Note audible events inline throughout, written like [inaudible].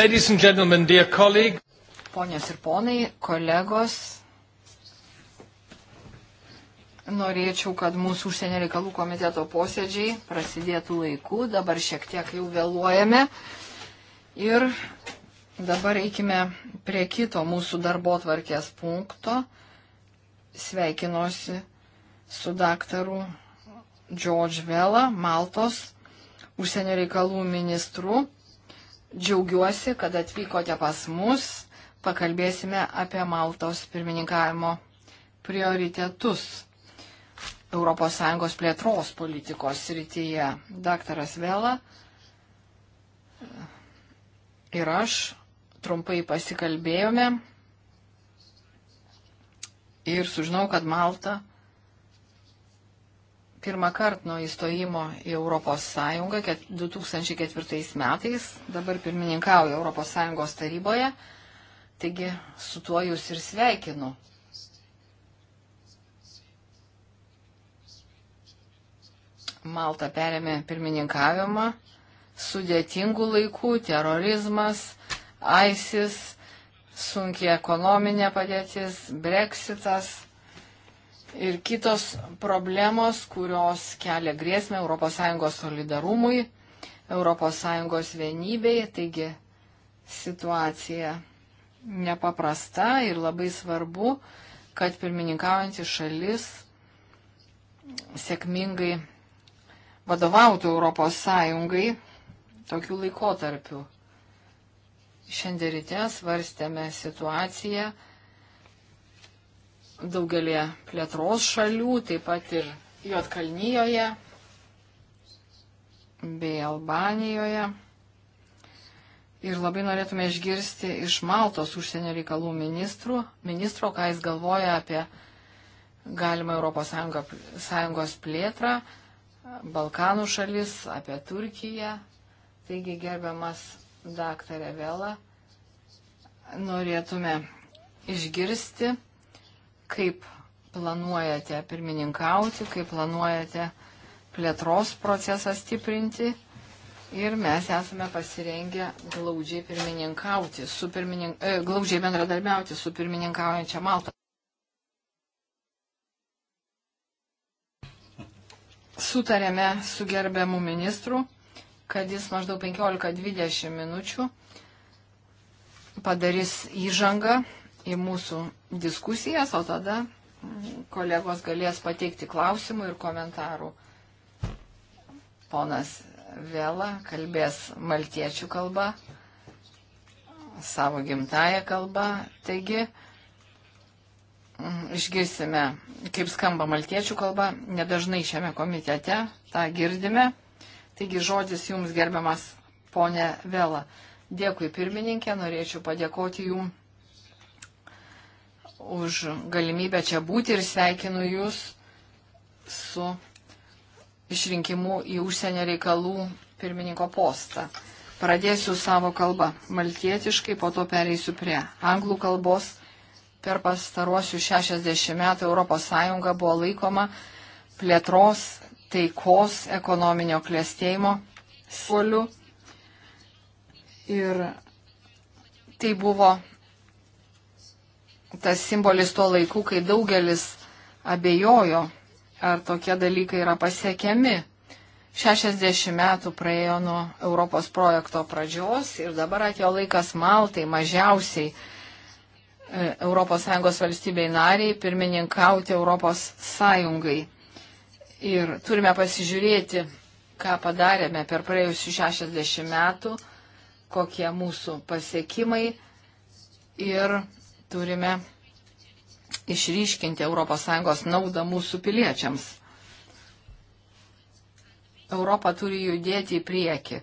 Ladies and gentlemen, dear colleague. Ponios ir ponai, kolegos, norėčiau, kad mūsų užsienio reikalų komiteto posėdžiai prasidėtų laiku. Dabar šiek tiek jau vėluojame. Ir dabar eikime prie kito mūsų darbo tvarkės punkto. Sveikinuosi su daktaru George Vela, Maltos užsienio reikalų ministru. Džiaugiuosi, kad atvykote pas mus. Pakalbėsime apie Maltos pirmininkavimo prioritetus ES plėtros politikos srityje. Daktaras Vela ir aš trumpai pasikalbėjome ir sužinau, kad Malta pirmą kartą nuo įstojimo į Europos Sąjungą 2004 metais, dabar pirmininkauju Europos Sąjungos taryboje, taigi su tuo jūs ir sveikinu. Malta perėmė pirmininkavimą, sudėtingų laikų, terorizmas, ISIS, sunkiai ekonominė padėtis, breksitas ir kitos problemos, kurios kelia grėsmę ES solidarumui, ES vienybei. Taigi situacija nepaprasta ir labai svarbu, kad pirmininkaujantis šalis sėkmingai vadovautų ES tokiu laikotarpiu. Šiandien ryte svarstėme situaciją daugelį plėtros šalių, taip pat ir Jotkalnyjoje bei Albanijoje. Ir labai norėtume išgirsti iš Maltos užsienio reikalų ministrų, ministro, ką jis galvoja apie galimą ES plėtrą, Balkanų šalis, apie Turkiją. Taigi, gerbiamas daktarė Vela, norėtume išgirsti kaip planuojate pirmininkauti, kaip planuojate plėtros procesą stiprinti. Ir mes esame pasirengę glaudžiai, pirmininkauti, su pirmininink, e, glaudžiai bendradarbiauti su pirmininkaujančia Malta. Sutarėme su gerbiamu ministru, kad jis maždaug 15-20 minučių padarys įžangą į mūsų diskusijas, o tada kolegos galės pateikti klausimų ir komentarų. Ponas Vėla kalbės maltiečių kalba, savo gimtają kalbą. Taigi, mm, išgirsime, kaip skamba maltiečių kalba, nedažnai šiame komitete tą girdime. Taigi žodis jums gerbiamas ponė Vela. Dėkui pirmininkė, norėčiau padėkoti jums už galimybę čia būti ir sveikinu Jūs su išrinkimu į užsienio reikalų pirmininko postą. Pradėsiu savo kalbą maltietiškai, po to pereisiu prie anglų kalbos. Per pastaruosius 60 metų ES buvo laikoma plėtros, taikos, ekonominio klėstėjimo suoliu. Ir tai buvo tas simbolis tuo laiku, kai daugelis abejojo, ar tokie dalykai yra pasiekiami. 60 metų praėjo nuo Europos projekto pradžios ir dabar atėjo laikas Maltai mažiausiai ES valstybei nariai pirmininkauti ES. Ir turime pasižiūrėti, ką padarėme per praėjusius 60 metų, kokie mūsų pasiekimai ir turime išryškinti ES naudą mūsų piliečiams. Europa turi judėti į priekį.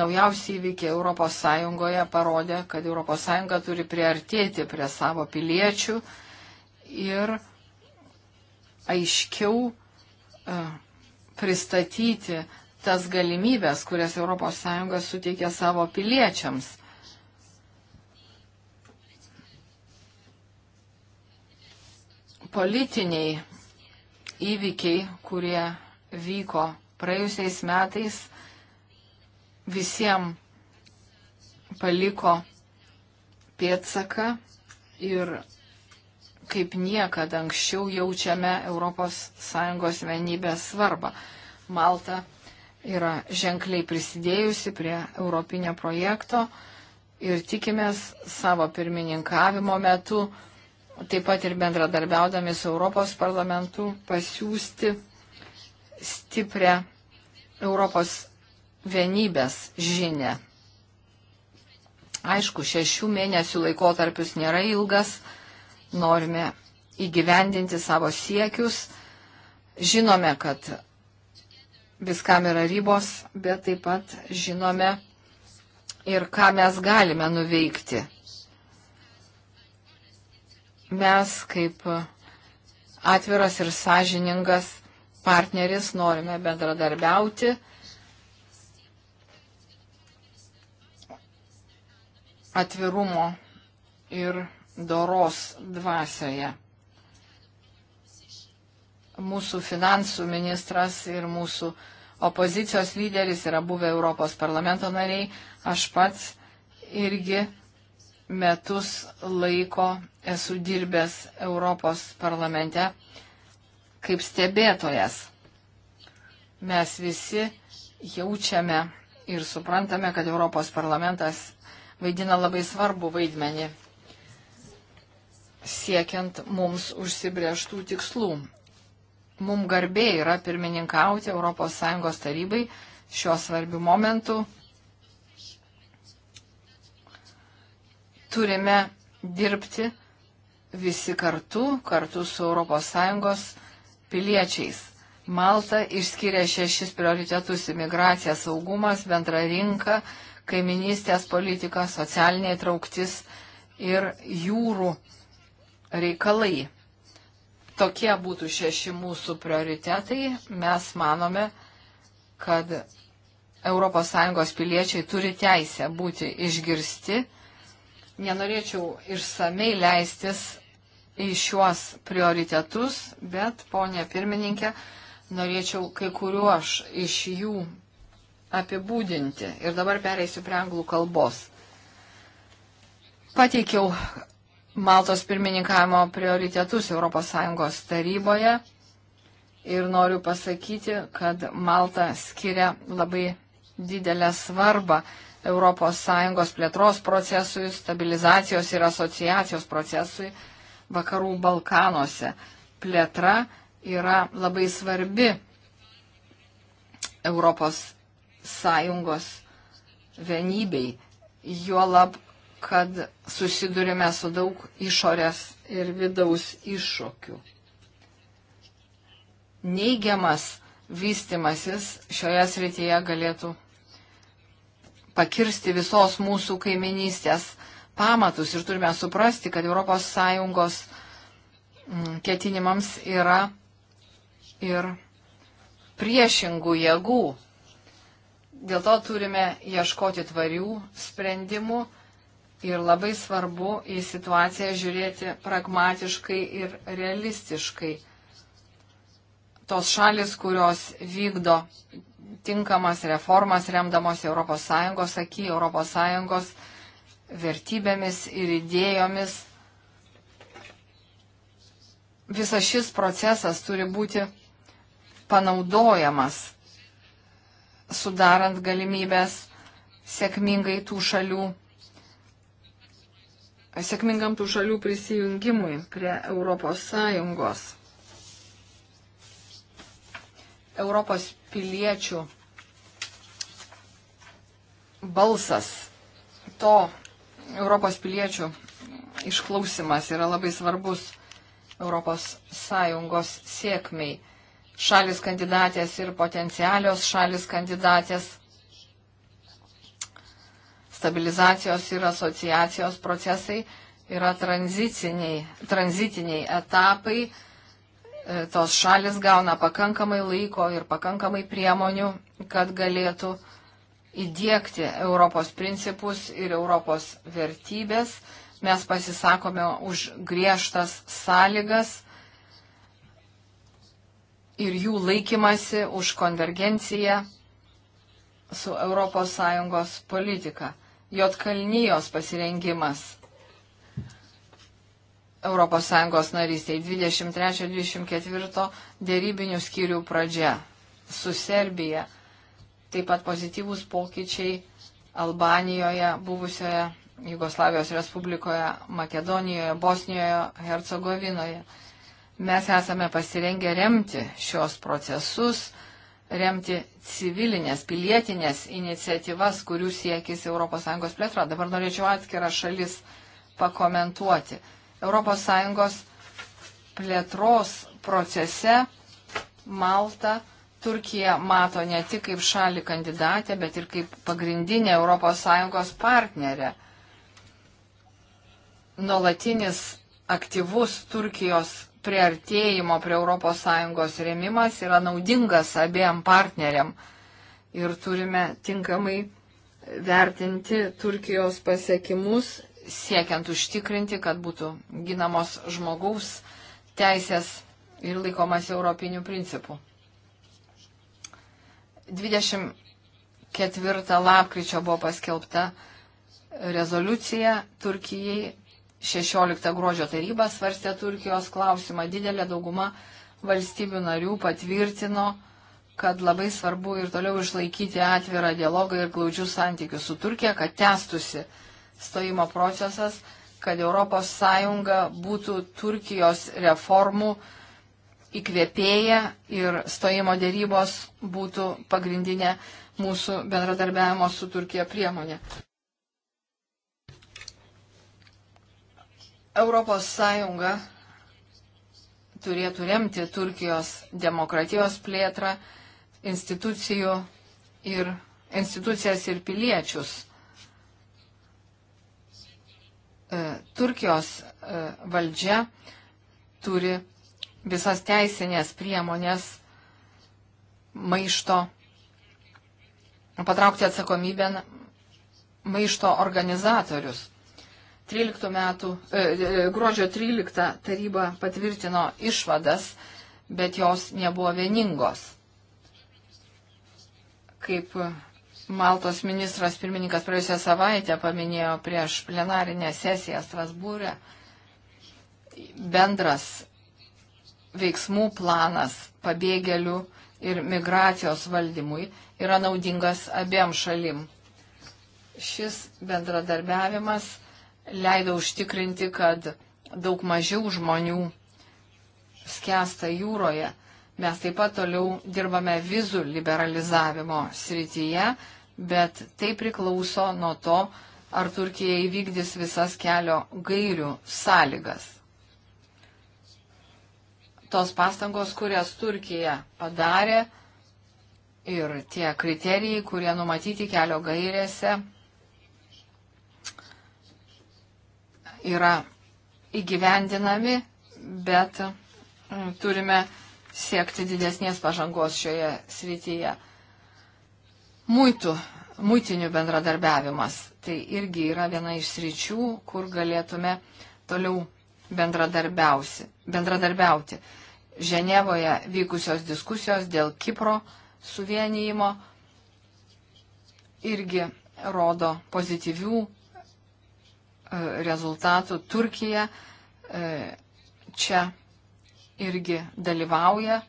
Naujausi įvykiai ES parodė, kad ES turi priartėti prie savo piliečių ir aiškiau e, pristatyti tas galimybės, kurias ES suteikia savo piliečiams. politiniai įvykiai, kurie vyko praėjusiais metais, visiems paliko pėtsaką ir kaip niekada anksčiau jaučiame ES vienybės svarbą. Malta yra ženkliai prisidėjusi prie europinio projekto ir tikimės savo pirmininkavimo metu taip pat ir bendradarbiaudami su Europos parlamentu pasiūsti stiprią Europos vienybės žinę. Aišku, šešių mėnesių laikotarpis nėra ilgas, norime įgyvendinti savo siekius, žinome, kad viskam yra ribos, bet taip pat žinome ir ką mes galime nuveikti mes kaip atviras ir sąžiningas partneris norime bendradarbiauti. atvirumo ir doros dvasioje. Mūsų finansų ministras ir mūsų opozicijos lyderis yra buvę Europos parlamento nariai, aš pats irgi metus laiko esu dirbęs Europos parlamente kaip stebėtojas. Mes visi jaučiame ir suprantame, kad Europos parlamentas vaidina labai svarbu vaidmenį siekiant mums užsibrieštų tikslų. Mums garbė yra pirmininkauti ES tarybai šiuo svarbiu momentu turime dirbti visi kartu, kartu su ES piliečiais. Malta išskiria šešis prioritetus - imigracija, saugumas, bendra rinka, kaiminystės politika, socialinė trauktis ir jūrų reikalai. Tokie būtų šeši mūsų prioritetai. Mes manome, kad ES piliečiai turi teisę būti išgirsti nenorėčiau išsamei leistis į šiuos prioritetus, bet, ponė pirmininkė, norėčiau kai kuriuos iš jų apibūdinti. Ir dabar pereisiu prie anglų kalbos. Pateikiau Maltos pirmininkavimo prioritetus ES taryboje ir noriu pasakyti, kad Malta skiria labai didelę svarbą ES plėtros procesui, stabilizacijos ir asociacijos procesui vakarų Balkanuose. Plėtra yra labai svarbi ES vienybei, juolab, kad susidurime su daug išorės ir vidaus iššūkių. Neigiamas vystimasis šioje srityje galėtų pakirsti visos mūsų kaiminystės pamatus ir turime suprasti, kad ES mm, ketinimams yra ir priešingų jėgų. Dėl to turime ieškoti tvarių sprendimų ir labai svarbu į situaciją žiūrėti pragmatiškai ir realistiškai. Tos šalis, kurios vykdo tinkamas reformas remdamos ES akį, ES vertybėmis ir idėjomis. Visas šis procesas turi būti panaudojamas, sudarant galimybės sėkmingai tų šalių, sėkmingam tų šalių prisijungimui prie ES. Europos piliečių balsas, to Europos piliečių išklausimas yra labai svarbus Europos Sąjungos sėkmiai. Šalis kandidatės ir potencialios šalis kandidatės stabilizacijos ir asociacijos procesai yra tranzitiniai, tranzitiniai etapai E, tos šalis gauna pakankamai laiko ir pakankamai priemonių, kad galėtų įdėkti Europos principus ir Europos vertybės. Mes pasisakome už griežtas sąlygas ir jų laikymasi už konvergenciją su ES politika. Jotkalnyjos pasirengimas ES narystėje 23-24 dėrybinių skyrių pradžia su Serbija, taip pat pozityvūs pokyčiai Albanijoje, buvusioje Jugoslavijos Respublikoje, Makedonijoje, Bosnijoje, Hercegovinoje. Mes esame pasirengę remti šios procesus, remti civilinės, pilietinės iniciatyvas, kurių siekis ES plėtra. Dabar norėčiau atskirą šalis pakomentuoti. ES plėtros procese Malta, Turkija mato ne tik kaip šalį kandidatę, bet ir kaip pagrindinę ES partnerę. Nuolatinis aktyvus Turkijos prieartėjimo prie ES rėmimas yra naudingas abiem partneriam ir turime tinkamai vertinti Turkijos pasiekimus siekiant užtikrinti, kad būtų ginamos žmogaus teisės ir laikomas europinių principų. 24 lapkričio buvo paskelbta rezoliucija Turkijai, 16 gruodžio taryba svarstė Turkijos klausimą, didelė dauguma valstybių narių patvirtino, kad labai svarbu ir toliau išlaikyti atvirą dialogą ir glaudžius santykius su Turkija, kad testusi uh, stojimo procesas, kad ES būtų Turkijos reformų įkvėpėja ir stojimo dėrybos būtų pagrindinė mūsų bendradarbiavimo su Turkija priemonė. Europos Sąjunga turėtų remti Turkijos demokratijos plėtrą, institucijų ir institucijas ir piliečius. E, Turkijos e, valdžia turi visas teisinės priemonės maišto, patraukti atsakomybę maišto organizatorius. 13 metų, e, e gruodžio 13 taryba patvirtino išvadas, bet jos nebuvo vieningos. Kaip Maltos ministras pirmininkas praėjusią savaitę paminėjo prieš plenarinę sesiją Strasbūrę bendras veiksmų planas pabėgėlių ir migracijos valdymui yra naudingas abiem šalim. Šis bendradarbiavimas leido užtikrinti, kad daug mažiau žmonių skęsta jūroje Mes taip pat toliau dirbame vizų liberalizavimo srityje, bet tai priklauso nuo to, ar Turkija įvykdys visas kelio gairių sąlygas. Tos pastangos, kurias Turkija padarė ir tie kriterijai, kurie numatyti kelio gairėse, yra įgyvendinami, bet mm, turime siekti didesnės pažangos šioje srityje. Muitų, muitinių bendradarbiavimas. Tai irgi yra viena iš sričių, kur galėtume toliau bendradarbiauti. Ženevoje vykusios diskusijos dėl Kipro suvienijimo irgi rodo pozityvių e, rezultatų. Turkija e, čia irgi dalyvauja.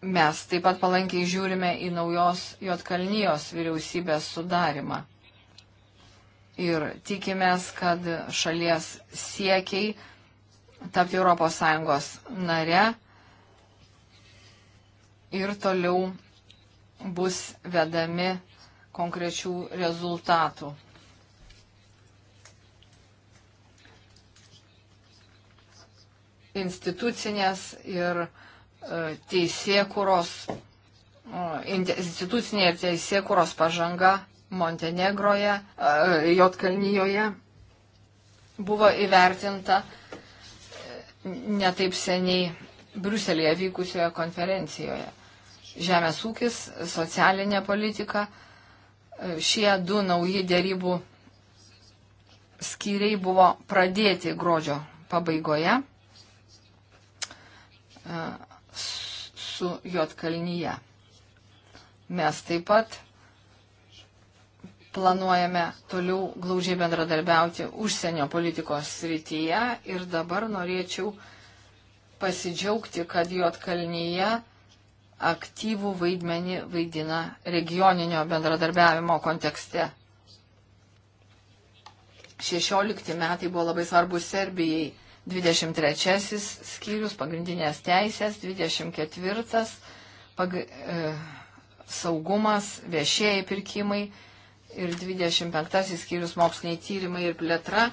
Mes taip pat palankiai žiūrime į naujos Jotkalnyjos vyriausybės sudarimą. Ir tikimės, kad šalies siekiai tapti ES nare ir toliau bus vedami konkrečių rezultatų. institucinės ir e, teisėkuros, institucinė ir teisėkuros pažanga Montenegroje, e, Jotkalnyjoje buvo įvertinta e, netaip seniai Bruselėje vykusioje konferencijoje. Žemės ūkis, socialinė politika, šie du nauji dėrybų skyriai buvo pradėti gruodžio pabaigoje su Jotkalnyje. Mes taip pat planuojame toliau glaužiai bendradarbiauti užsienio politikos srityje ir dabar norėčiau pasidžiaugti, kad Jotkalnyje aktyvų vaidmenį vaidina regioninio bendradarbiavimo kontekste. 16 metai buvo labai svarbus Serbijai 23 skyrius pagrindinės teisės, 24 pag, e, saugumas, viešieji pirkimai ir 25 skyrius moksliniai tyrimai ir plėtra.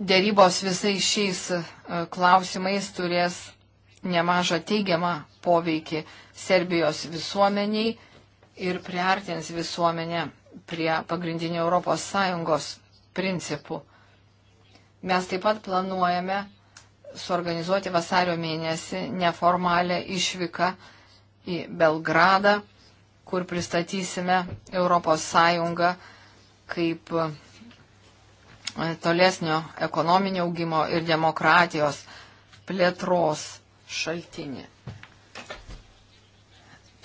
Dėrybos visais šiais e, klausimais turės nemažą teigiamą poveikį Serbijos visuomeniai ir priartins visuomenę prie pagrindinių ES principų. Mes taip pat planuojame suorganizuoti vasario mėnesį neformalę išvyką į Belgradą, kur pristatysime ES kaip e, tolesnio ekonominio augimo ir demokratijos plėtros šaltinį.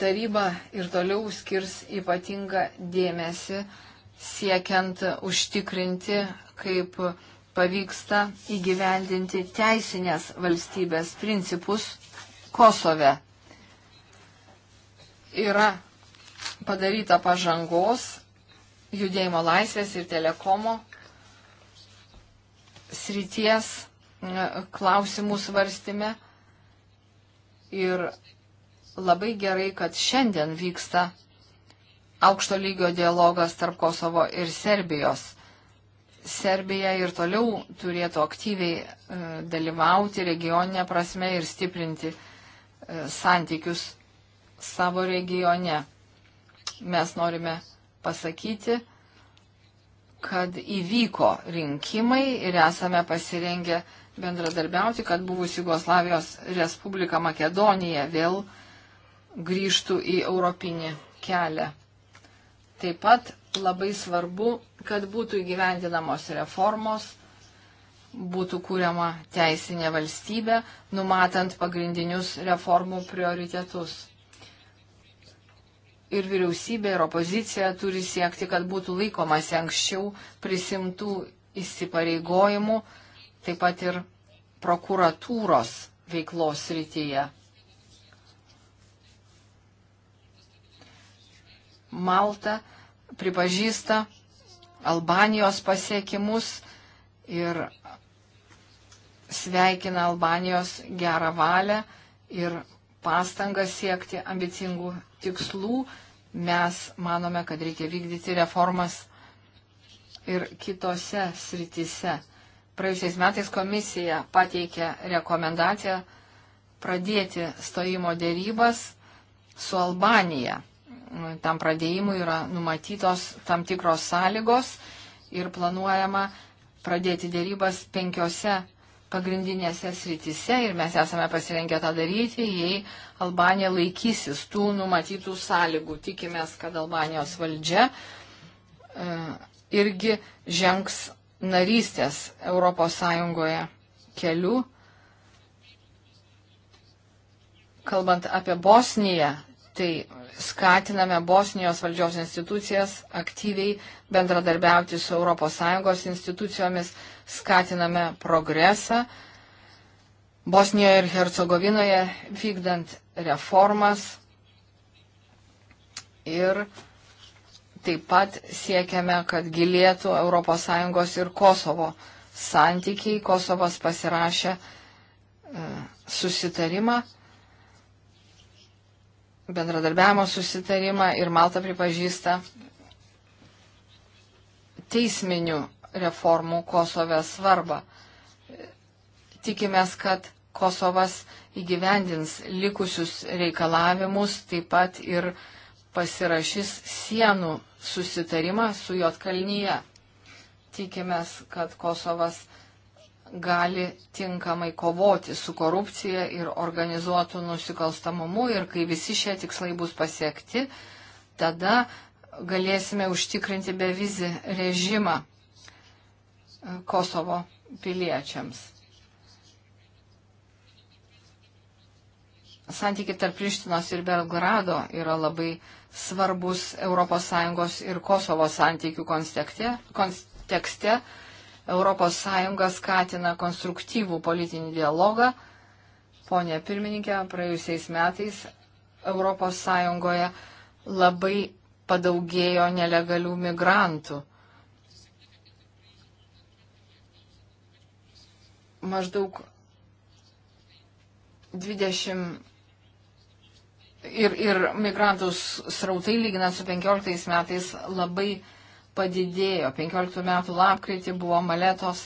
Taryba ir toliau skirs ypatingą dėmesį siekiant užtikrinti, kaip pavyksta įgyvendinti teisinės valstybės principus Kosove. Yra padaryta pažangos judėjimo laisvės ir telekomo srities e, klausimų svarstime. Ir labai gerai, kad šiandien vyksta aukšto lygio dialogas tarp Kosovo ir Serbijos. Serbija ir toliau turėtų aktyviai e, dalyvauti regioninė prasme ir stiprinti e, santykius savo regione. Mes norime pasakyti, kad įvyko rinkimai ir esame pasirengę bendradarbiauti, kad buvusi Jugoslavijos Respublika Makedonija vėl grįžtų į europinį kelią. Taip pat labai svarbu kad būtų įgyvendinamos reformos, būtų kūriama teisinė valstybė, numatant pagrindinius reformų prioritetus. Ir vyriausybė, ir opozicija turi siekti, kad būtų laikomasi anksčiau prisimtų įsipareigojimų, taip pat ir prokuratūros veiklos rytyje. Malta pripažįsta Albanijos pasiekimus ir sveikina Albanijos gerą valią ir pastangą siekti ambicingų tikslų. Mes manome, kad reikia vykdyti reformas ir kitose sritise. Praėjusiais metais komisija pateikė rekomendaciją pradėti stojimo dėrybas su Albanija tam pradėjimui yra numatytos tam tikros sąlygos ir planuojama pradėti dėrybas penkiose pagrindinėse srityse ir mes esame pasirengę tą daryti, jei Albanija laikysis tų numatytų sąlygų. Tikimės, kad Albanijos valdžia e, irgi žengs narystės ES keliu. Kalbant apie Bosniją, tai skatiname Bosnijos valdžios institucijas aktyviai bendradarbiauti su ES institucijomis, skatiname progresą Bosnijoje ir Hercegovinoje vykdant reformas ir taip pat siekiame, kad gilėtų ES ir Kosovo santykiai. Kosovas pasirašė e, susitarimą bendradarbiavimo susitarimą ir Malta pripažįsta teisminių reformų Kosove svarbą. Tikimės, kad Kosovas įgyvendins likusius reikalavimus, taip pat ir pasirašys sienų susitarimą su Jotkalnyje. Tikimės, kad Kosovas gali tinkamai kovoti su korupcija ir organizuotų nusikalstamumu ir kai visi šie tikslai bus pasiekti, tada galėsime užtikrinti bevizį režimą e, Kosovo piliečiams. Santykiai tarp Prištinos ir Belgrado yra labai svarbus ES ir Kosovo santykių kontekste. kontekste ES skatina konstruktyvų politinį dialogą. Pone pirmininkė, praėjusiais metais ES labai padaugėjo nelegalių migrantų. Maždaug 20 ir, ir migrantų srautai lyginant su 15 metais labai padidėjo. 15 metų lapkritį buvo Maletos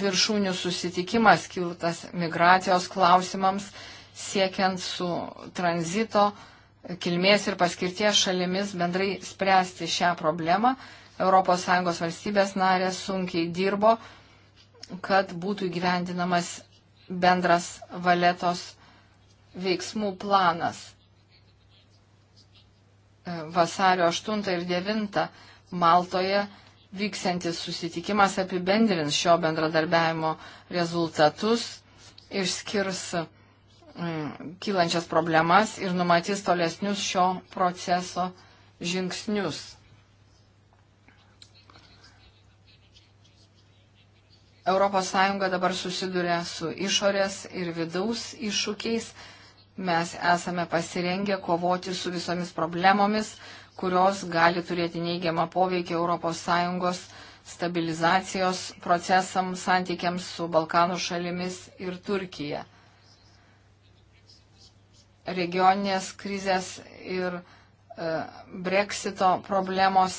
viršūnių susitikimas skiltas migracijos klausimams, siekiant su tranzito, kilmės ir paskirties šalimis bendrai spręsti šią problemą. ES valstybės narės sunkiai dirbo, kad būtų įgyvendinamas bendras valetos veiksmų planas. Vasario 8 ir 9 Maltoje vyksiantis susitikimas apibendrins šio bendradarbiavimo rezultatus, išskirs mm, kylančias problemas ir numatys tolesnius šio proceso žingsnius. ES dabar susiduria su išorės ir vidaus iššūkiais. Mes esame pasirengę kovoti su visomis problemomis, kurios gali turėti neigiamą poveikį ES stabilizacijos procesams santykiams su Balkanų šalimis ir Turkija. Regioninės krizės ir e, Brexito problemos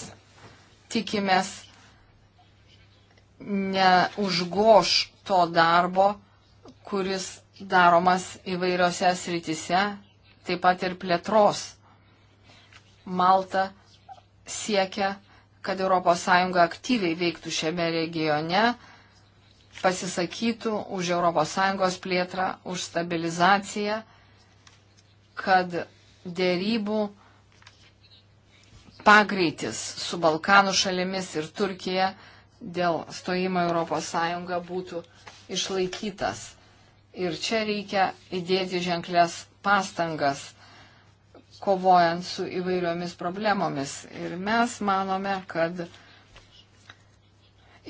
tikimės neužgoš to darbo, kuris daromas įvairiose sritise, taip pat ir plėtros Malta siekia, kad ES aktyviai veiktų šiame regione, pasisakytų už ES plėtrą, už stabilizaciją, kad dėrybų pagreitis su Balkanų šalimis ir Turkija dėl stojimo ES būtų išlaikytas. Ir čia reikia įdėti ženklės pastangas kovojant su įvairiomis problemomis. Ir mes manome, kad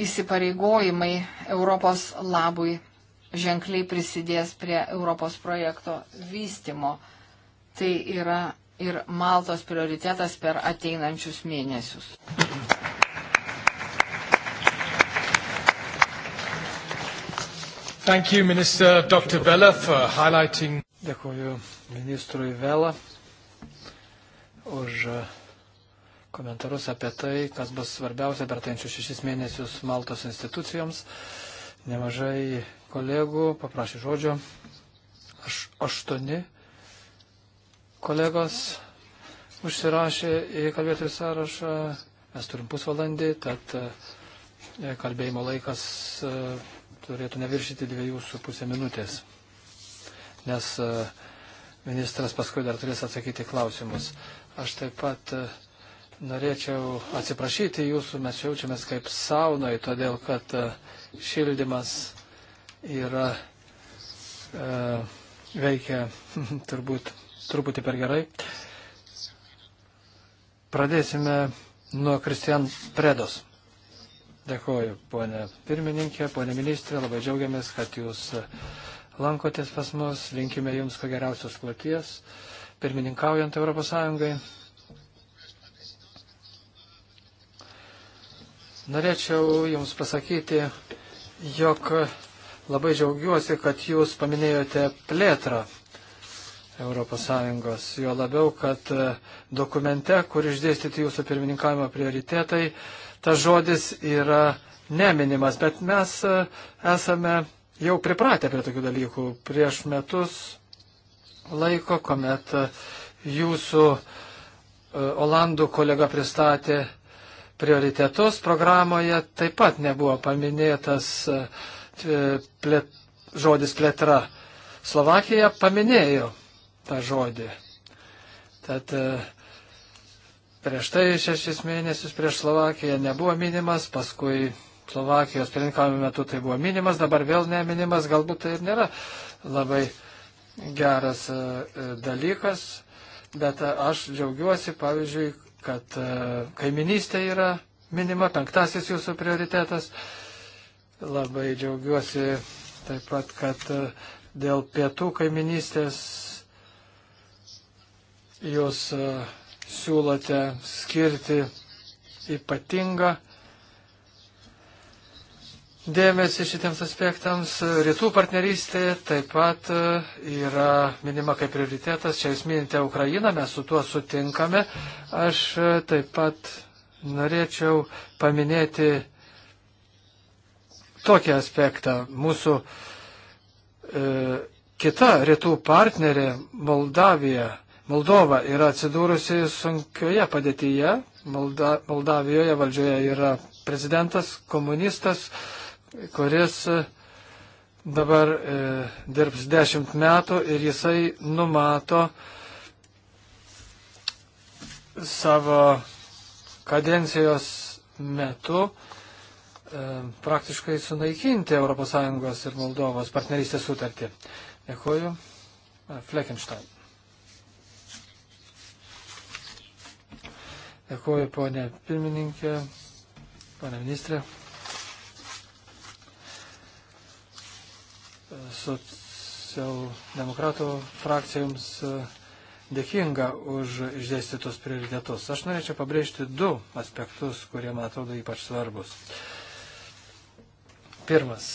įsipareigojimai Europos labui ženkliai prisidės prie Europos projekto vystimo. Tai yra ir Maltos prioritetas per ateinančius mėnesius. Thank you, Minister Dr. Vela, for highlighting. Dėkuoju ministrui Vela už komentarus apie tai, kas bus svarbiausia per tainčius šešis mėnesius Maltos institucijoms. Nemažai kolegų paprašė žodžio. Aš aštuoni kolegos užsirašė į kalbėtojų sąrašą. Mes turim pusvalandį, tad e, kalbėjimo laikas e, turėtų neviršyti dviejų su pusė minutės, nes e, ministras paskui dar turės atsakyti klausimus. Aš taip pat e, norėčiau atsiprašyti jūsų, mes jaučiamės kaip saunoj, todėl kad e, šildymas yra e, veikia [laughs] turbūt truputį per gerai. Pradėsime nuo Kristian Predos. Dėkuoju, ponė pirmininkė, ponė ministrė, labai džiaugiamės, kad jūs e, lankotės pas mus, linkime jums ko geriausios kloties. E, pirmininkaujant ES. Norėčiau Jums pasakyti, jog labai džiaugiuosi, kad Jūs paminėjote plėtrą ES. Jo labiau, kad dokumente, kur išdėstyti Jūsų pirmininkavimo prioritetai, tas žodis yra neminimas, bet mes esame jau pripratę prie tokių dalykų. Prieš metus laiko, kuomet e, jūsų e, Olandų kolega pristatė prioritetus programoje, taip pat nebuvo paminėtas e, plėt, žodis plėtra. Slovakija paminėjo tą žodį. Tad prieš tai šešis mėnesius prieš Slovakiją nebuvo minimas, paskui Slovakijos pirmininkavimo metu tai buvo minimas, dabar vėl neminimas, galbūt tai ir nėra labai geras e, e, dalykas, bet e, aš džiaugiuosi, pavyzdžiui, kad kaiminystė yra minima, penktasis jūsų prioritetas. Labai džiaugiuosi taip pat, kad dėl pietų kaiminystės jūs siūlote skirti ypatingą dėmesį šitiems aspektams. Rytų partnerystė taip pat e, yra minima kaip prioritetas. Čia jūs minite Ukrainą, mes su tuo sutinkame. Aš e, taip pat norėčiau paminėti tokį aspektą. Mūsų e, kita rytų partnerė Moldavija, Moldova yra atsidūrusi sunkioje padėtyje. Molda, Moldavijoje valdžioje yra prezidentas, komunistas. E, kuris e, dabar e, dirbs dešimt metų ir jisai numato savo kadencijos metu e, praktiškai sunaikinti ES ir Moldovos partnerystės sutartį. Dėkuoju. E, Fleckenstein. Dėkuoju, ponė pirmininkė, ponė ministrė. Socialdemokratų frakcija jums e, dėkinga už išdėstytus prioritetus. Aš norėčiau pabrėžti du aspektus, kurie man atrodo ypač svarbus. Pirmas.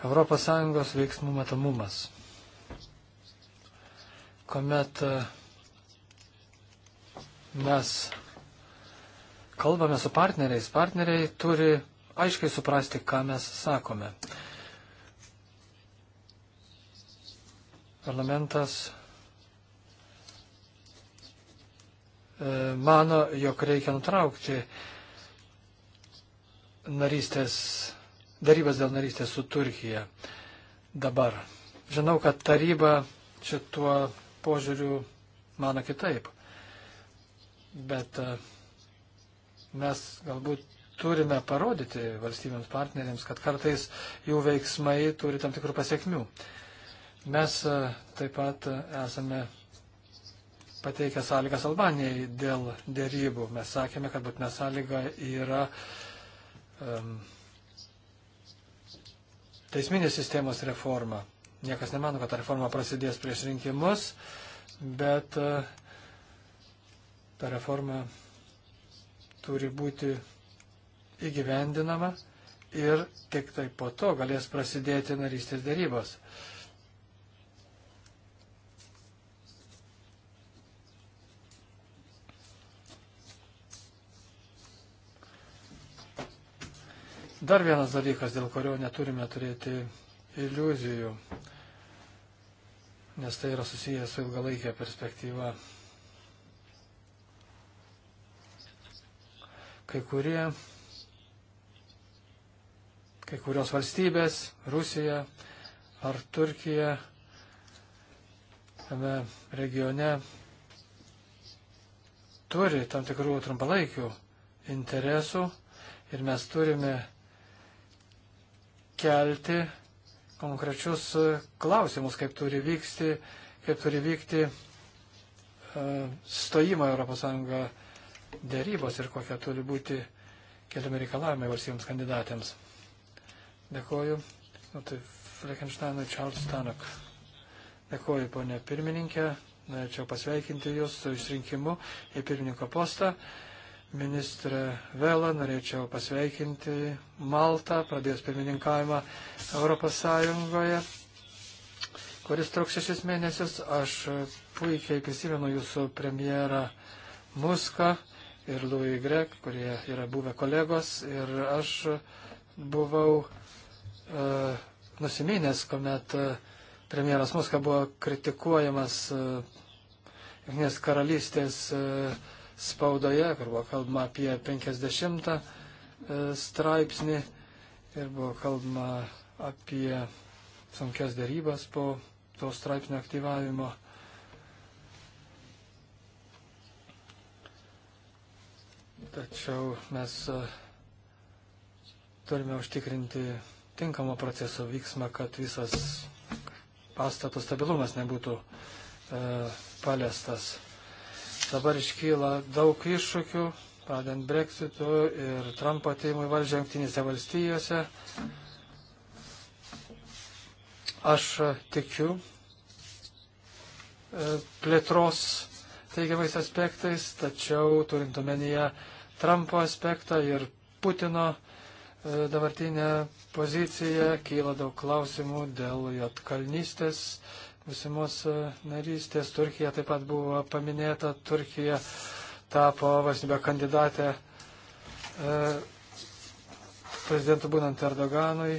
ES veiksmų matomumas. Komet e, mes kalbame su partneriais, partneriai turi aiškiai suprasti, ką mes sakome. Parlamentas e, mano, jog reikia nutraukti narystės, darybas dėl narystės su Turkija dabar. Žinau, kad taryba šituo požiūriu mano kitaip, bet e, mes galbūt turime parodyti valstybėms partneriams, kad kartais jų veiksmai turi tam tikrų pasiekmių. Uh, Mes e, taip pat e, esame pateikę sąlygas Albanijai dėl dėrybų. Mes sakėme, kad būtina sąlyga yra um, teisminės sistemos reforma. Niekas nemano, kad reforma prasidės prieš rinkimus, bet uh, ta reforma turi būti įgyvendinama ir tik tai po to galės prasidėti narystės dėrybos. Dar vienas dalykas, dėl kurio neturime turėti iliuzijų, nes tai yra susijęs su ilgalaikė perspektyva. Kai kurie, kai kurios valstybės, Rusija ar Turkija tame regione turi tam tikrų trumpalaikių interesų ir mes turime kelti konkrečius klausimus, kaip turi vykti, kaip turi vykti e, stojimo Europos Sąjunga dėrybos ir kokie turi būti keliami reikalavimai valstybėms kandidatėms. Dėkoju. Nu, tai Fleckensteinui Charles Tanak. Dėkoju, ponė pirmininkė. Norėčiau pasveikinti Jūs su išrinkimu į pirmininko postą ministrę Velą, norėčiau pasveikinti Maltą, pradės pirmininkavimą Europos Sąjungoje, kuris truks šešis mėnesius. Aš puikiai prisimenu jūsų premjerą Muską ir Louis Greg, kurie yra buvę kolegos. Ir aš buvau e, nusiminęs, kuomet e, premjeras Muska buvo kritikuojamas Junktinės e, karalystės. E, spaudoje, kur buvo kalbama apie 50 e, straipsnį ir buvo kalbama apie sunkias darybas po to straipsnio aktyvavimo. Tačiau mes e, turime užtikrinti tinkamą proceso vyksmą, kad visas pastato stabilumas nebūtų e, paliestas. Dabar iškyla daug iššūkių, padant breksitų ir Trumpo ateimui valdžia jungtinėse valstijose. Aš e, tikiu e, plėtros teigiamais aspektais, tačiau turint omenyje Trumpo aspektą ir Putino e, dabartinę poziciją, kyla daug klausimų dėl jotkalnystės būsimos e, narystės. Turkija taip pat buvo paminėta. Turkija tapo valstybė kandidatė e, prezidentų būnant Erdoganui.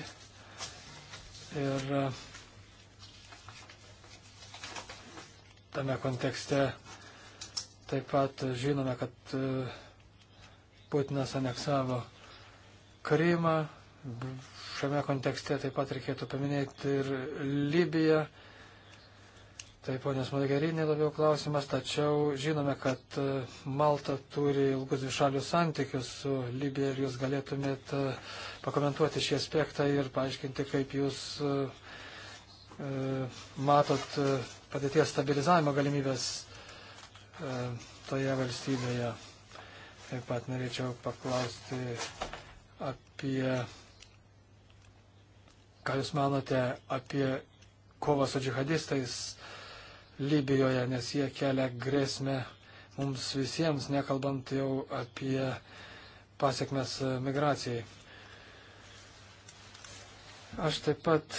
Ir e, tame kontekste taip pat žinome, kad Putinas aneksavo Krymą. Šiame kontekste taip pat reikėtų paminėti ir Libiją. Tai ponios Mogerinė labiau klausimas, tačiau žinome, kad e, Malta turi ilgus dvišalius santykius su Libija ir jūs galėtumėt e, pakomentuoti šį aspektą ir paaiškinti, kaip jūs e, matot padėties stabilizavimo galimybės toje valstybėje. Taip pat norėčiau paklausti apie, ką jūs manote apie kovą su džihadistais Libijoje, nes jie kelia grėsmę mums visiems, nekalbant jau apie pasiekmes e, migracijai. Aš taip pat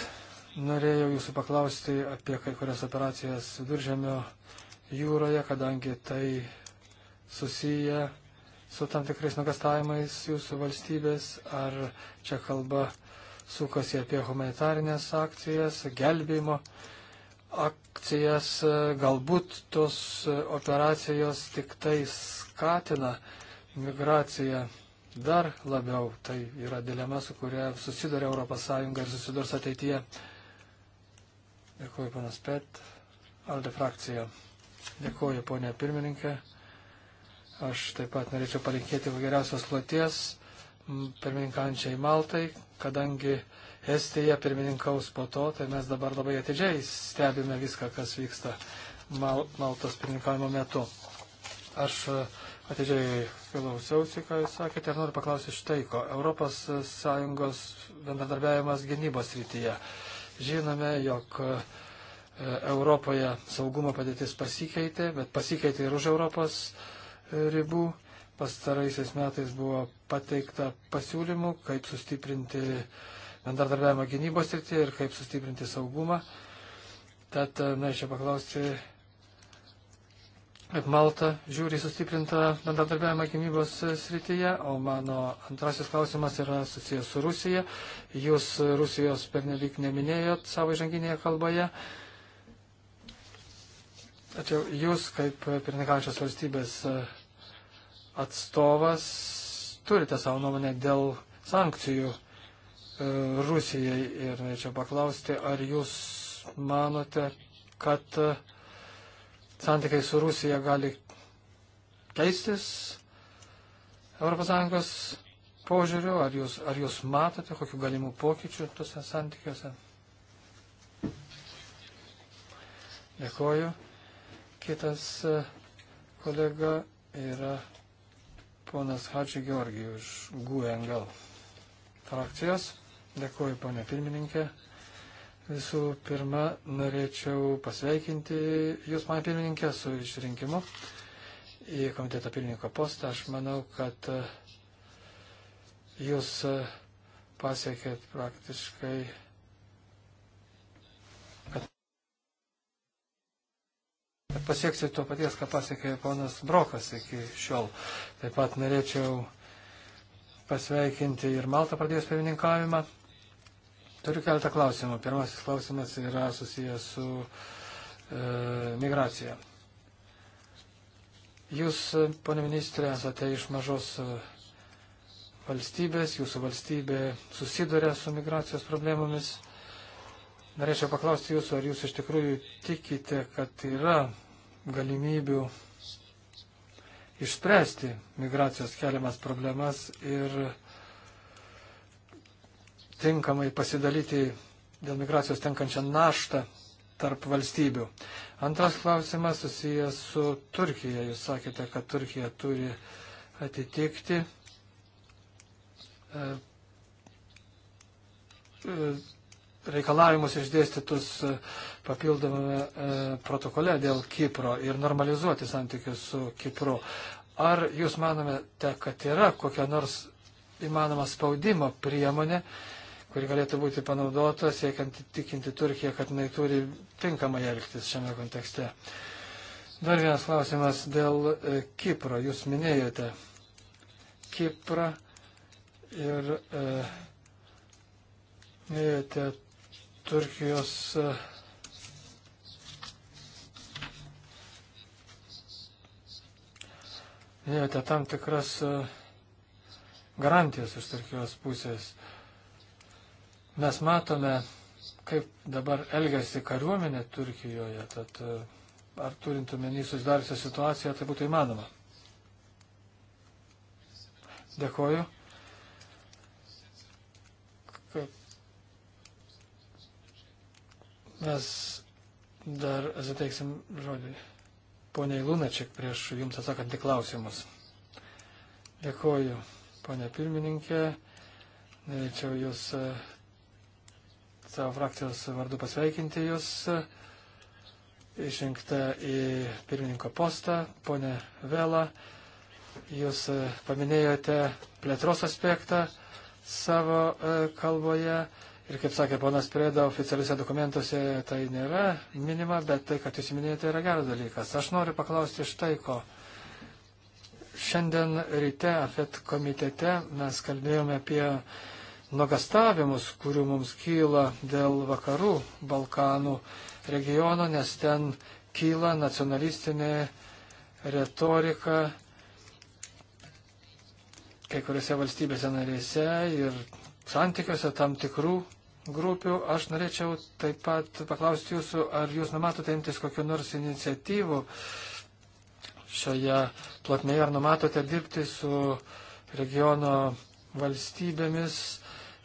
norėjau jūsų paklausti apie kai kurias operacijas viduržėmio jūroje, kadangi tai susiję su tam tikrais nugastavimais jūsų valstybės, ar čia kalba sukasi apie humanitarinės akcijas, gelbėjimo akcijas, e, galbūt tos e, operacijos tik tai skatina migraciją dar labiau. Tai yra dilema, su kuria susiduria ES ir susidurs ateityje. Dėkuoju, panas Pet, Alde frakcija. Dėkuoju, ponė pirmininkė. Aš taip pat norėčiau palinkėti geriausios kloties pirmininkančiai Maltai, kadangi uh, Estija pirmininkaus po to, tai mes dabar labai atidžiai stebime viską, kas vyksta Mal Maltos pirmininkavimo metu. Aš e, atidžiai klausiausi, ką jūs sakėte ir noriu paklausyti štai ko. Europos Sąjungos bendradarbiavimas gynybos rytyje. Žinome, jog e, Europoje saugumo padėtis pasikeitė, bet pasikeitė ir už Europos e, ribų pastaraisiais metais buvo pateikta pasiūlymų, kaip sustiprinti bendradarbiavimą gynybos srityje ir kaip sustiprinti saugumą. Tad e, norėčiau paklausti, kaip Malta žiūri sustiprintą bendradarbiavimą gynybos e, srityje, o mano antrasis klausimas yra susijęs su Rusija. Jūs e, Rusijos pernelyg neminėjot savo žanginėje kalboje. Tačiau jūs, kaip pirmininkaujančios valstybės atstovas, turite savo nuomonę dėl sankcijų Rusijai. Ir norėčiau paklausti, ar jūs manote, kad e, santykiai su Rusija gali keistis ES požiūriu, ar jūs, ar jūs matote kokių galimų pokyčių tuose santykiuose? Dėkoju. Kitas e, kolega yra ponas Hadži Georgijų iš Guengal frakcijos. Dėkuoju, ponė pirmininkė. Visų pirma, norėčiau pasveikinti Jūs, man pirmininkė, su išrinkimu į komiteto pirmininko postą. Aš manau, kad e, Jūs e, pasiekėt praktiškai pasieksi to paties, ką pasiekė ponas Brokas iki šiol. Taip pat norėčiau pasveikinti ir Maltą pradėjus pirmininkavimą. Turiu keletą klausimų. Pirmasis klausimas yra susijęs su e, migracija. Jūs, ponė ministrė, esate iš mažos e, valstybės, jūsų valstybė susiduria su migracijos problemomis. Norėčiau paklausti jūsų, ar jūs iš tikrųjų tikite, kad yra galimybių išspręsti migracijos keliamas problemas ir tinkamai pasidalyti dėl migracijos tenkančią naštą tarp valstybių. Antras klausimas susijęs su Turkija. Jūs sakėte, kad Turkija turi atitikti e, e, reikalavimus išdėstytus e, papildomame protokole dėl Kipro ir normalizuoti santykius su Kipru. Ar jūs manome, te, kad yra kokia nors įmanoma spaudimo priemonė, kuri galėtų būti panaudota, siekiant tikinti Turkiją, kad jinai turi tinkamai elgtis šiame kontekste. Dar vienas klausimas dėl e, Kipro. Jūs minėjote Kiprą ir e, minėjote Turkijos e, minėjote tam tikras e, garantijas iš Turkijos pusės. Mes matome, kaip dabar elgiasi kariuomenė Turkijoje, tad e, ar turint omeny susidariusią situaciją, tai būtų įmanoma. Dėkoju. Mes dar suteiksim žodį poniai Lunačiak prieš jums atsakant į klausimus. Dėkoju, ponė pirmininkė. Norėčiau jūs e, savo frakcijos vardu pasveikinti Jūs išrinkta į pirmininko postą, ponė Vela. Jūs e, paminėjote plėtros aspektą savo e, kalboje ir, kaip sakė ponas Prėda, oficialiuose dokumentuose tai nėra minima, bet tai, kad jūs minėjote, yra geras dalykas. Aš noriu paklausti štai ko. Šiandien ryte AFET komitete mes kalbėjome apie uh, nuogastavimus, kurių mums kyla dėl vakarų Balkanų regiono, nes ten kyla nacionalistinė retorika kai kuriuose valstybėse narėse ir santykiuose tam tikrų grupių. Aš norėčiau taip pat paklausti jūsų, ar jūs numatote imtis kokiu nors iniciatyvu šioje plotmėje, ar numatote dirbti su regiono valstybėmis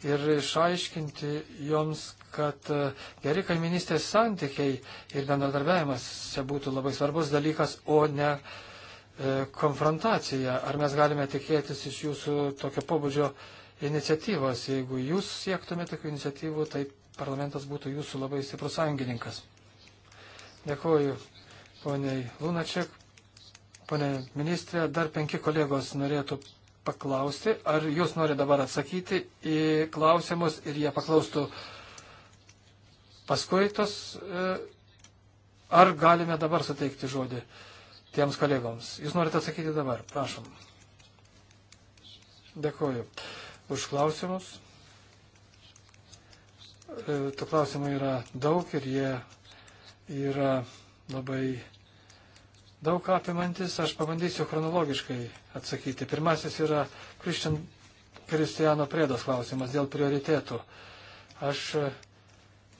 ir išaiškinti joms, kad e, geri kaiminystės santykiai ir bendradarbiavimas čia būtų labai svarbus dalykas, o ne e, konfrontacija. Ar mes galime tikėtis iš jūsų tokio pobūdžio iniciatyvos? Jeigu jūs siektumėte tokių iniciatyvų, tai parlamentas būtų jūsų labai stiprus sąjungininkas. Dėkuoju poniai Lunačiak. Pone ministrė, dar penki kolegos norėtų paklausti, ar jūs norite dabar atsakyti į klausimus ir jie paklaustų paskui tos, e, ar galime dabar suteikti žodį tiems kolegoms. Jūs norite atsakyti dabar, prašom. Dėkuoju už klausimus. E, tų klausimų yra daug ir jie yra labai daug apimantis, aš pabandysiu chronologiškai atsakyti. Pirmasis yra Christian, Kristiano Prėdos klausimas dėl prioritėtų. Aš e,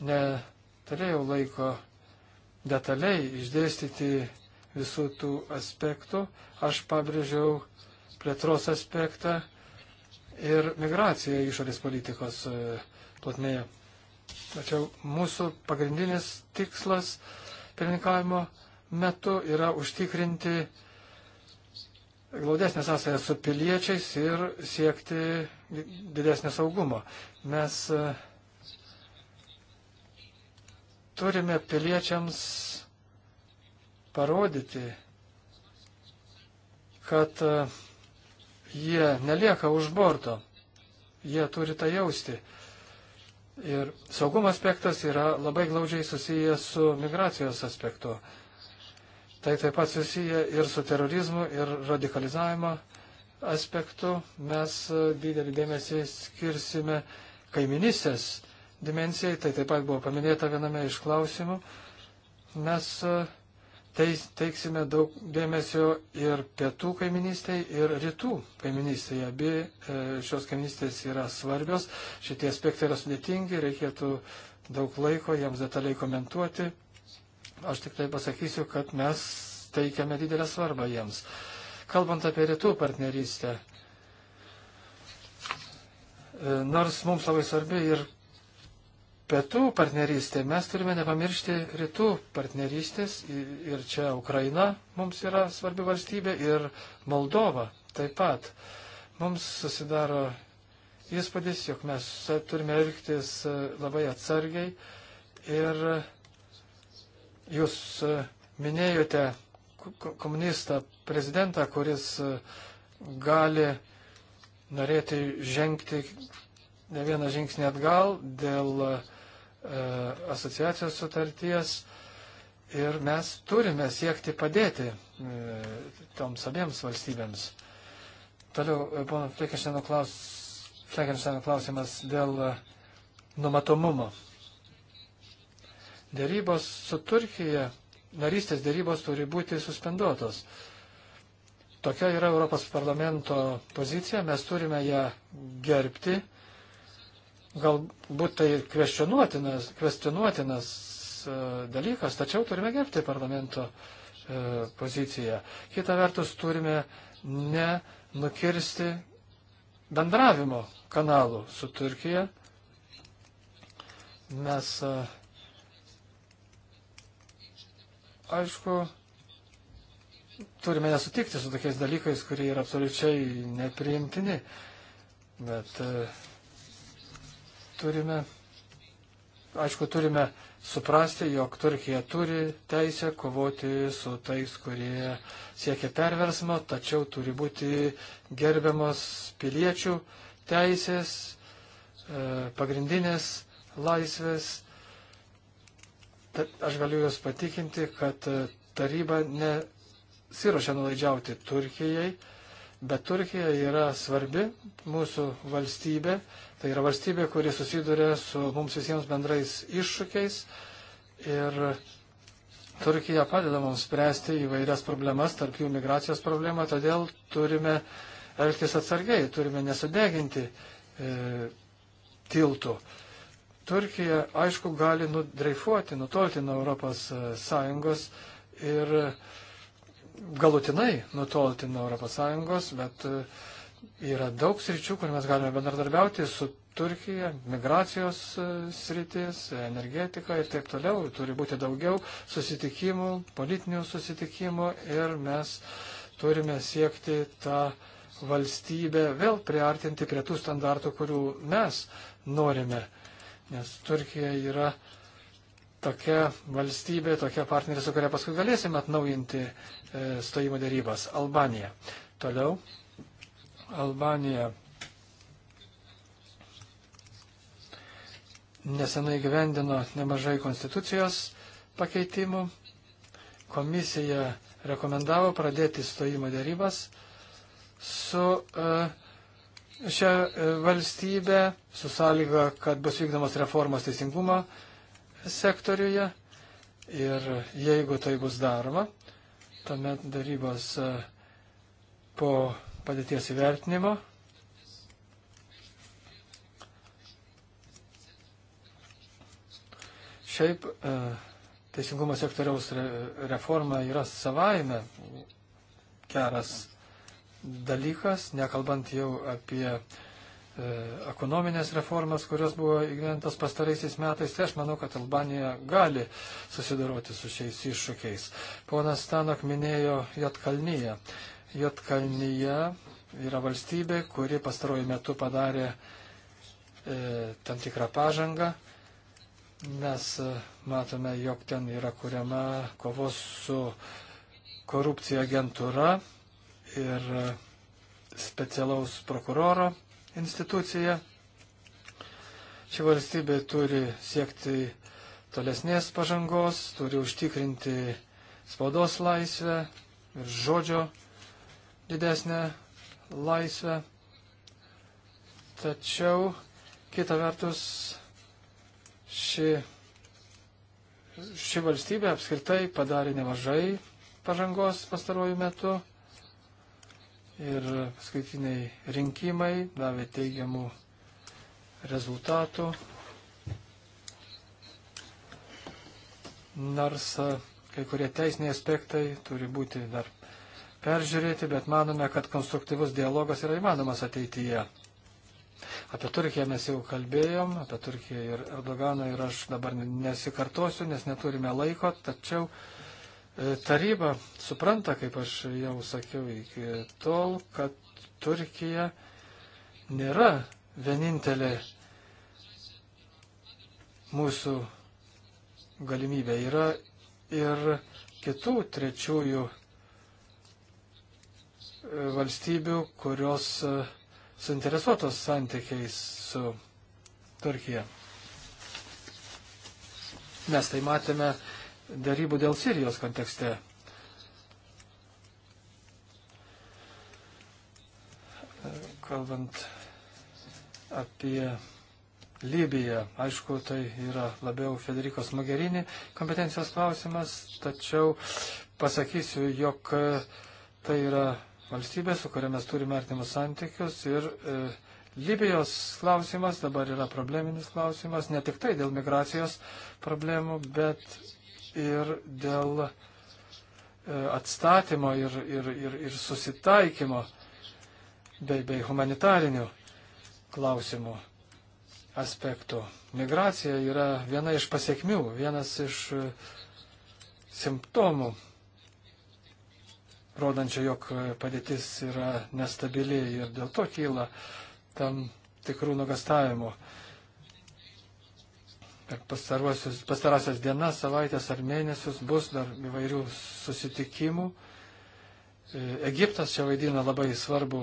neturėjau laiko detaliai išdėstyti visų tų aspektų. Aš pabrėžiau plėtros aspektą ir migraciją išorės politikos e, plotmėje. Tačiau mūsų pagrindinis tikslas pirmininkavimo metu yra užtikrinti glaudesnę sąsąją su piliečiais ir siekti didesnio saugumo. Mes e, turime piliečiams parodyti, kad e, jie nelieka už borto, jie turi tą jausti. Ir saugumo aspektas yra labai glaudžiai susijęs su migracijos aspektu. Tai taip pat susiję ir su terorizmu, ir radikalizavimo aspektu. Mes e, didelį dėmesį skirsime kaiminysės dimencijai, tai taip pat buvo paminėta viename iš klausimų. Mes e, teis, teiksime daug dėmesio ir pietų kaiminystėje, ir rytų kaiminystėje. Abi e, šios kaiminystės yra svarbios, šitie aspektai yra sudėtingi, reikėtų daug laiko jiems detaliai komentuoti. Aš tik tai pasakysiu, kad mes teikiame didelę svarbą jiems. Kalbant apie rytų partnerystę, e, nors mums labai svarbi ir pietų partnerystė, mes turime nepamiršti rytų partnerystės ir čia Ukraina mums yra svarbi valstybė ir Moldova taip pat. Mums susidaro įspūdis, jog mes turime elgtis e, labai atsargiai ir Jūs e, minėjote komunistą prezidentą, kuris e, gali norėti žengti ne vieną žingsnį atgal dėl e, asociacijos sutarties ir mes turime siekti padėti e, toms abiems valstybėms. Toliau, e, pono Flekenšteno klaus, klausimas dėl numatomumo. Dėrybos su Turkija, narystės dėrybos turi būti suspenduotos. Tokia yra Europos parlamento pozicija, mes turime ją gerbti. Galbūt tai kvestionuotinas, kvestionuotinas e, dalykas, tačiau turime gerbti parlamento e, poziciją. Kita vertus, turime nenukirsti bendravimo kanalų su Turkija. Mes e, Aišku, turime nesutikti su tokiais dalykais, kurie yra absoliučiai nepriimtini, bet e, turime, aišku, turime suprasti, jog Turkija turi teisę kovoti su tais, kurie siekia perversmo, tačiau turi būti gerbiamos piliečių teisės, e, pagrindinės laisvės aš galiu Jūs patikinti, kad e, taryba nesiruošia nulaidžiauti Turkijai, bet Turkija yra svarbi mūsų valstybė. Tai yra valstybė, kuri susiduria su mums visiems bendrais iššūkiais ir Turkija padeda mums spręsti įvairias problemas, tarp jų migracijos problemą, todėl turime elgtis atsargiai, turime nesudeginti e, tiltų. E, Turkija, aišku, gali nudreifuoti, nutolti nuo Europos e, Sąjungos ir galutinai nutolti nuo Europos Sąjungos, bet e, yra daug sričių, kur mes galime bendradarbiauti su Turkija, migracijos e, sritis, energetika ir taip toliau. Turi būti daugiau susitikimų, politinių susitikimų ir mes turime siekti tą valstybę vėl priartinti prie tų standartų, kurių mes norime nes Turkija yra tokia valstybė, tokia partnerė, su kuria paskui galėsime atnaujinti e, stojimo dėrybas. Albanija. Toliau. Albanija nesenai gyvendino nemažai konstitucijos pakeitimų. Komisija rekomendavo pradėti stojimo dėrybas su e, šią e, valstybę su sąlyga, kad bus vykdomas reformos teisingumo sektoriuje. Ir jeigu tai bus daroma, tuomet darybos e, po padėties įvertinimo Šiaip e, teisingumo sektoriaus reforma yra savaime geras dalykas, nekalbant jau apie e, ekonominės reformas, kurios buvo įgyventas pastaraisiais metais, tai aš manau, kad Albanija gali susidoroti su šiais iššūkiais. Ponas Stanok minėjo Jotkalnyje. Jotkalnyje yra valstybė, kuri pastaruoju metu padarė e, tam tikrą pažangą. Mes e, matome, jog ten yra kuriama kovos su korupcija agentūra, ir e, specialaus prokuroro institucija. Ši valstybė turi siekti tolesnės pažangos, turi užtikrinti spaudos laisvę ir žodžio didesnę laisvę. Tačiau kita vertus ši, ši valstybė apskritai padarė nemažai pažangos pastaruoju metu ir paskutiniai rinkimai davė teigiamų rezultatų. Nors e, kai kurie teisiniai aspektai turi būti dar peržiūrėti, bet manome, kad konstruktyvus dialogas yra įmanomas ateityje. Apie Turkiją mes jau kalbėjom, apie Turkiją ir Erdoganą ir aš dabar nesikartosiu, nes neturime laiko, tačiau uh, E, taryba supranta, kaip aš jau sakiau, iki tol, kad Turkija nėra vienintelė mūsų galimybė. Yra ir kitų trečiųjų e, valstybių, kurios e, suinteresuotos santykiais su Turkija. Mes tai matėme darybų dėl Sirijos kontekste. Kalbant apie Libiją, aišku, tai yra labiau Federikos Magerini kompetencijos klausimas, tačiau pasakysiu, jog tai yra valstybė, su kuria mes turime artimus santykius ir e, Libijos klausimas dabar yra probleminis klausimas, ne tik tai dėl migracijos problemų, bet ir dėl e, atstatymo ir, ir, ir, ir susitaikymo bei, bei humanitarinių klausimų aspektų. Migracija yra viena iš pasiekmių, vienas iš e, simptomų, rodančio, jog padėtis yra nestabili ir dėl to kyla tam tikrų nugastavimų. Per pastarąsias dienas, savaitės ar mėnesius bus dar įvairių susitikimų. E, Egiptas čia vaidina labai svarbu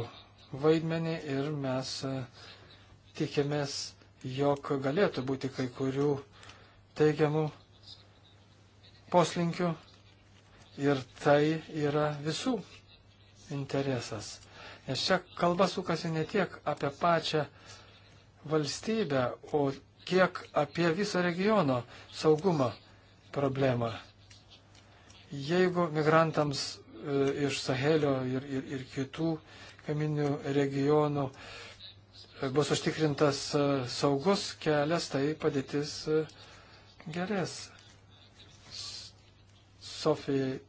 vaidmenį ir mes e, tikimės, jog galėtų būti kai kurių teigiamų poslinkių ir tai yra visų interesas. Nes čia kalba sukasi ne tiek apie pačią valstybę, o kiek apie viso regiono saugumo problemą. Jeigu migrantams e, iš Sahelio ir, ir, ir kitų kaminių regionų e, bus užtikrintas e, saugus kelias, tai padėtis gerės. Sofijai.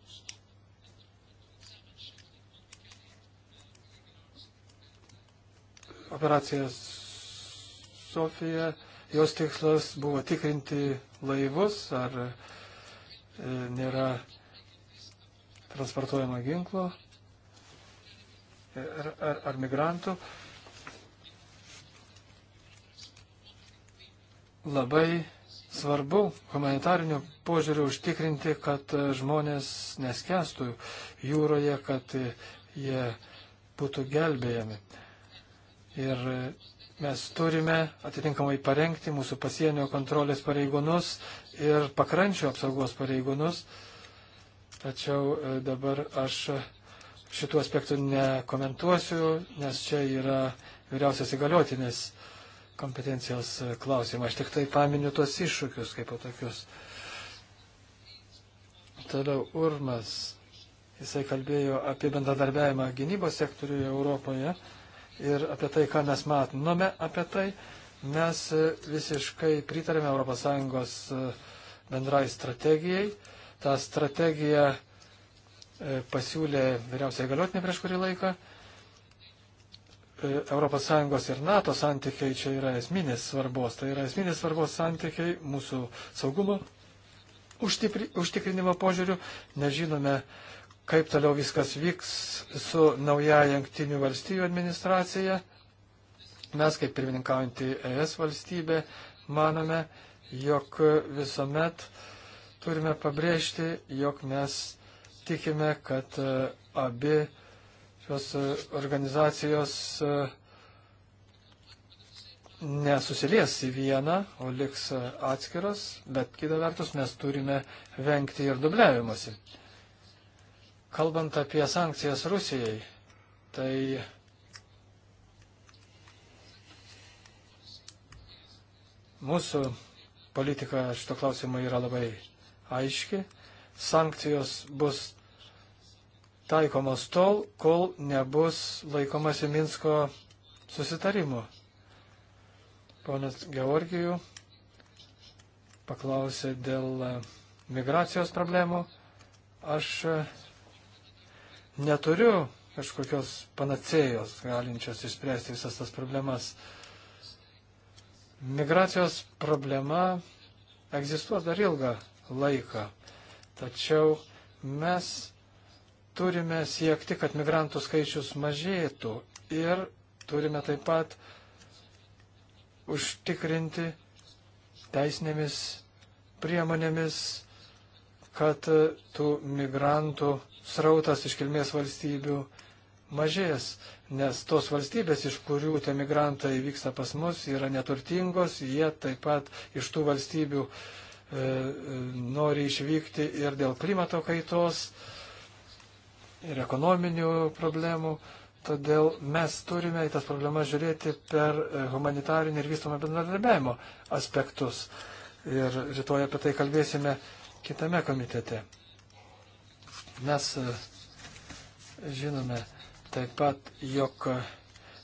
Operacija Sofija Jos tikslas buvo tikrinti laivus, ar e, nėra transportuojama ginklo, ar, ar, ar migrantų. Labai svarbu humanitariniu požiūriu užtikrinti, kad žmonės neskestų jūroje, kad jie būtų gelbėjami. Ir Mes turime atitinkamai parengti mūsų pasienio kontrolės pareigūnus ir pakrančio apsaugos pareigūnus. Tačiau e, dabar aš e, šitų aspektų nekomentuosiu, nes čia yra vyriausias įgaliotinis kompetencijos e, klausimą. Aš tik tai paminiu tuos iššūkius kaip tokius. Toliau Urmas. Jisai kalbėjo apie bendradarbiavimą gynybos sektoriuje Europoje. Ja? ir apie tai, ką mes matome apie tai. Mes e, visiškai pritarėme ES e, bendrai strategijai. Ta strategija e, pasiūlė vyriausiai galiotinė prieš kurį laiką. ES ir NATO santykiai čia yra esminės svarbos. Tai yra esminės svarbos santykiai mūsų saugumo užtikrinimo požiūrių. Nežinome, kaip toliau viskas vyks su naujaja jungtinių valstybių administracija. Mes, kaip pirmininkaujantį ES valstybė, manome, jog visuomet turime pabrėžti, jog mes tikime, kad e, abi šios e, organizacijos e, nesusilies į vieną, o liks atskiros, bet kita vertus mes turime vengti ir dubliavimuose. Kalbant apie sankcijas Rusijai, tai mūsų politika šito klausimo yra labai aiški. Sankcijos bus taikomos tol, kol nebus laikomasi Minsko susitarimu. Ponas Georgijų paklausė dėl migracijos problemų. Aš neturiu kažkokios panacėjos galinčios išspręsti visas tas problemas. Migracijos problema egzistuos dar ilgą laiką, tačiau mes turime siekti, kad migrantų skaičius mažėtų ir turime taip pat užtikrinti teisinėmis priemonėmis, kad tų migrantų srautas iš kilmės valstybių mažės, nes tos valstybės, iš kurių tie migrantai vyksta pas mus, yra neturtingos, jie taip pat iš tų valstybių e, e nori išvykti ir dėl klimato kaitos, ir ekonominių problemų. Todėl mes turime į tas problemas žiūrėti per e, humanitarinį ir vystomą bendradarbiavimo aspektus. Ir rytoj apie tai kalbėsime kitame komitete. Mes e, žinome taip pat, jog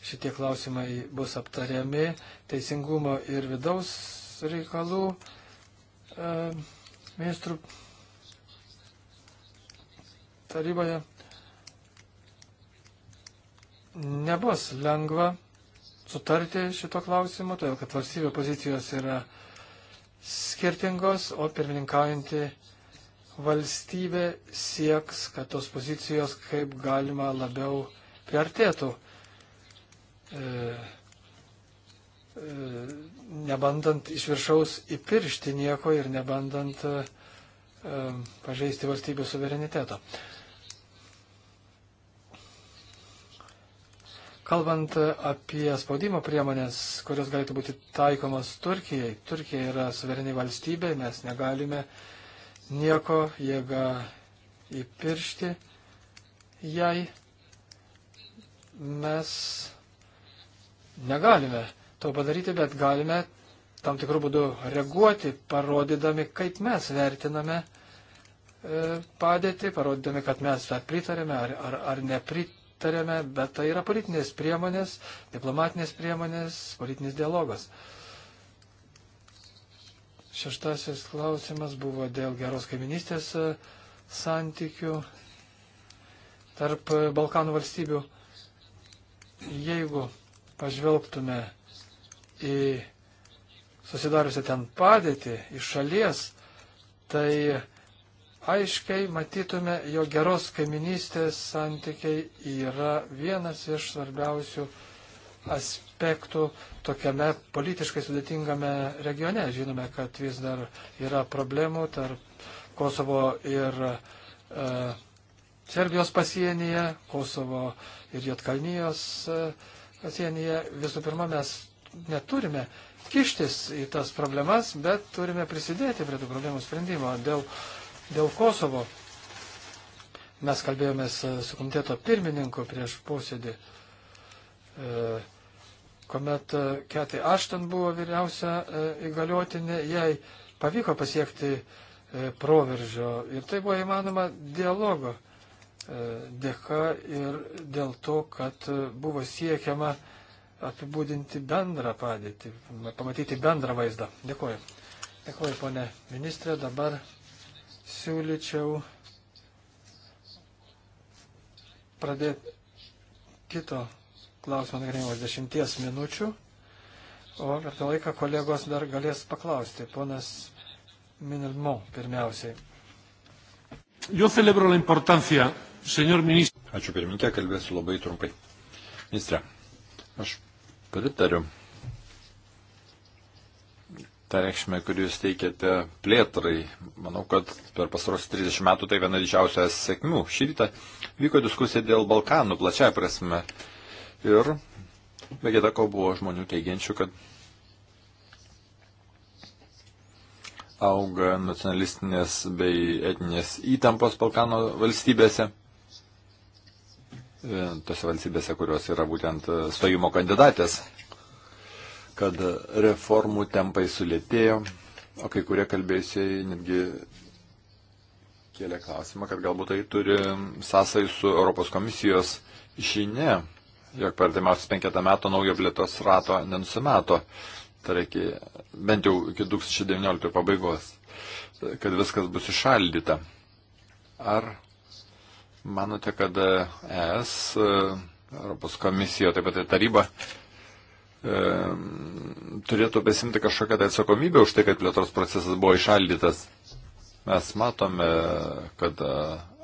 šitie klausimai bus aptariami teisingumo ir vidaus reikalų e, ministrų taryboje. Nebus lengva sutarti šito klausimu, todėl kad valstybių pozicijos yra skirtingos, o pirmininkaujanti valstybė sieks, kad tos pozicijos kaip galima labiau priartėtų, e, e, nebandant iš viršaus įpiršti nieko ir nebandant e, pažeisti valstybių suvereniteto. Kalbant apie spaudimo priemonės, kurios galėtų būti taikomos Turkijai, Turkija yra suvereni valstybė, mes negalime uh, nieko, jėga įpiršti jai. Mes negalime to padaryti, bet galime tam tikrų būdų reaguoti, parodydami, kaip mes vertiname e, padėtį, parodydami, kad mes tą pritarėme ar, ar, ar nepritarėme, bet tai yra politinės priemonės, diplomatinės priemonės, politinis dialogas. Uh, Šeštasis klausimas buvo dėl geros kaiminystės e, santykių tarp e, Balkanų valstybių. Jeigu pažvelgtume į susidariusią ten padėtį iš šalies, tai aiškiai matytume, jo geros kaiminystės santykiai yra vienas iš svarbiausių aspektų aspektų tokiame politiškai sudėtingame regione. Žinome, kad vis dar yra problemų tarp Kosovo ir e, Serbijos pasienyje, Kosovo ir Jotkalnyjos e, pasienyje. Visų pirma, mes neturime kištis į tas problemas, bet turime prisidėti prie tų problemų sprendimo. Dėl, dėl Kosovo mes kalbėjomės su komiteto pirmininku prieš posėdį. E, kuomet e, Ketai Aštan buvo vyriausia e, įgaliotinė, jai pavyko pasiekti e, proveržio ir tai buvo įmanoma dialogo dėka ir dėl to, kad buvo siekiama apibūdinti bendrą padėtį, pamatyti bendrą vaizdą. Dėkuoju. Dėkuoju, ponė ministrė. Dabar siūlyčiau pradėti kito klausimo nagrinėjimas dešimties minučių, o per tą laiką kolegos dar galės paklausti. Ponas Minilmo pirmiausiai. Yo celebro la importancia, señor ministro. Ačiū pirmininkė, kalbėsiu labai trumpai. Ministre, aš pritariu tą reikšmę, kurį jūs teikiate plėtrai. Manau, kad per pasarosius 30 metų tai viena didžiausia sėkmių. Šį rytą vyko diskusija dėl Balkanų plačiai prasme. Ir be kita ko buvo žmonių teigiančių, kad auga nacionalistinės bei etinės įtampos Balkano valstybėse, e, tose valstybėse, kurios yra būtent stojimo kandidatės, kad reformų tempai sulėtėjo, o kai kurie kalbėjusiai netgi kėlė klausimą, kad galbūt tai turi sąsai su Europos komisijos žinia jog per artimiausius penketą metų naujo plėtos rato nenusimato, tai reikia bent jau iki 2019 pabaigos, kad viskas bus išaldyta. Ar manote, kad ES, e, Europos komisija, taip pat ir taryba, e, turėtų besimti kažkokią tai atsakomybę už tai, kad plėtros procesas buvo išaldytas? Mes matome, kad e,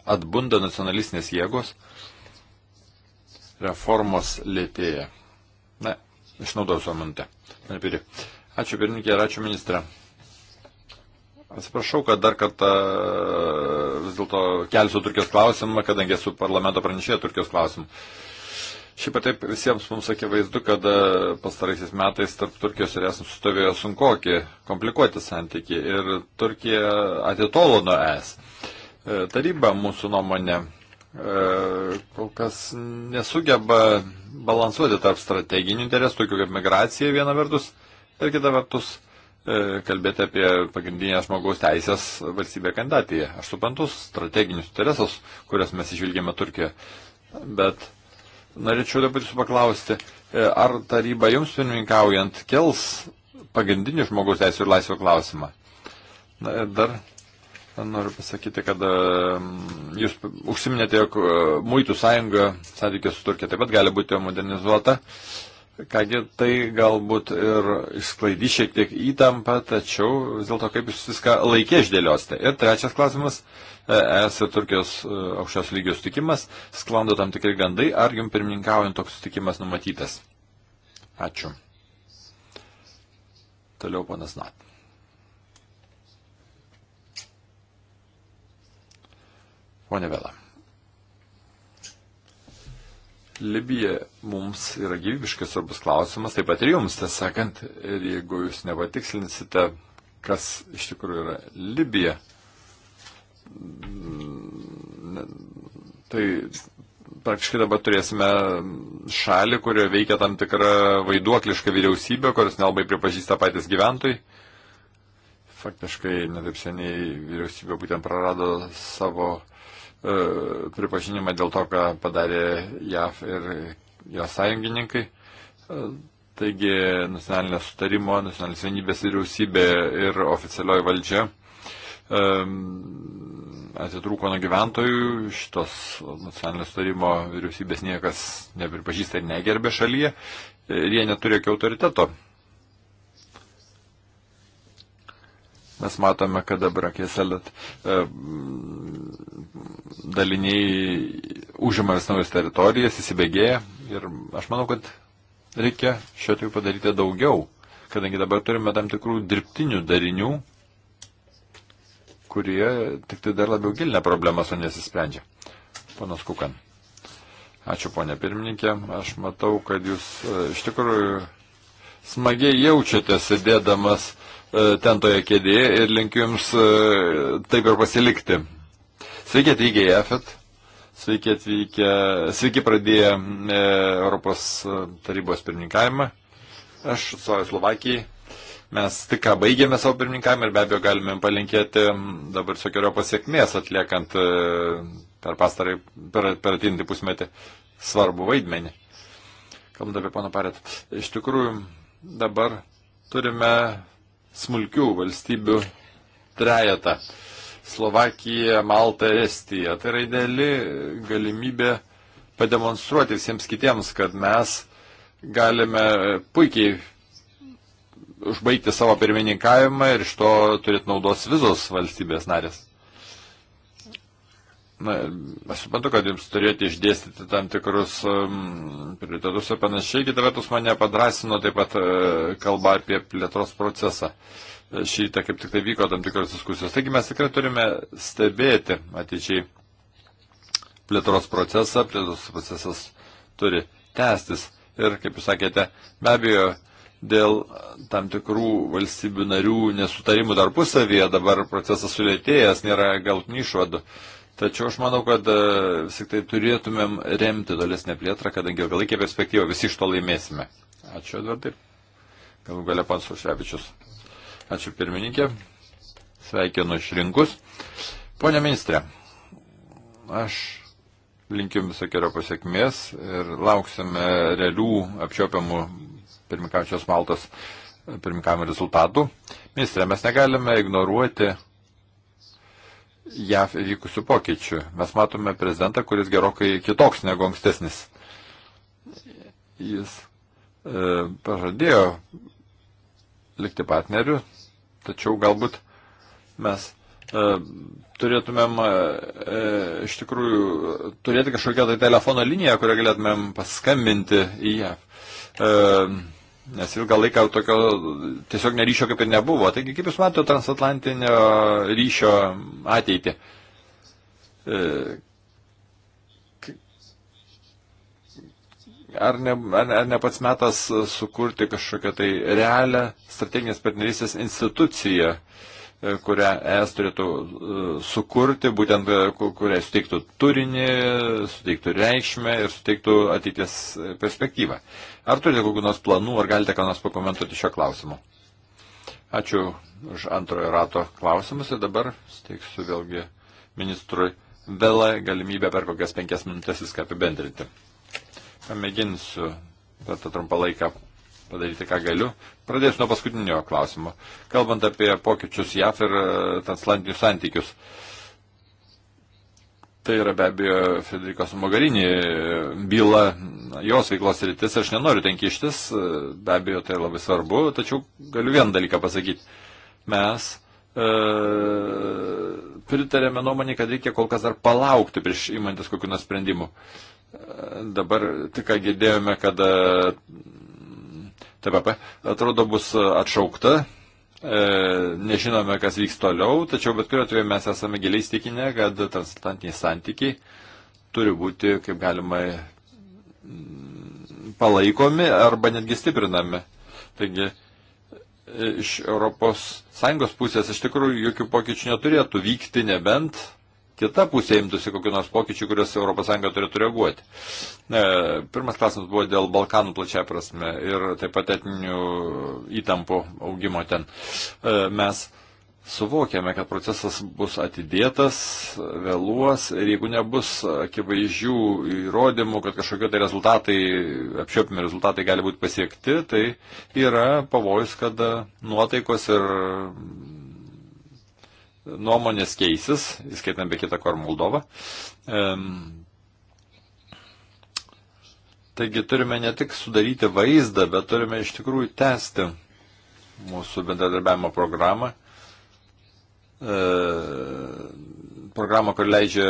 atbunda nacionalistinės jėgos, reformos lėtėja. Na, išnaudosiu momentą. Ačiū pirmininkė ir ačiū ministrė. Atsiprašau, kad dar kartą e, vis dėlto kelsiu Turkijos klausimą, kadangi esu parlamento pranešėja Turkijos klausimų. Šiaip ar taip visiems mums akivaizdu, kad e, pastaraisiais metais tarp Turkijos ir esam sustovėjo sunkokie, komplikuoti santykiai ir Turkija atitolo nuo es. E, taryba mūsų nuomonė E, kol kas nesugeba balansuoti tarp strateginių interesų, tokių kaip migracija viena vertus ir kita vertus e, kalbėti apie pagrindinę žmogaus teisės valstybę kandidatėje. Aš suprantu strateginius interesus, kurias mes išvilgėme Turkiją, bet norėčiau dabar jūsų paklausti, e, ar taryba jums pirmininkaujant kels pagrindinį žmogaus teisų ir laisvių klausimą. Na ir dar Noriu pasakyti, kad jūs užsiminėte, jog e, muitų sąjunga santykė su Turkija taip pat gali būti modernizuota. Kągi, tai galbūt ir išsklaidys šiek tiek įtampą, tačiau vis dėlto kaip jūs viską laikė išdėliosite. Ir trečias klausimas e, - ES ir Turkijos e, aukščios lygio sutikimas. Sklando tam tikri gandai, ar jums pirmininkaujant toks sutikimas numatytas? Ačiū. Toliau panas Nat. Pone Vela. Libija mums yra gyvybiškai svarbus klausimas, taip pat ir jums, tiesą sakant, ir jeigu jūs nepatikslinsite, kas iš tikrųjų yra Libija, mm, tai praktiškai dabar turėsime šalį, kurioje veikia tam tikra vaiduokliška vyriausybė, kuris nelabai pripažįsta patys gyventojai. Faktiškai netaip seniai vyriausybė būtent prarado savo E, pripažinimą dėl to, ką padarė JAV ir jo sąjungininkai. E, taigi nacionalinio sutarimo, nacionalinės vienybės vyriausybė ir oficialioji valdžia e, atitrūko nuo gyventojų, šitos nacionalinio sutarimo vyriausybės niekas nepripažįsta ir negerbė šalyje ir jie neturi jokio autoriteto. Mes matome, kad dabar Keselet e, daliniai užima vis naujas teritorijas, įsibėgėja ir aš manau, kad reikia šio tik padaryti daugiau, kadangi dabar turime tam tikrų dirbtinių darinių, kurie tik tai dar labiau gilina problemas, o nesisprendžia. Panas Kukan. Ačiū, ponė pirmininkė. Aš matau, kad jūs e, iš tikrųjų smagiai jaučiate sėdėdamas E, ten toje kėdėje ir linkiu jums e, taip ir pasilikti. Sveiki atvykę į EFET. Sveiki atvykę, sveiki pradėję e, Europos tarybos pirmininkavimą. Aš atstovauju Slovakijai. Mes tik ką baigėme savo pirmininkavimą ir be abejo galime palinkėti dabar sokiojo pasiekmės atliekant per pastarai, per, per atinti pusmetį svarbu vaidmenį. Kalbant apie pono Paretą. Iš tikrųjų, dabar turime smulkių valstybių trejetą. Slovakija, Malta ir Estija. Tai yra ideali galimybė pademonstruoti visiems kitiems, kad mes galime puikiai užbaigti savo pirmininkavimą ir iš to turėti naudos visos valstybės narės. Na, aš suprantu, kad jums turėjote išdėstyti tam tikrus um, prioritetus ir panašiai, kita vertus mane padrasino taip pat uh, kalba apie plėtros procesą. E, Šitą kaip tik tai vyko tam tikros diskusijos. Taigi mes tikrai turime stebėti ateičiai plėtros procesą, plėtros procesas turi tęstis. Ir, kaip jūs sakėte, be abejo, dėl tam tikrų valstybių narių nesutarimų tarpusavyje dabar procesas sulėtėjęs, nėra galtinių išvadų. Uh, Tačiau aš manau, kad e, vis tik tai turėtumėm remti tolesnę plėtrą, kadangi ilgalaikė perspektyva visi iš to laimėsime. Ačiū, Edvardai. Galų galia pats Užrevičius. Ačiū, pirmininkė. Sveikinu išrinkus. Pone ministrė, aš linkiu visokiojo pasiekmės ir lauksime realių apčiopiamų pirmikaučios maltos pirmikavimo rezultatų. Ministrė, mes negalime ignoruoti JAV įvykusių pokyčių. Mes matome prezidentą, kuris gerokai kitoks negu ankstesnis. Jis e, pažadėjo likti partneriu, tačiau galbūt mes e, turėtumėm e, iš tikrųjų turėti kažkokią tai telefono liniją, kurią galėtumėm paskambinti į JAV. E, nes ilgą laiką tokio tiesiog neryšio kaip ir nebuvo. Taigi, kaip Jūs matote transatlantinio ryšio ateitį? E, ar ne, ar, ar ne pats metas sukurti kažkokią tai realią strateginės partnerystės instituciją? Uh, E, kurią es turėtų e, sukurti, būtent e, kuriai suteiktų turinį, suteiktų reikšmę ir suteiktų ateities perspektyvą. Ar turite kokių nors planų, ar galite ką nors pakomentuoti šio klausimu? Ačiū už antrojo rato klausimus ir dabar steiksiu vėlgi ministrui vėlą galimybę per kokias penkias minutės viską apibendrinti. Pamėginsiu per tą trumpą laiką padaryti, ką galiu. Pradėsiu nuo paskutinio klausimo. Kalbant apie pokyčius JAF ir e, transatlantinius santykius. Tai yra be abejo Federikos Mogarinį e, byla, jos veiklos rytis, aš nenoriu ten kištis, e, be abejo tai labai svarbu, tačiau galiu vieną dalyką pasakyti. Mes e, pritarėme nuomonį, kad reikia kol kas dar palaukti prieš įmantis kokių nors sprendimų. E, dabar tik ką girdėjome, kad e, TPP, atrodo bus atšaukta. E, nežinome, kas vyks toliau, tačiau bet kuriuo atveju mes esame giliai įstikinę, kad transatlantiniai santykiai turi būti kaip galima mm, palaikomi arba netgi stiprinami. Taigi e, iš ES pusės iš tikrųjų jokių pokyčių neturėtų vykti, nebent kita pusė imtųsi kokiu nors pokyčiu, kuriuos ES turėtų reaguoti. E, pirmas klausimas buvo dėl Balkanų plačia prasme ir taip pat etinių įtampų augimo ten. E, mes suvokiame, kad procesas bus atidėtas, vėluos ir jeigu nebus akivaizdžių įrodymų, kad kažkokie tai rezultatai, apčiopimi rezultatai gali būti pasiekti, tai yra pavojus, kad nuotaikos ir nuomonės keisis, įskaitant be kitą kor Moldovą. Um, taigi turime ne tik sudaryti vaizdą, bet turime iš tikrųjų tęsti mūsų bendradarbiavimo programą. Uh, programą, kur leidžia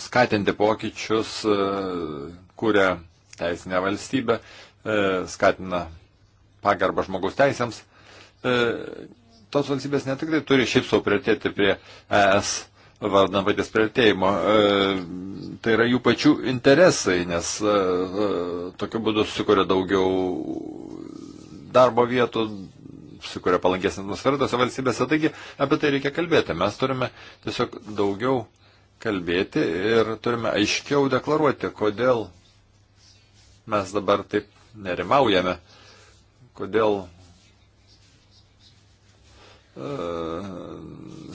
skatinti pokyčius, uh, kuria teisinę valstybę, uh, skatina pagarbą žmogaus teisėms tos valstybės ne tik tai turi šiaip savo prioritėti prie ES vardan paties prioritėjimo, e, tai yra jų pačių interesai, nes e, e, tokiu būdu susikuria daugiau darbo vietų, susikuria palankesnė atmosfera tose valstybėse, taigi apie tai reikia kalbėti. Mes turime tiesiog daugiau kalbėti ir turime aiškiau deklaruoti, kodėl mes dabar taip nerimaujame, kodėl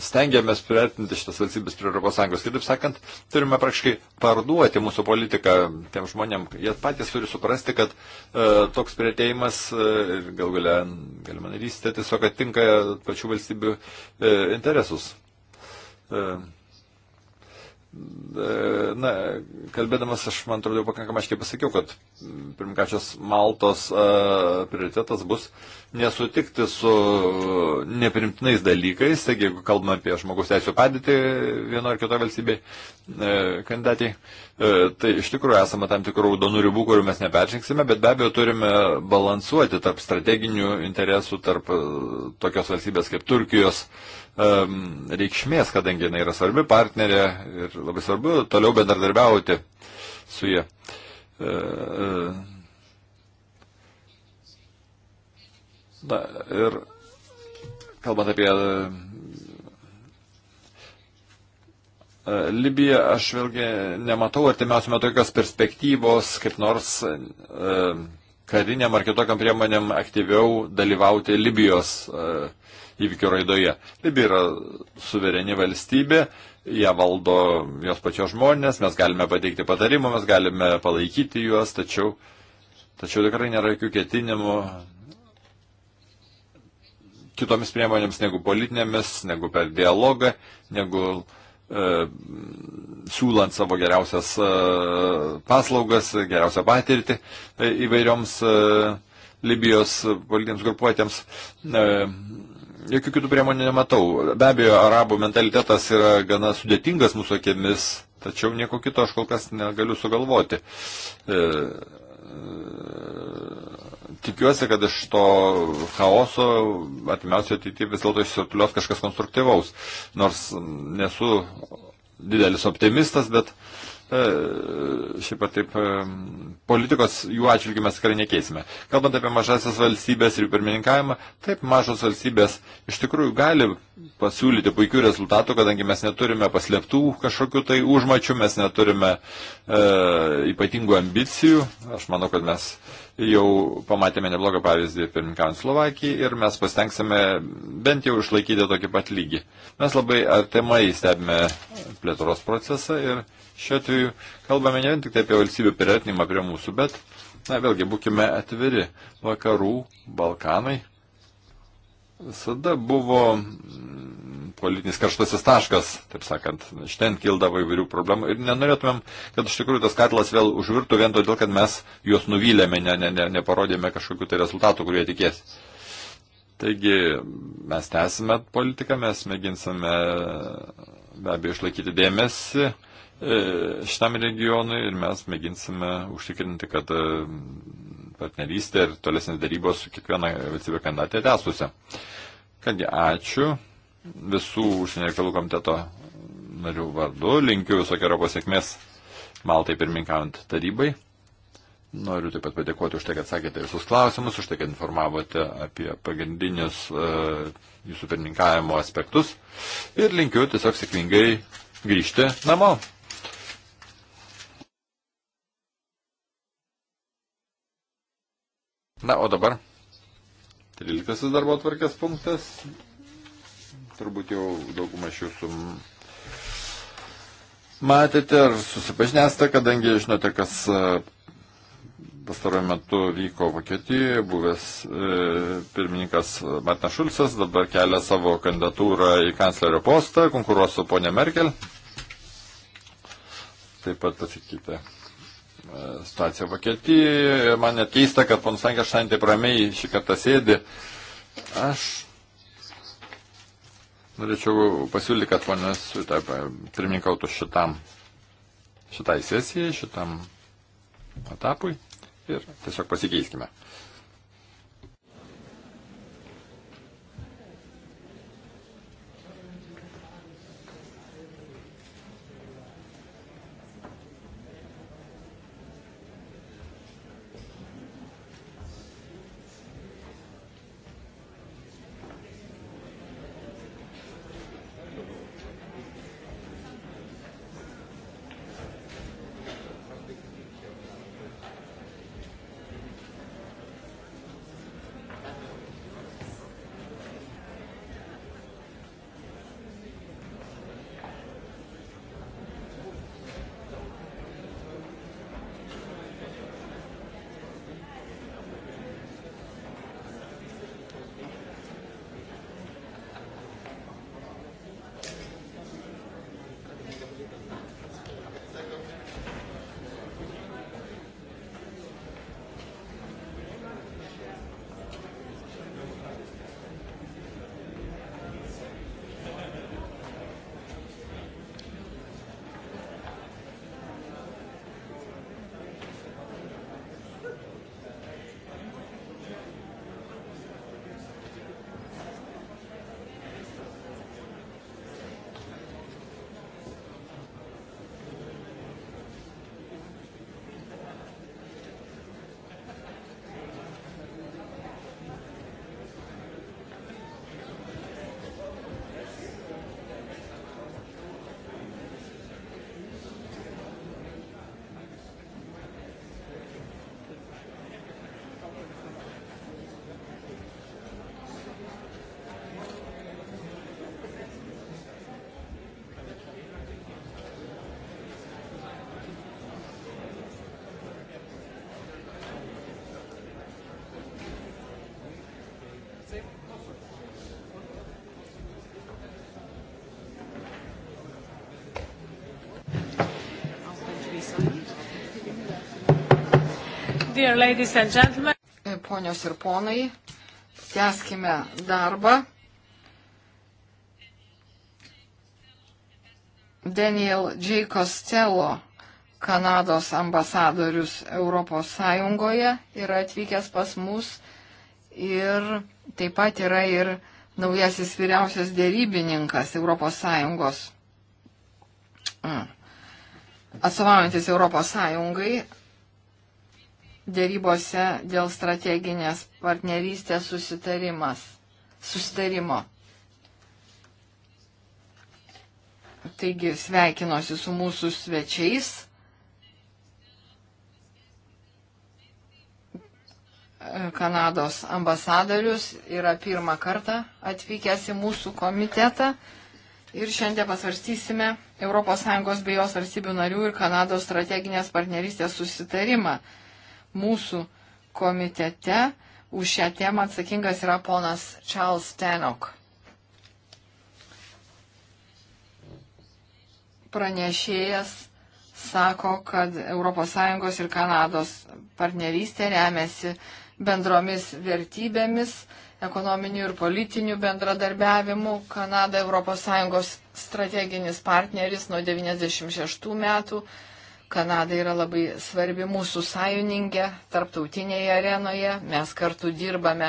stengiamės priartinti šitas valstybės prie Europos Sąjungos. Kitaip sakant, turime praktiškai parduoti mūsų politiką tiem žmonėm. Jie patys turi suprasti, kad e, toks prieateimas ir e, gal galia, galima narystė tiesiog atitinka pačių valstybių e, interesus. E, e Na, kalbėdamas, aš man atrodo pakankamai aiškiai pasakiau, kad pirmkačios Maltos e, prioritetas bus uh, nesutikti su uh, neprimtinais dalykais, taigi jeigu kalbame apie žmogus teisų padėtį vieno ar kito valstybė e, uh, kandidatai, e, uh, tai iš tikrųjų esame tam tikrų raudonų ribų, kurių mes neperžingsime, bet be abejo turime balansuoti tarp strateginių interesų, tarp e, tokios valstybės kaip Turkijos um, reikšmės, kadangi jinai yra svarbi partnerė ir labai svarbu toliau bendradarbiauti su jie. Na ir kalbant apie e, Libiją, aš vėlgi nematau artimiausiu metu tokios perspektyvos, kaip nors e, kariniam ar kitokiam priemonėm aktyviau dalyvauti Libijos e, įvykių raidoje. Libija yra suvereni valstybė, ją valdo jos pačios žmonės, mes galime pateikti patarimų, mes galime palaikyti juos, tačiau, tačiau tikrai nėra jokių ketinimų kitomis priemonėmis negu politinėmis, negu per dialogą, negu e, siūlant savo geriausias e, paslaugas, geriausią patirtį e, įvairioms e, Libijos politinėms grupuotėms. E, jokių kitų priemonių nematau. Be abejo, arabų mentalitetas yra gana sudėtingas mūsų akimis, tačiau nieko kito aš kol kas negaliu sugalvoti. E, e, tikiuosi, kad iš to chaoso artimiausio ateityje vis dėlto išsirtulios kažkas konstruktyvaus. Nors nesu didelis optimistas, bet e, šiaip ar taip e, politikos jų atžvilgių mes tikrai nekeisime. Kalbant apie mažasias valstybės ir jų pirmininkavimą, taip mažos valstybės iš tikrųjų gali pasiūlyti puikių rezultatų, kadangi mes neturime paslėptų kažkokių tai užmačių, mes neturime e, ypatingų ambicijų. Aš manau, kad mes e, jau pamatėme neblogą pavyzdį pirminkant Slovakijai ir mes pastengsime bent jau išlaikyti tokį pat lygį. Mes labai artimai stebime plėtros procesą ir šiuo atveju kalbame ne vien tik tai apie valstybių perėtinimą prie mūsų, bet, na vėlgi, būkime atviri, vakarų, Balkanai visada buvo mm, politinis karštasis taškas, taip sakant, iš ten kildavo įvairių problemų ir nenorėtumėm, kad iš tikrųjų tas katilas vėl užvirtų vien todėl, kad mes juos nuvylėme, ne, ne, ne, neparodėme kažkokių tai rezultatų, kurie tikėsi. Taigi mes tęsime politiką, mes mėginsime be abejo išlaikyti dėmesį e, šitam regionui ir mes mėginsime užtikrinti, kad partnerystė ir tolesnės darybos su kiekviena valstybė kandidatė tęstusi. Kągi, ačiū visų užsienio reikalų komiteto narių vardu. Linkiu visokio sėkmės Maltai pirmininkaujant tarybai. Noriu taip pat padėkoti už tai, kad sakėte visus klausimus, už tai, kad informavote apie pagrindinius uh, jūsų pirmininkavimo aspektus. Ir linkiu tiesiog sėkmingai grįžti namo. Na, o dabar 13 darbo atvarkės punktas. Turbūt jau daugumą iš jūsų matėte ir susipažinęsite, kadangi žinote, kas e, pastaruoju metu vyko Vokietijoje, buvęs e, pirmininkas Martinas Šulcas dabar kelia savo kandidatūrą į kanclerio postą, konkuruos su ponė Merkel. Taip pat pasikeitė situaciją Vokietijoje. Man net keista, kad ponas Lankeštain taip ramiai šį kartą sėdi. Aš norėčiau pasiūlyti, kad ponas pirmininkautų šitam, šitai sesijai, šitam etapui ir tiesiog pasikeiskime. Dear ladies and gentlemen. E, ponios ir ponai, tęskime darbą. Daniel J. Costello, Kanados ambasadorius Europos Sąjungoje, yra atvykęs pas mus ir taip pat yra ir naujasis vyriausias dėrybininkas Europos Sąjungos mm. atstovaujantis Europos Sąjungai dėrybose dėl strateginės partnerystės susitarimo. Taigi sveikinuosi su mūsų svečiais. Kanados ambasadorius yra pirmą kartą atvykęs į mūsų komitetą ir šiandien pasvarstysime ES bei jos valstybių narių ir Kanados strateginės partnerystės susitarimą mūsų komitete už šią temą atsakingas yra ponas Charles Tenok. Pranešėjas sako, kad ES ir Kanados partnerystė remiasi bendromis vertybėmis, ekonominiu ir politiniu bendradarbiavimu. Kanada ES strateginis partneris nuo 1996 metų Kanada yra labai svarbi mūsų sąjungė tarptautinėje arenoje. Mes kartu dirbame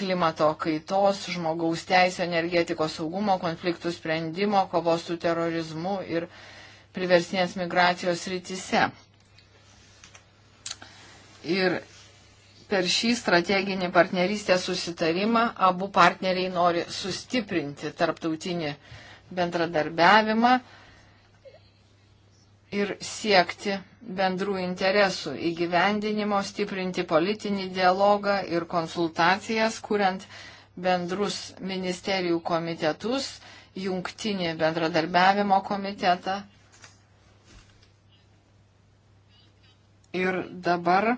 klimato kaitos, žmogaus teisė, energetikos saugumo, konfliktų sprendimo, kovos su terorizmu ir priversinės migracijos rytise. Ir per šį strateginį partnerystės susitarimą abu partneriai nori sustiprinti tarptautinį bendradarbiavimą ir siekti bendrų interesų įgyvendinimo, stiprinti politinį dialogą ir konsultacijas, kuriant bendrus ministerijų komitetus, jungtinį bendradarbiavimo komitetą. Ir dabar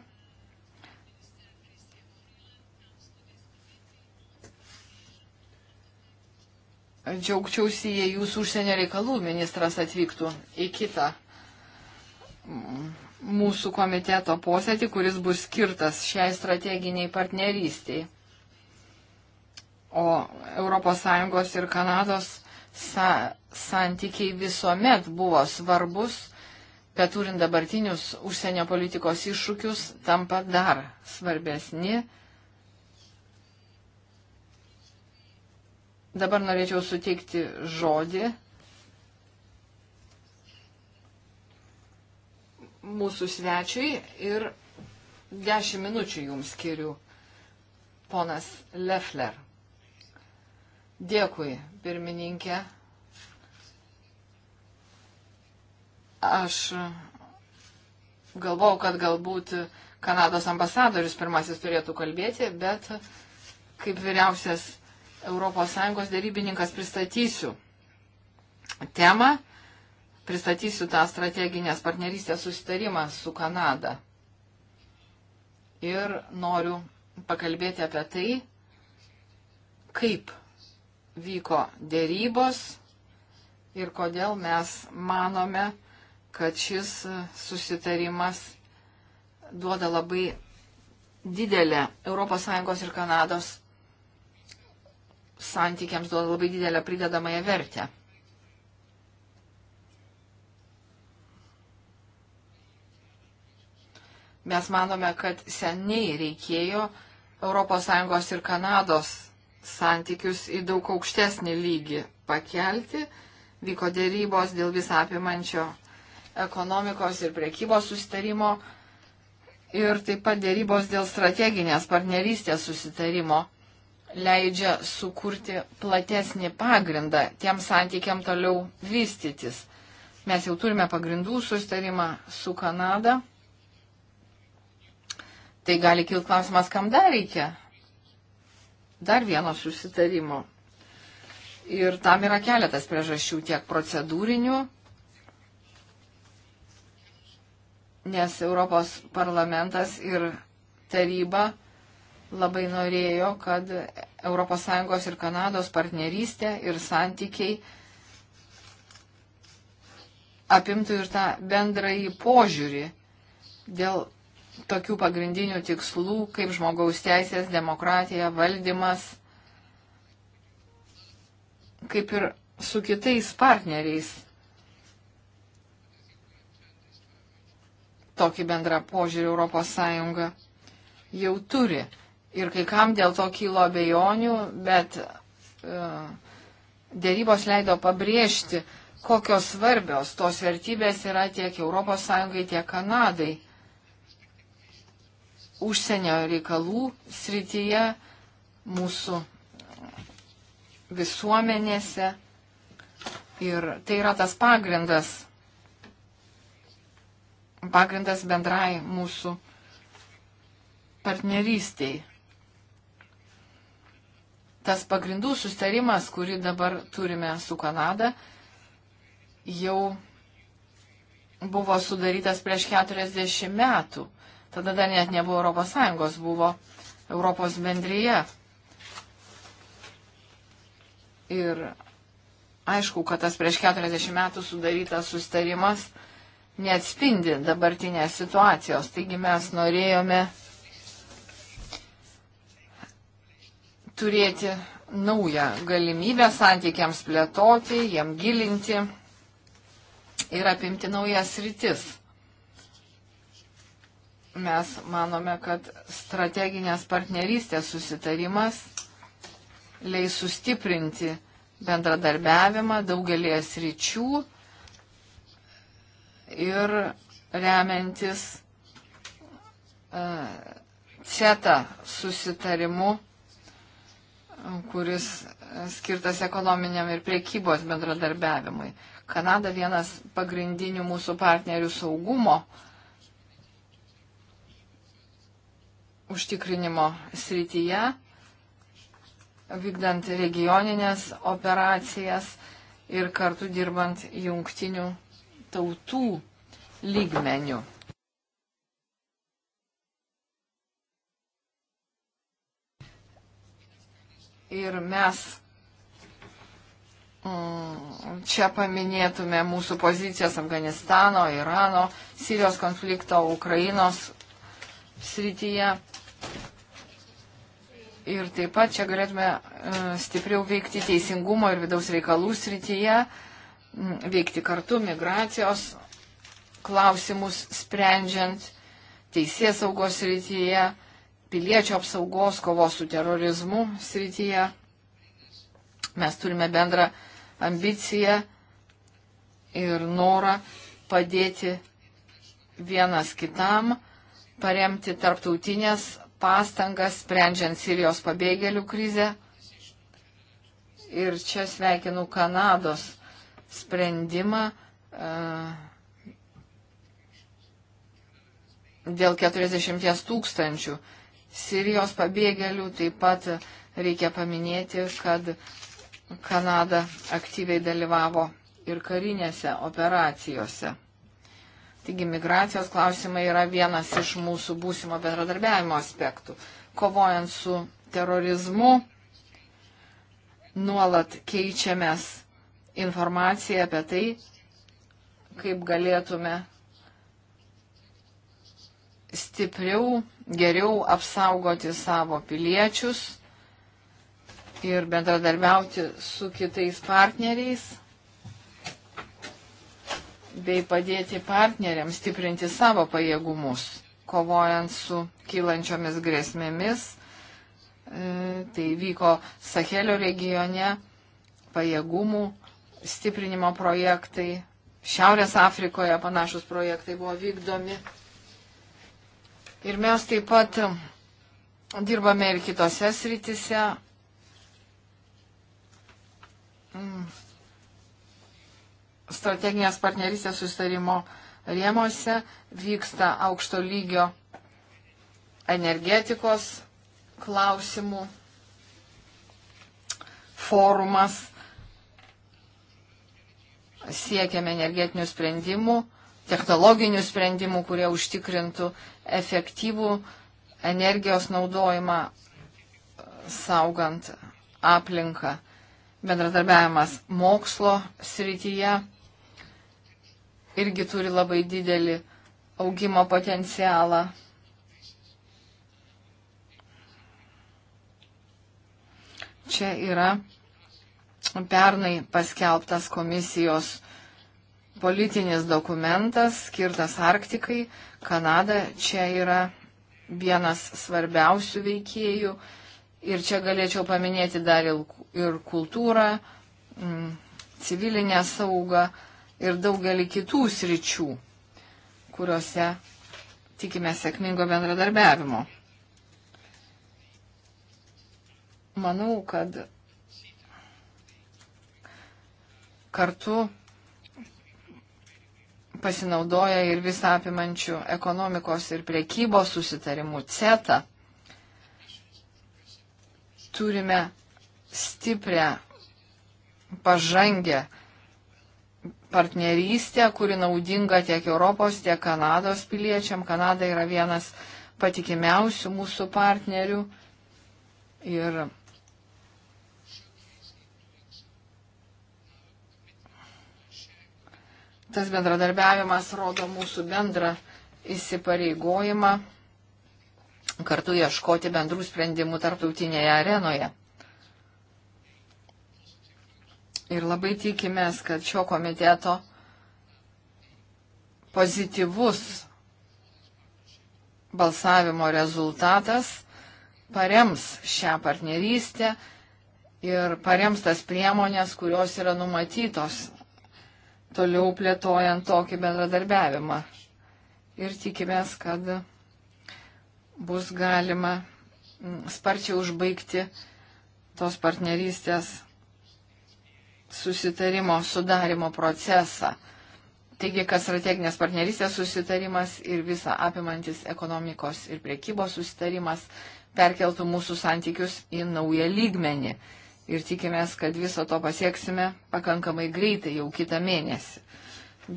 džiaugčiausi, jei jūsų užsienio reikalų ministras atvyktų į kitą mūsų komiteto posėdį, kuris bus skirtas šiai strateginiai partnerystiai. O ES ir Kanados sa santykiai visuomet buvo svarbus, bet turint dabartinius užsienio politikos iššūkius, tampa dar svarbesni. Dabar norėčiau suteikti žodį mūsų svečiui ir 10 minučių jums skiriu, ponas Lefler. Dėkui, pirmininkė. Aš galvau, kad galbūt Kanados ambasadorius pirmasis turėtų kalbėti, bet kaip vyriausias ES dėrybininkas pristatysiu temą pristatysiu tą strateginės partnerystės susitarimą su Kanada. Ir noriu pakalbėti apie tai, kaip vyko dėrybos ir kodėl mes manome, kad šis susitarimas duoda labai didelę ES ir Kanados santykiams duoda labai didelę pridedamąją vertę. Mes manome, kad seniai reikėjo ES ir Kanados santykius į daug aukštesnį lygį pakelti. Vyko dėrybos dėl visą apimančio ekonomikos ir priekybos sustarimo ir taip pat dėrybos dėl strateginės partnerystės susitarimo leidžia sukurti platesnį pagrindą tiem santykiam toliau vystytis. Mes jau turime pagrindų sustarimą su Kanada tai gali kilti klausimas, kam dar reikia dar vieno susitarimo. Ir tam yra keletas priežasčių, tiek procedūrinių, nes Europos parlamentas ir taryba labai norėjo, kad ES ir Kanados partnerystė ir santykiai apimtų ir tą bendrąjį požiūrį dėl tokių pagrindinių tikslų kaip žmogaus teisės, demokratija, valdymas, kaip ir su kitais partneriais. Tokį bendrą požiūrį Europos Sąjunga jau turi. Ir kai kam dėl to kilo abejonių, bet uh, dėrybos leido pabrėžti, kokios svarbios tos vertybės yra tiek Europos Sąjungai, tiek Kanadai. Uh, užsienio reikalų srityje, mūsų visuomenėse. Ir tai yra tas pagrindas, pagrindas bendrai mūsų partnerystiai. Tas pagrindų sustarimas, kurį dabar turime su Kanada, jau buvo sudarytas prieš 40 metų. Tada dar net nebuvo Europos Sąjungos, buvo Europos bendryje. Ir aišku, kad tas prieš 40 metų sudarytas sustarimas neatspindi dabartinės situacijos. Taigi mes norėjome turėti naują galimybę santykiams plėtoti, jam gilinti ir apimti naujas rytis mes manome, kad strateginės partnerystės susitarimas leis sustiprinti bendradarbiavimą daugelį sričių ir remiantis e, CETA susitarimu, kuris skirtas ekonominiam ir priekybos bendradarbiavimui. Kanada vienas pagrindinių mūsų partnerių saugumo uh, užtikrinimo srityje, vykdant regioninės operacijas ir kartu dirbant jungtinių tautų lygmenių. Ir mes mm, čia paminėtume mūsų pozicijas Afganistano, Irano, Sirijos konflikto, Ukrainos srityje. Ir taip pat čia galėtume e, stipriau veikti teisingumo ir vidaus reikalų srityje, veikti kartu migracijos klausimus sprendžiant teisės saugos srityje, piliečio apsaugos, kovos su terorizmu srityje. Mes turime bendrą ambiciją ir norą padėti vienas kitam, paremti tarptautinės pastangas sprendžiant Sirijos pabėgėlių krizę. Ir čia sveikinu Kanados sprendimą e, dėl 40 tūkstančių Sirijos pabėgėlių. Taip pat reikia paminėti, kad Kanada aktyviai dalyvavo ir karinėse operacijose. Taigi migracijos klausimai yra vienas iš mūsų būsimo bendradarbiavimo aspektų. Kovojant su terorizmu, nuolat keičiamės informaciją apie tai, kaip galėtume stipriau, geriau apsaugoti savo piliečius ir bendradarbiauti su kitais partneriais bei padėti partneriams stiprinti savo pajėgumus, kovojant su kylančiomis grėsmėmis. E, tai vyko Sahelio regione pajėgumų stiprinimo projektai, Šiaurės Afrikoje panašus projektai buvo vykdomi. Ir mes taip pat dirbame ir kitose sritise. Mm strateginės partnerystės sustarimo rėmose vyksta aukšto lygio energetikos klausimų forumas. Siekiame energetinių sprendimų, technologinių sprendimų, kurie užtikrintų efektyvų energijos naudojimą, saugant aplinką. Bendradarbiavimas mokslo srityje irgi turi labai didelį augimo potencialą. Čia yra pernai paskelbtas komisijos politinis dokumentas skirtas Arktikai. Kanada čia yra vienas svarbiausių veikėjų. Ir čia galėčiau paminėti dar ir kultūrą, mm, civilinę saugą, ir daugelį kitų sričių, kuriuose tikime sėkmingo bendradarbiavimo. Manau, kad kartu pasinaudoja ir visą apimančių ekonomikos ir priekybos susitarimų CETA. Turime stiprią, pažangę partnerystę, kuri naudinga tiek Europos, tiek Kanados piliečiam. Kanada yra vienas patikimiausių mūsų partnerių. Ir tas bendradarbiavimas rodo mūsų bendrą įsipareigojimą kartu ieškoti bendrų sprendimų tarptautinėje arenoje. Ir labai tikimės, kad šio komiteto pozityvus balsavimo rezultatas parems šią partnerystę ir parems tas priemonės, kurios yra numatytos toliau plėtojant tokį bendradarbiavimą. Ir tikimės, kad bus galima mm, sparčiai užbaigti tos partnerystės susitarimo sudarimo procesą. Taigi, kas strateginės partnerystės susitarimas ir visa apimantis ekonomikos ir priekybos susitarimas perkeltų mūsų santykius į naują lygmenį. Ir tikimės, kad viso to pasieksime pakankamai greitai, jau kitą mėnesį.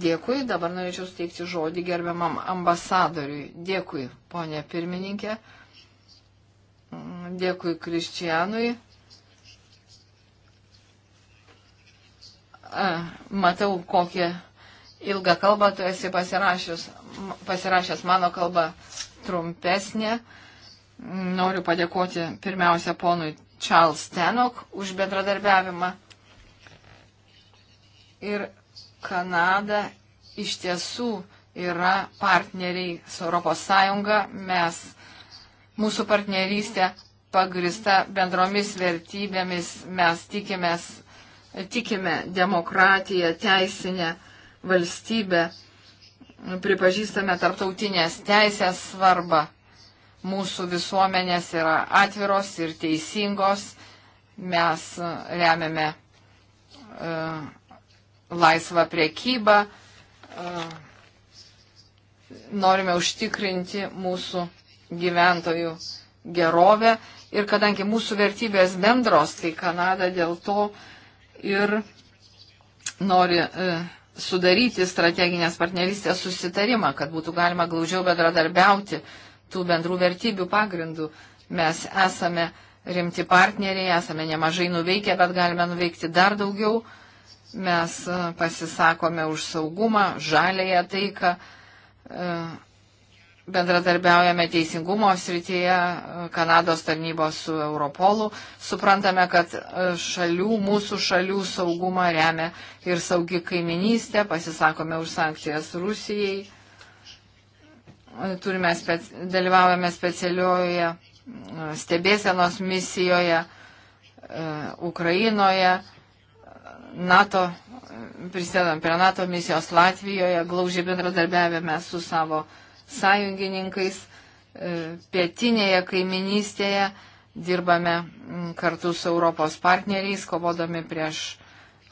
Dėkui, dabar norėčiau steikti žodį gerbiamam ambasadoriui. Dėkui, ponė pirmininkė. Dėkui Kristijanui matau, kokią ilgą kalbą tu esi pasirašęs, pasirašęs mano kalbą trumpesnė. Noriu padėkoti pirmiausia ponui Charles Tenok už bendradarbiavimą. Ir Kanada iš tiesų yra partneriai su ES. Mes, mūsų partnerystė pagrista bendromis vertybėmis, mes tikimės tikime demokratiją, teisinę valstybę, pripažįstame tarptautinės teisės svarbą. Mūsų visuomenės yra atviros ir teisingos, mes e, remiame e, laisvą priekybą, e, norime užtikrinti mūsų gyventojų gerovę ir kadangi mūsų vertybės bendros, tai Kanada dėl to e, ir nori e, sudaryti strateginės partnerystės susitarimą, kad būtų galima glaudžiau bendradarbiauti tų bendrų vertybių pagrindų. Mes esame rimti partneriai, esame nemažai nuveikę, bet galime nuveikti dar daugiau. Mes e, pasisakome už saugumą, žalėją taiką, e, bendradarbiaujame teisingumo srityje, Kanados tarnybos su Europolu. Suprantame, kad e, šalių, mūsų šalių saugumą remia ir saugi kaiminystė, pasisakome už sankcijas Rusijai, e, Turime spec, dalyvaujame specialioje e, stebėsenos misijoje Ukrainoje, NATO, prisidedam prie NATO misijos Latvijoje, glaužiai bendradarbiavime su savo uh, sąjungininkais e, pietinėje kaiminystėje, dirbame kartu su Europos partneriais, kovodami prieš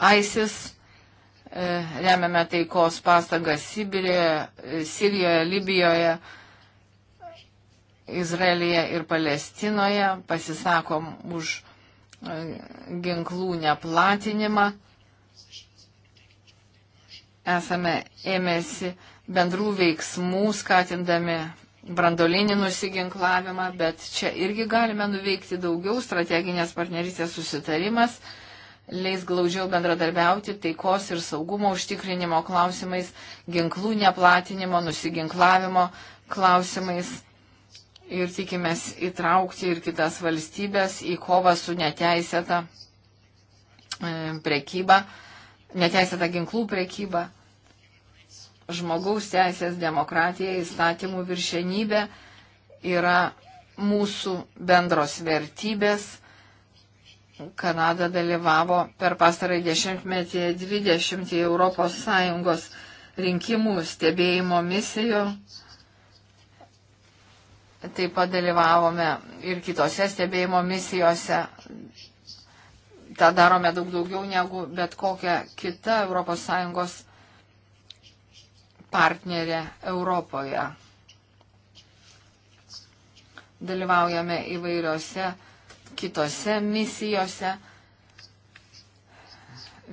ISIS, e, remiame taikos pastangas Sibirijoje, e, Sirijoje, Libijoje, Izraelyje ir Palestinoje, pasisakom už ginklų neplatinimą. Esame ėmėsi bendrų veiksmų, skatindami brandolinį nusiginklavimą, bet čia irgi galime nuveikti daugiau. Strateginės partnerystės susitarimas leis glaudžiau bendradarbiauti taikos ir saugumo užtikrinimo klausimais, ginklų neplatinimo, nusiginklavimo klausimais. Ir tikimės įtraukti ir kitas valstybės į kovą su neteisėta e, prekyba, neteisėta ginklų prekyba žmogaus teisės, demokratija, įstatymų viršenybė yra mūsų bendros vertybės. Kanada dalyvavo per pastarąjį dešimtmetį 20 ES rinkimų stebėjimo misijų. Taip pat dalyvavome ir kitose stebėjimo misijose. Ta darome daug daugiau negu bet kokia kita ES partnerė Europoje. Dalyvaujame įvairiose kitose misijose,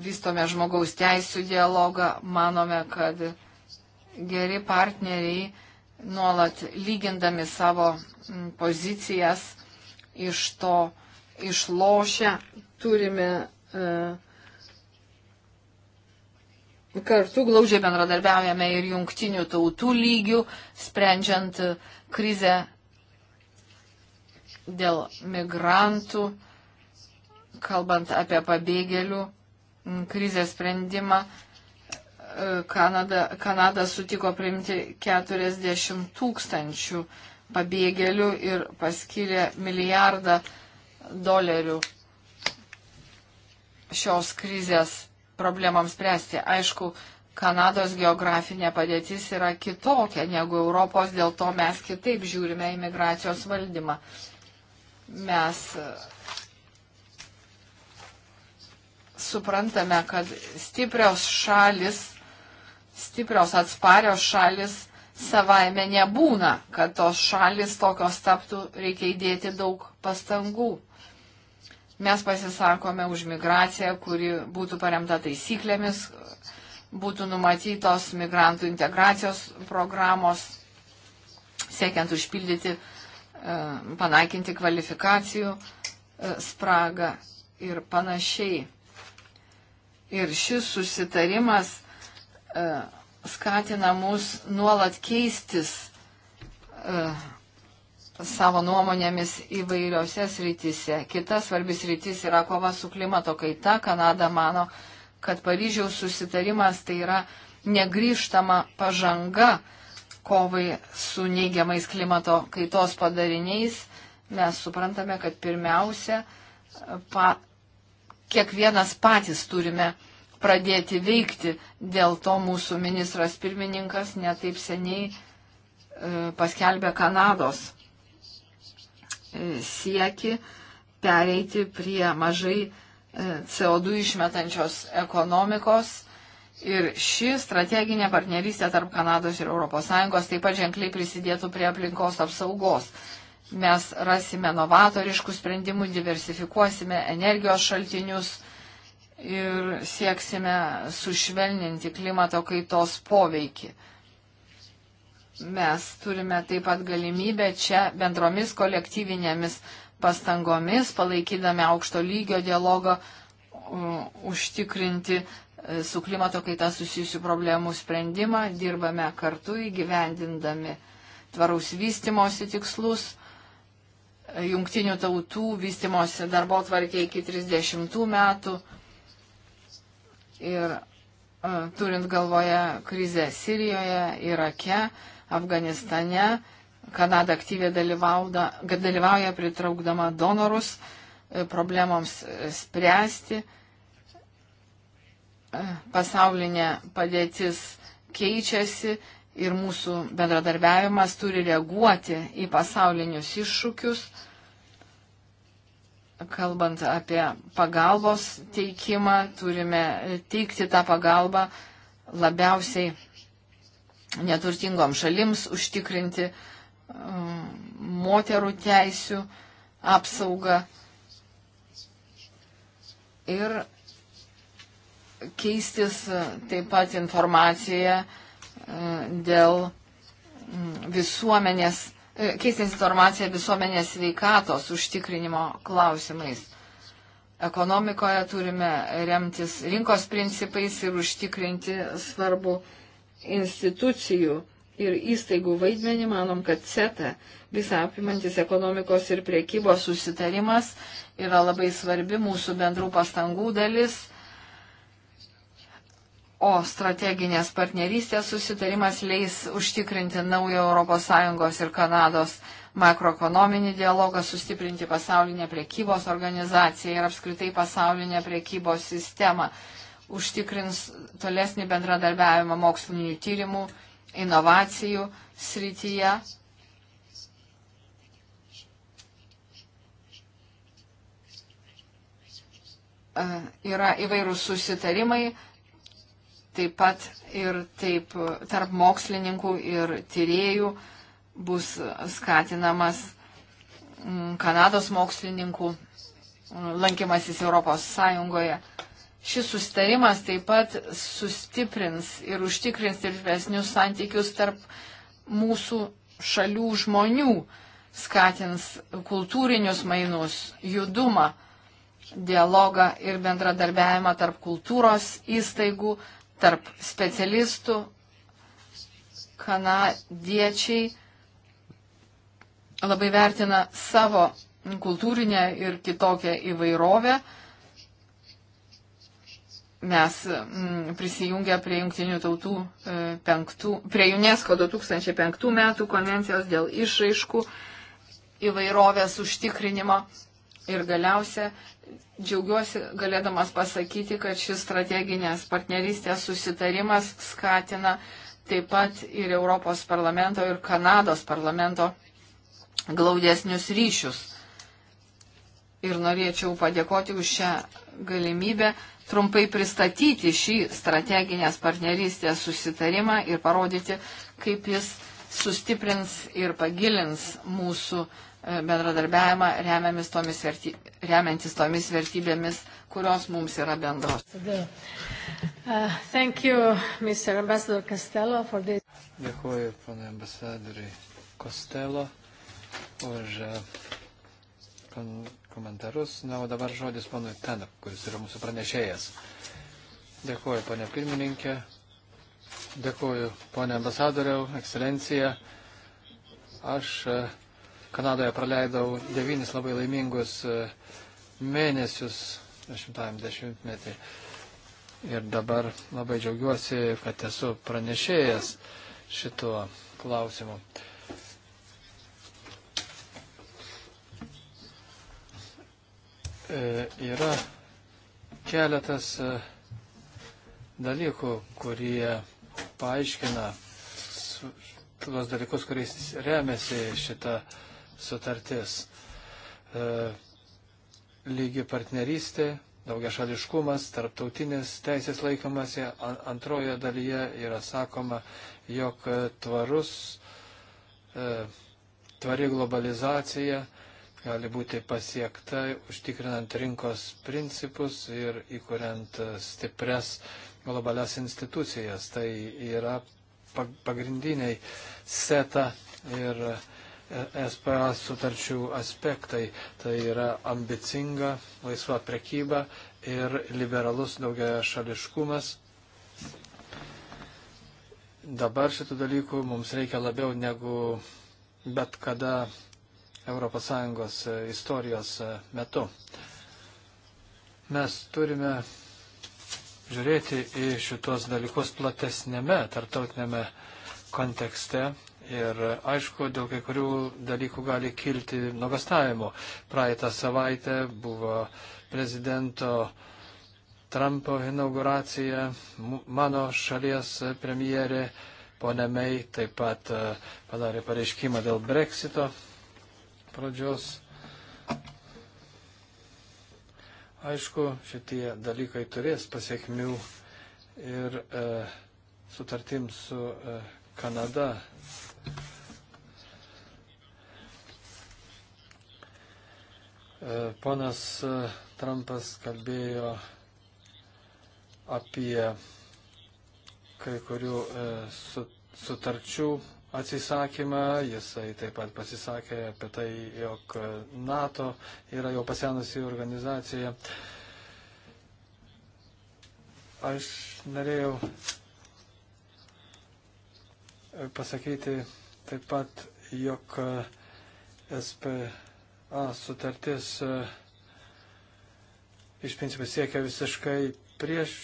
vystome žmogaus teisų dialogą, manome, kad geri partneriai nuolat lygindami savo pozicijas iš to išlošia, turime uh, kartu glaužiai bendradarbiaujame ir jungtinių tautų lygių, sprendžiant krizę dėl migrantų, kalbant apie pabėgėlių krizės sprendimą. Kanada, Kanada sutiko priimti 40 tūkstančių pabėgėlių ir paskyrė milijardą dolerių šios krizės problemams spręsti. Aišku, Kanados geografinė padėtis yra kitokia negu Europos, dėl to mes kitaip žiūrime į migracijos valdymą. Mes e, suprantame, kad stiprios šalis, stiprios atsparios šalis savaime nebūna, kad tos šalis tokios taptų, reikia įdėti daug pastangų. Mes pasisakome už migraciją, kuri būtų paremta taisyklėmis, būtų numatytos migrantų integracijos programos, siekiant užpildyti, e, panaikinti kvalifikacijų e, spragą ir panašiai. Ir šis susitarimas e, skatina mus nuolat keistis savo nuomonėmis įvairiose srityse. Kita svarbis rytis yra kova su klimato kaita. Kanada mano, kad Paryžiaus susitarimas tai yra negryžtama pažanga kovai su neigiamais klimato kaitos padariniais. Mes suprantame, kad pirmiausia, pa, kiekvienas patys turime pradėti veikti. Dėl to mūsų ministras pirmininkas netaip seniai e, paskelbė Kanados sieki pereiti prie mažai e, CO2 išmetančios ekonomikos. Ir ši strateginė partnerystė tarp Kanados ir ES taip pat ženkliai prisidėtų prie aplinkos apsaugos. Mes rasime novatoriškų sprendimų, diversifikuosime energijos šaltinius ir sieksime sušvelninti klimato kaitos poveikį mes turime taip pat galimybę čia bendromis kolektyvinėmis pastangomis, palaikydami aukšto lygio dialogą, užtikrinti e, su klimato kaita susijusių problemų sprendimą, dirbame kartu įgyvendindami tvaraus vystimosi tikslus, e, jungtinių tautų vystimosi darbo tvarkė iki 30 metų ir e, turint galvoje krizę Sirijoje, Irake, Afganistane. Kanada aktyviai dalyvauja pritraukdama donorus e, problemoms e, spręsti. E, pasaulinė padėtis keičiasi ir mūsų bendradarbiavimas turi reaguoti į pasaulinius iššūkius, kalbant apie pagalbos teikimą, turime teikti tą pagalbą labiausiai neturtingom šalims užtikrinti um, moterų teisių apsaugą ir keistis uh, taip pat informaciją uh, dėl um, visuomenės, e, keistis informaciją visuomenės veikatos užtikrinimo klausimais. Ekonomikoje turime remtis rinkos principais ir užtikrinti svarbu institucijų ir įstaigų vaidmenį, manom, kad CETA, visą apimantis ekonomikos ir priekybos susitarimas, yra labai svarbi mūsų bendrų pastangų dalis. O strateginės partnerystės susitarimas leis užtikrinti naują ES ir Kanados makroekonominį dialogą, sustiprinti pasaulinę priekybos organizaciją ir apskritai pasaulinę priekybos sistemą užtikrins tolesnį bendradarbiavimą mokslinių tyrimų, inovacijų srityje. E, yra įvairūs susitarimai, taip pat ir taip tarp mokslininkų ir tyriejų bus skatinamas Kanados mokslininkų lankymasis Europos Sąjungoje. Šis sustarimas taip pat sustiprins ir užtikrins ir žvesnius santykius tarp mūsų šalių žmonių, skatins kultūrinius mainus, judumą, dialogą ir bendradarbiavimą tarp kultūros įstaigų, tarp specialistų, kanadiečiai labai vertina savo kultūrinę ir kitokią įvairovę mes mm, prisijungę prie Junktinių tautų e, penktų, prie UNESCO 2005 metų konvencijos dėl išraiškų įvairovės užtikrinimo. Ir galiausia, džiaugiuosi galėdamas pasakyti, kad šis strateginės partnerystės susitarimas skatina taip pat ir Europos parlamento ir Kanados parlamento glaudesnius ryšius. Ir norėčiau padėkoti už šią galimybę trumpai pristatyti šį strateginės partnerystės susitarimą ir parodyti, kaip jis sustiprins ir pagilins mūsų e, bendradarbiavimą tomis verty... remiantis tomis vertybėmis, kurios mums yra bendros. Uh, Dėkuoju, pana ambasadoriai Kostelo, už uh, komentarus. Na, o dabar žodis ponui Tanap, kuris yra mūsų pranešėjas. Dėkuoju, ponė pirmininkė. Dėkuoju, ponė ambasadoriau, ekscelencija. Aš e, Kanadoje praleidau devynis labai laimingus e, mėnesius 80 metį. Ir dabar labai džiaugiuosi, kad esu pranešėjęs šituo klausimu. Uh, E, yra keletas e, dalykų, kurie paaiškina tuos dalykus, kuriais remiasi šita sutartis. E, Lygi partnerystė, daugiašališkumas, tarptautinės teisės laikomasi. Antroje dalyje yra sakoma, jog tvarus, tvari globalizacija gali būti pasiekta užtikrinant rinkos principus ir įkuriant stipres globalias institucijas. Tai yra pagrindiniai SETA ir e, SPA sutarčių aspektai. Tai yra ambicinga laisva prekyba ir liberalus daugia šališkumas. Dabar šitų dalykų mums reikia labiau negu bet kada ES e, istorijos e, metu. Mes turime žiūrėti į šitos dalykus platesnėme tarptautinėme kontekste ir aišku, dėl kai kurių dalykų gali kilti nuogastavimo. Praeitą savaitę buvo prezidento Trumpo inauguracija, mano šalies premjerė ponė Mei taip pat e, padarė pareiškimą dėl breksito pradžios. Aišku, šitie dalykai turės pasiekmių ir e, sutartim su e, Kanada. E, ponas e, Trumpas kalbėjo apie kai kurių e, su, sutarčių atsisakymą, jisai taip pat pasisakė apie tai, jog NATO yra jau pasenusi organizacija. Aš norėjau pasakyti taip pat, jog SPA sutartis e, iš principo siekia visiškai prieš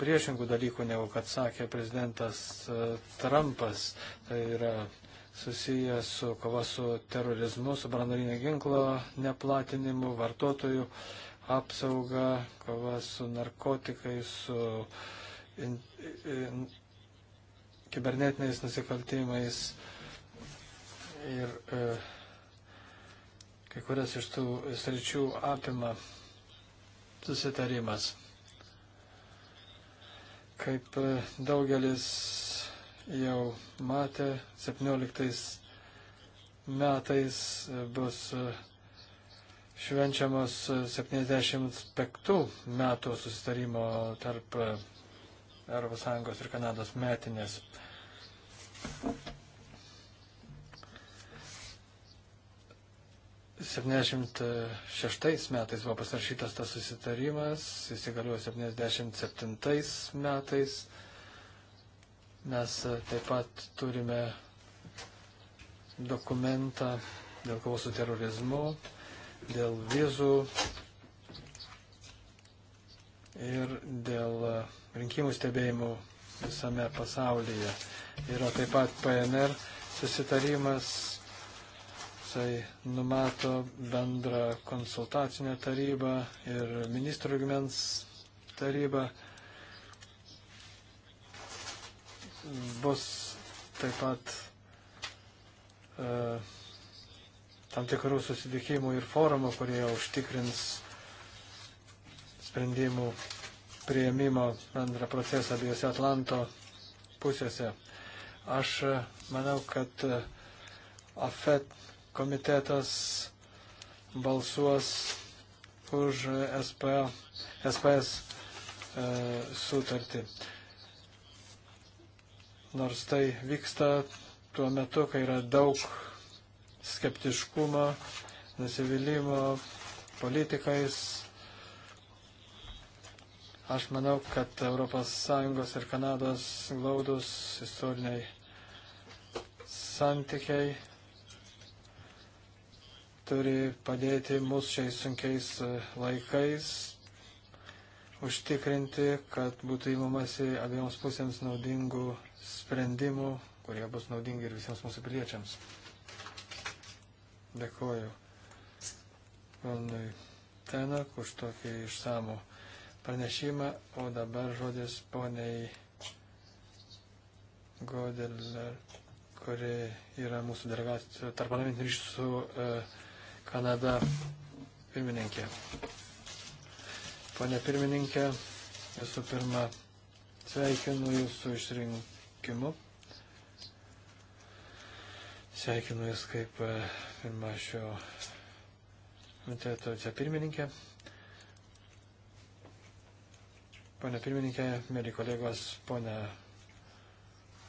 priešingų dalykų, negu kad sakė prezidentas e, Trumpas. Tai yra susiję su kova su terorizmu, su branarinio ginklo neplatinimu, vartotojų apsauga, kova su narkotikais, su in, in, kibernetiniais nusikaltimais. Ir e, kai kurias iš tų sričių apima susitarimas. Kaip e, daugelis jau matė, 17 metais e, bus e, švenčiamos 75 metų susitarimo tarp ES ir Kanados metinės. 76 metais buvo pasirašytas tas susitarimas, įsigaliojo 77 metais. Mes e, taip pat turime dokumentą dėl kovos su terorizmu, dėl vizų ir dėl e, rinkimų stebėjimų visame pasaulyje. Yra taip pat PNR susitarimas Jisai numato bendrą konsultacinę tarybą ir ministrų lygmens tarybą. Bus taip pat e, tam tikrų susitikimų ir forumų, kurie užtikrins sprendimų prieimimo bendrą procesą abiejose Atlanto pusėse. Aš e, manau, kad e, AFET komitetas balsuos už SPA, SPS e, sutartį. Nors tai vyksta tuo metu, kai yra daug skeptiškumo, nusivylimų politikais. Aš manau, kad ES ir Kanados glaudus istoriniai santykiai turi padėti mus šiais sunkiais e, laikais, užtikrinti, kad būtų įmamasi abiejoms pusėms naudingų sprendimų, kurie bus naudingi ir visiems mūsų piliečiams. Dėkoju ponui Tenak už tokį išsamų pranešimą, o dabar žodis poniai Godeler, kuri yra mūsų delegacijos tarp parlamentinių ryšių su uh, Kanada pirmininkė. Pone pirmininkė, visų pirma, sveikinu jūsų išrinkimu. Sveikinu jūs kaip e, pirmą šio komiteto čia pirmininkė. Pone pirmininkė, mėly kolegos, pone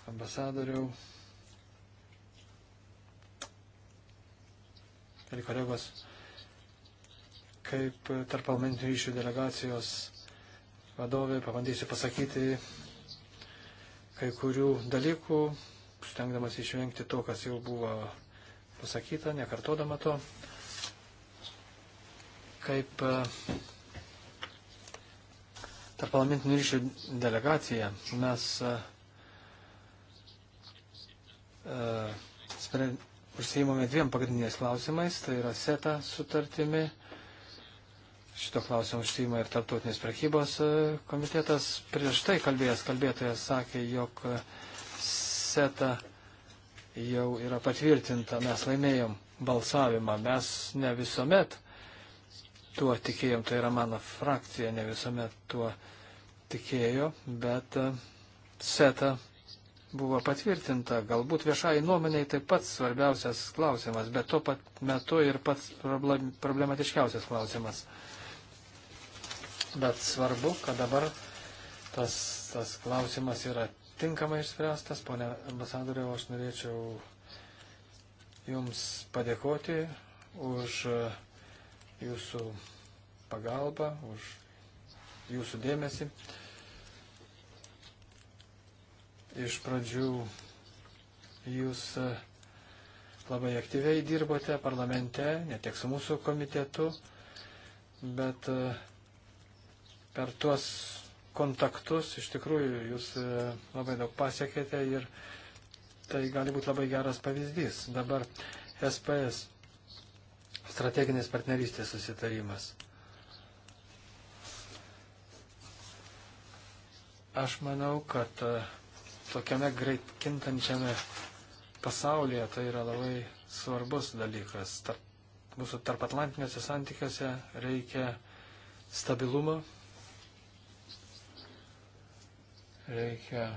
ambasadoriau, ir kolegos, kaip tarp parlamentinių ryšių delegacijos vadovė pabandysiu pasakyti kai kurių dalykų, stengdamas išvengti to, kas jau buvo pasakyta, nekartodama to. Kaip e, tarp parlamentinių ryšių delegacija mes e, e, sprendėme užsiimame dviem pagrindiniais klausimais, tai yra SETA sutartimi. Šito klausimo užsiima ir Tartautinės prekybos e, komitetas. Prieš tai kalbėjęs kalbėtojas sakė, jog e, SETA jau yra patvirtinta, mes laimėjom balsavimą, mes ne visuomet tuo tikėjom, tai yra mano frakcija ne visuomet tuo tikėjo, bet e, SETA. Uh, buvo patvirtinta. Galbūt viešai nuomeniai tai pats svarbiausias klausimas, bet tuo pat metu ir pats problematiškiausias klausimas. Bet svarbu, kad dabar tas, tas klausimas yra tinkamai išspręstas. Pone ambasadoriau, aš norėčiau Jums padėkoti už uh, Jūsų pagalbą, už Jūsų dėmesį. Iš pradžių jūs e, labai aktyviai dirbote parlamente, ne tiek su mūsų komitetu, bet e, per tuos kontaktus iš tikrųjų jūs e, labai daug pasiekėte ir tai gali būti labai geras pavyzdys. Dabar SPS, strateginės partnerystės susitarimas. Aš manau, kad tokiame greit kintančiame pasaulyje tai yra labai svarbus dalykas. Tarp, mūsų tarpatlantiniuose santykiuose reikia stabilumo, reikia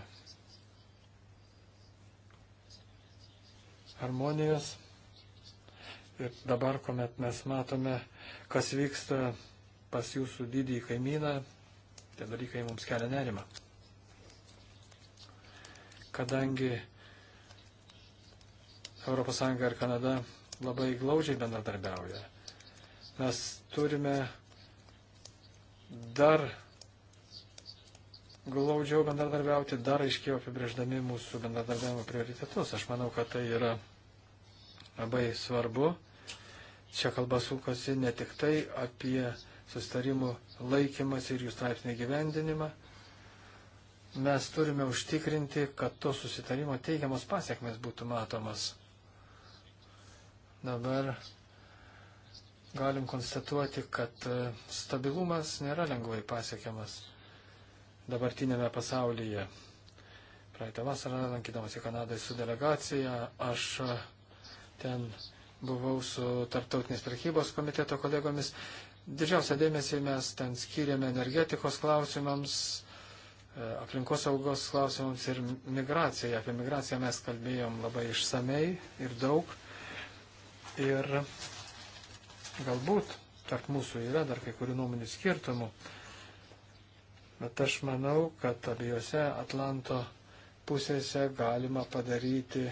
harmonijos. Ir dabar, kuomet mes matome, kas vyksta pas jūsų didįjį kaimyną, tie dalykai mums kelia nerimą kadangi ES ir Kanada labai glaudžiai bendradarbiauja. Mes turime dar glaudžiau bendradarbiauti, dar aiškiau apibrėždami mūsų bendradarbiavimo prioritetus. Aš manau, kad tai yra labai svarbu. Čia kalba sukasi ne tik tai apie sustarimų laikymas ir jų straipsnį gyvendinimą, mes turime užtikrinti, kad to susitarimo teigiamos pasiekmes būtų matomas. Dabar galim konstatuoti, kad e, stabilumas nėra lengvai pasiekiamas dabartinėme pasaulyje. Praeitą vasarą, lankydamas į Kanadą su delegacija, aš e, ten buvau su Tartautinės prekybos komiteto kolegomis. Didžiausią dėmesį mes ten skiriame energetikos klausimams, E, aplinkosaugos klausimams ir migracijai. Apie migraciją mes kalbėjom labai išsamei ir daug. Ir galbūt tarp mūsų yra dar kai kurių nuomonių skirtumų. Bet aš manau, kad abiejose Atlanto pusėse galima padaryti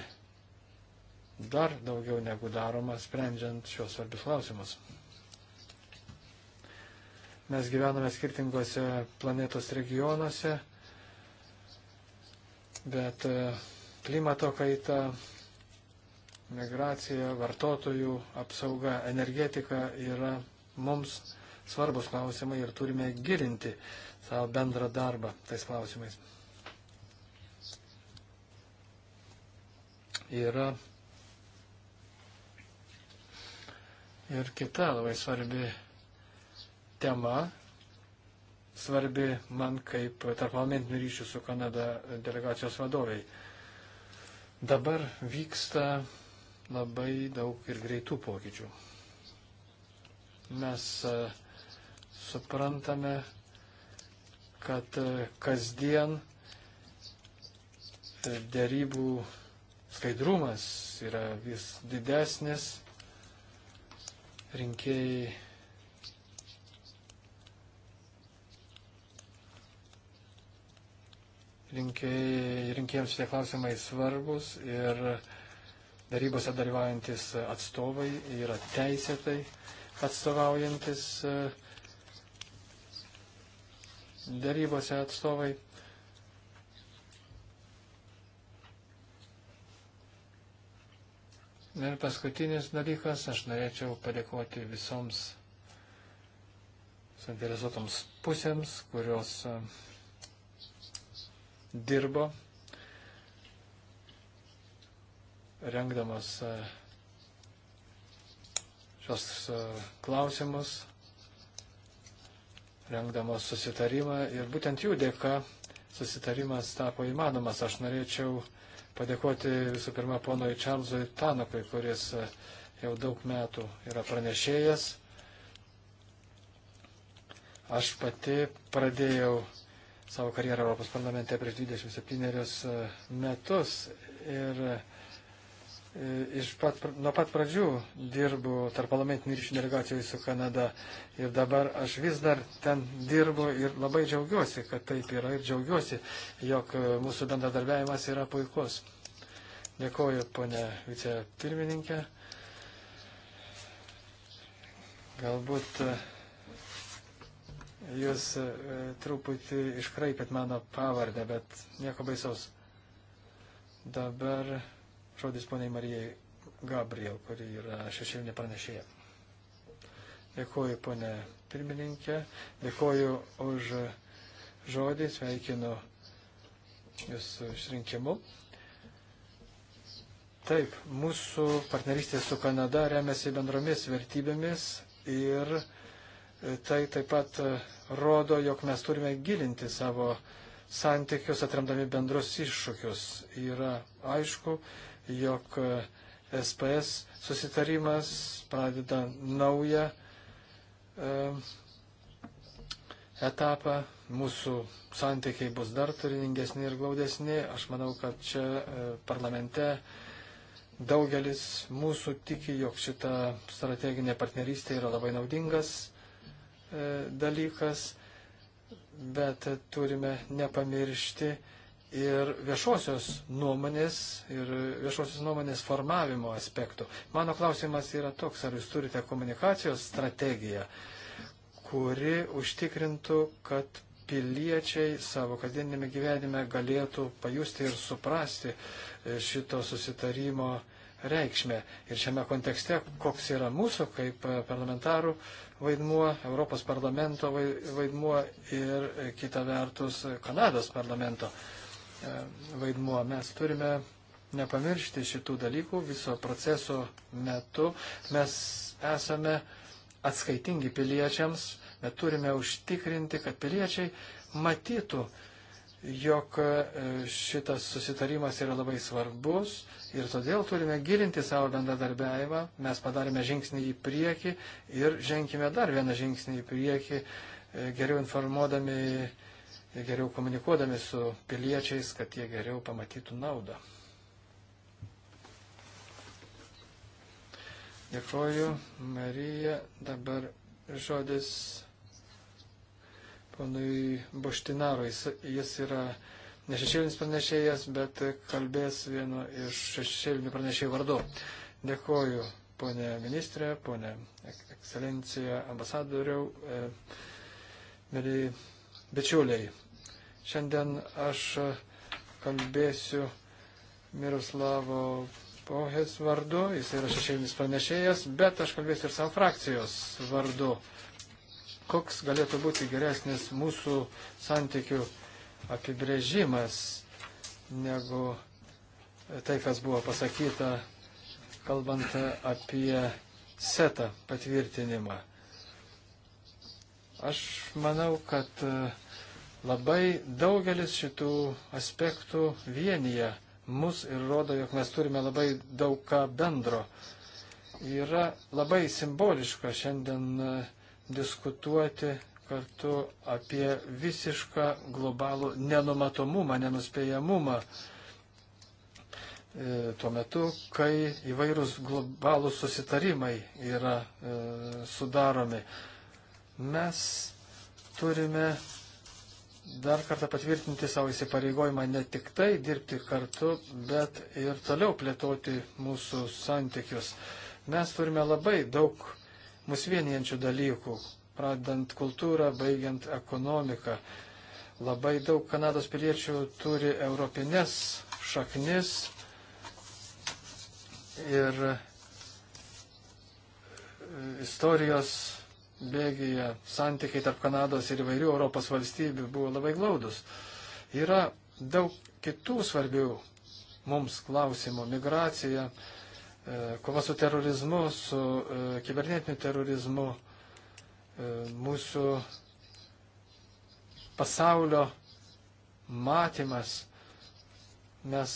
dar daugiau negu daroma, sprendžiant šios svarbius klausimus. Mes gyvename skirtingose planetos regionuose bet e, klimato kaita, migracija, vartotojų apsauga, energetika yra mums svarbus klausimai ir turime gilinti savo bendrą darbą tais klausimais. Yra ir kita labai svarbi tema svarbi man kaip tarpmomentinių ryšių su Kanada delegacijos vadoviai. Dabar vyksta labai daug ir greitų pokyčių. Mes e, suprantame, kad e, kasdien e, dėrybų skaidrumas yra vis didesnis, rinkėjai rinkėjai, rinkėjams šitie klausimai svarbus ir darybose dalyvaujantis atstovai yra teisėtai atstovaujantis e, darybose atstovai. Ir paskutinis dalykas, aš norėčiau padėkoti visoms suinteresuotoms pusėms, kurios dirbo rengdamas e, šios e, klausimus, rengdamas susitarimą ir būtent jų dėka susitarimas tapo įmanomas. Aš norėčiau padėkoti visų pirma ponui Čarlzui Tanokui, kuris e, jau daug metų yra pranešėjas. Aš pati pradėjau savo karjerą Europos parlamente prieš 27 e, metus ir e, iš pat, nuo pat pradžių dirbu tarp parlamentinių ryšių delegacijų su Kanada ir dabar aš vis dar ten dirbu ir labai džiaugiuosi, kad taip yra ir džiaugiuosi, jog e, mūsų bendradarbiavimas yra puikus. Dėkoju, ponė vicepirmininkė. Galbūt uh, Jūs e, truputį iškraipėt mano pavardę, bet nieko baisaus. Dabar žodis poniai Marijai Gabriel, kuri yra šešėlinė pranešėja. Dėkuoju, ponė pirmininkė, dėkuoju už žodį, sveikinu jūsų išrinkimu. Taip, mūsų partnerystė su Kanada remiasi bendromis vertybėmis ir Tai taip pat e, rodo, jog mes turime gilinti savo santykius, atremdami bendrus iššūkius. Yra aišku, jog SPS e, susitarimas pradeda naują e, etapą, mūsų santykiai bus dar turiningesni ir glaudesni. Aš manau, kad čia parlamente daugelis mūsų tiki, jog šita strateginė partnerystė yra labai naudingas E, dalykas, bet turime nepamiršti ir viešosios nuomonės, ir viešosios nuomonės formavimo aspektų. Mano klausimas yra toks, ar jūs turite komunikacijos strategiją, kuri užtikrintų, kad piliečiai savo kasdienėme gyvenime galėtų pajusti ir suprasti e, šito susitarimo reikšmę. Ir šiame kontekste, koks yra mūsų kaip e, parlamentarų vaidmuo, Europos parlamento vaidmuo ir kita vertus Kanados parlamento e, vaidmuo. Mes turime nepamiršti šitų dalykų viso proceso metu. Mes esame atskaitingi piliečiams, bet turime užtikrinti, kad piliečiai matytų, jog e, šitas susitarimas yra labai svarbus ir todėl turime gilinti savo bendradarbiavimą. Mes padarėme žingsnį į priekį ir ženkime dar vieną žingsnį į priekį, e, geriau informuodami, geriau komunikuodami su piliečiais, kad jie geriau pamatytų naudą. Dėkuoju, Marija. Dabar žodis ponui Boštinarui. Jis yra ne šešėlinis pranešėjas, bet kalbės vienu iš šešėlinių pranešėjų vardu. Dėkoju, ponė ministrė, ponė ekscelencija, ambasadoriau, e, mėly bičiuliai. Šiandien aš kalbėsiu Miroslavo Pohės vardu, jis yra šešėlinis pranešėjas, bet aš kalbėsiu ir savo frakcijos vardu koks galėtų būti geresnis mūsų santykių apibrėžimas negu tai, kas buvo pasakyta, kalbant apie setą patvirtinimą. Aš manau, kad e, labai daugelis šitų aspektų vienyje mus ir rodo, jog mes turime labai daug ką bendro. Yra labai simboliška šiandien e, diskutuoti kartu apie visišką globalų nenumatomumą, nenuspėjamumą. E, tuo metu, kai įvairūs globalų susitarimai yra e, sudaromi, mes turime dar kartą patvirtinti savo įsipareigojimą ne tik tai dirbti kartu, bet ir toliau plėtoti mūsų santykius. Mes turime labai daug mus vienijančių dalykų, pradant kultūrą, baigiant ekonomiką. Labai daug Kanados piliečių turi europinės šaknis ir e, istorijos bėgyje santykiai tarp Kanados ir įvairių Europos valstybių buvo labai glaudus. Yra daug kitų svarbių mums klausimų - migracija, E, kova su terorizmu, su e, kibernetiniu terorizmu, e, mūsų pasaulio matymas. Mes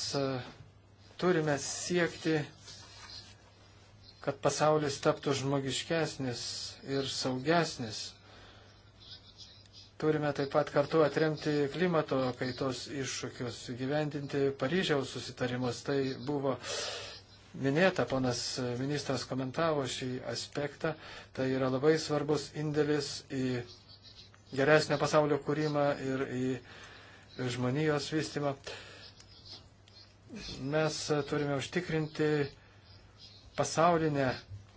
turime siekti, kad pasaulis taptų žmogiškesnis ir saugesnis. Turime taip pat kartu atremti klimato kaitos iššūkius, gyvendinti Paryžiaus susitarimus. Tai buvo uh, minėta, ponas ministras komentavo šį aspektą, tai yra labai svarbus indėlis į geresnio pasaulio kūrimą ir į žmonijos vystimą. Mes turime užtikrinti pasaulinę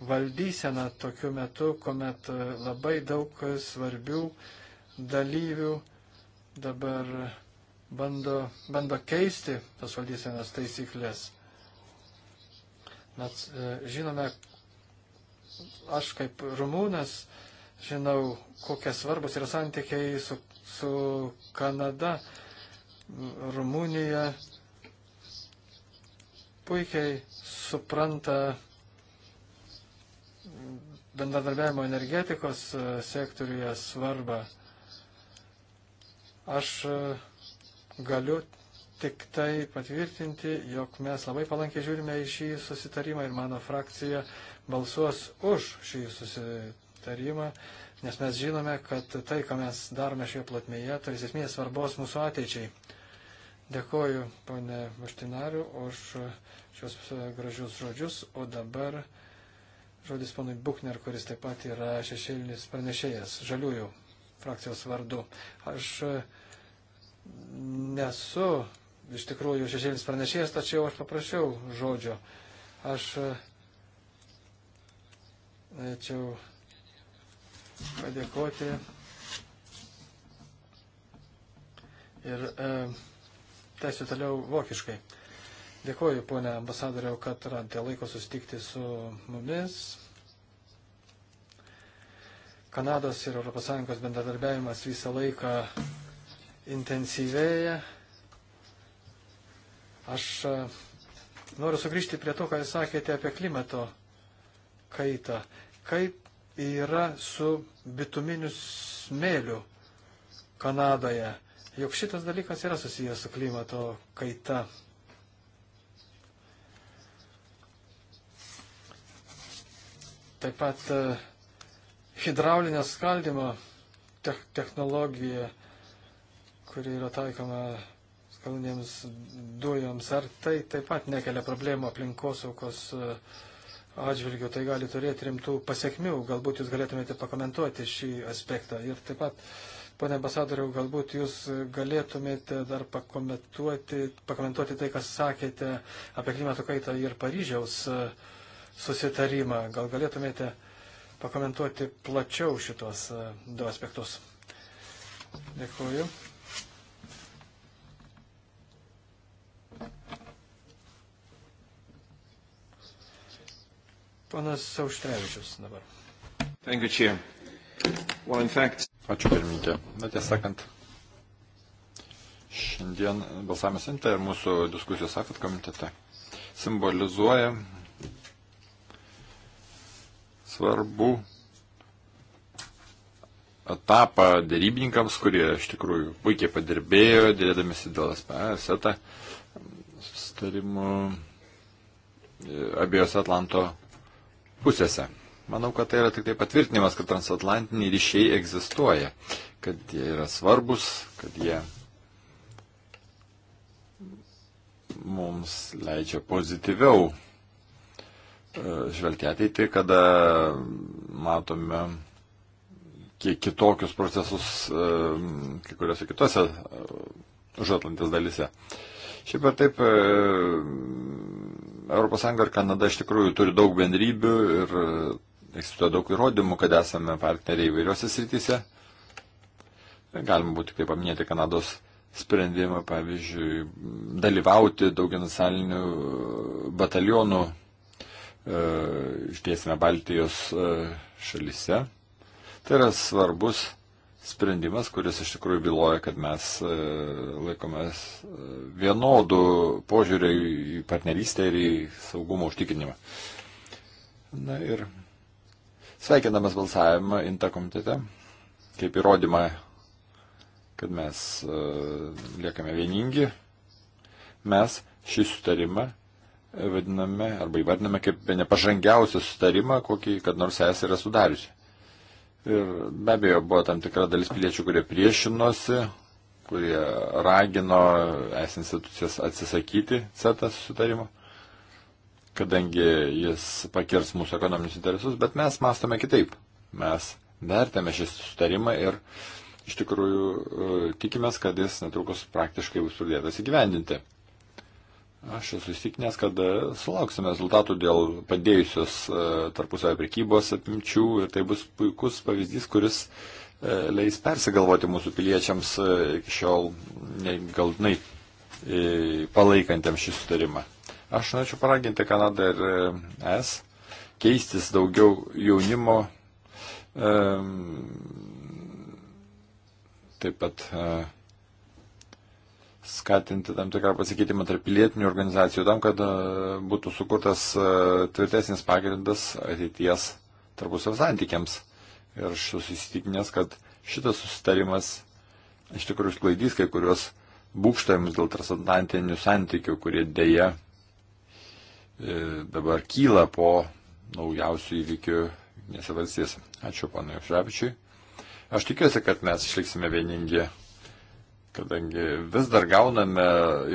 valdyseną tokiu metu, kuomet labai daug svarbių dalyvių dabar bando, bando keisti tas valdysenos taisyklės. Mes e, žinome, aš kaip rumūnas žinau, kokie svarbus yra santykiai su, su Kanada, Rumunija. Puikiai supranta bendradarbiavimo energetikos e, sektoriuje svarbą. Aš e, galiu tik tai patvirtinti, jog mes labai palankiai žiūrime į šį susitarimą ir mano frakcija balsuos už šį susitarimą, nes mes žinome, kad tai, ką mes darome šioje platmėje, turi esmės svarbos mūsų ateičiai. Dėkoju, ponė Vaštinariu, už šios gražius žodžius, o dabar žodis ponui Buchner, kuris taip pat yra šešėlinis pranešėjas žaliųjų frakcijos vardu. Aš nesu iš tikrųjų šešėlis pranešėjas, tačiau aš paprašiau žodžio. Aš e, norėčiau padėkoti ir e, tęsiu toliau vokiškai. Dėkuoju, ponė ambasadoriau, kad radėte laiko susitikti su mumis. Kanados ir ES bendradarbiavimas visą laiką intensyvėja Aš e, noriu sugrįžti prie to, ką jūs sakėte apie klimato kaitą. Kaip yra su bituminiu smėliu Kanadoje? Juk šitas dalykas yra susijęs su klimato kaita. Taip pat e, hidraulinio skaldimo technologija, kuri yra taikoma kalnėms dujoms, ar tai taip pat nekelia problemų aplinkosaukos e, atžvilgių, tai gali turėti rimtų pasiekmių, galbūt jūs galėtumėte pakomentuoti šį aspektą. Ir taip pat, pone ambasadoriau, galbūt jūs galėtumėte dar pakomentuoti, pakomentuoti tai, kas sakėte apie klimato kaitą ir Paryžiaus e, susitarimą. Gal galėtumėte pakomentuoti plačiau šitos e, du aspektus. Dėkuoju. Panas Sauštrevičius dabar. Thank you, Chair. Well, in fact... Ačiū pirmininkė. Na, tiesą sakant, šiandien balsavimas Inte ir mūsų diskusijos AFAT komitete simbolizuoja svarbu etapą dėrybininkams, kurie iš tikrųjų puikiai padirbėjo, dėdamėsi dėl SPS, susitarimų e, abiejose Atlanto pusėse. Manau, kad tai yra tik tai patvirtinimas, kad transatlantiniai ryšiai egzistuoja, kad jie yra svarbus, kad jie mums leidžia pozityviau e, žvelgti ateitį, kada matome kiek kitokius procesus e, kai kuriuose kitose už Atlantės dalise. Uh, Šiaip ar taip, ES ir Kanada iš tikrųjų turi daug bendrybių ir e, egzistuoja daug įrodymų, kad esame partneriai įvairiose srityse. Galima būtų tik paminėti Kanados sprendimą, pavyzdžiui, dalyvauti daugianacionalinių e, batalionų e, ištiesime Baltijos e, šalise. Tai yra svarbus sprendimas, kuris iš tikrųjų byloja, kad mes e, laikomės e, vienodų požiūrį į partnerystę ir į saugumo užtikrinimą. Na ir sveikinamas balsavimą INTA komitete, kaip įrodymą, kad mes e, liekame vieningi, mes šį sutarimą vadiname arba įvardiname kaip nepažangiausią sutarimą, kokį kad nors es yra sudariusi. Ir be abejo buvo tam tikra dalis piliečių, kurie priešinosi, kurie ragino es institucijas atsisakyti CETA susitarimo, kadangi jis pakirs mūsų ekonominius interesus, bet mes mastome kitaip. Mes vertėme šį susitarimą ir iš tikrųjų e, tikimės, kad jis netrukus praktiškai bus pradėtas įgyvendinti. Aš esu įsitikinęs, kad e, sulauksime rezultatų dėl padėjusios e, tarpusavio prekybos apimčių ir tai bus puikus pavyzdys, kuris e, leis persigalvoti mūsų piliečiams iki šiol galtinai palaikantiems šį sutarimą. Aš norėčiau paraginti Kanadą ir ES keistis daugiau jaunimo, taip pat skatinti tam tikrą pasikeitimą tarp pilietinių organizacijų, tam, kad e, būtų sukurtas e, tvirtesnis pagrindas ateities tarpusavio santykiams. Ir aš susitikinęs, kad šitas susitarimas iš tikrųjų sklaidys kai kurios būkštavimus dėl transatlantinių santykių, kurie dėja e, dabar kyla po naujausių įvykių nesivalstys. Ačiū panui Šrapičiui. Aš tikiuosi, kad mes išliksime vieningi kadangi vis dar gauname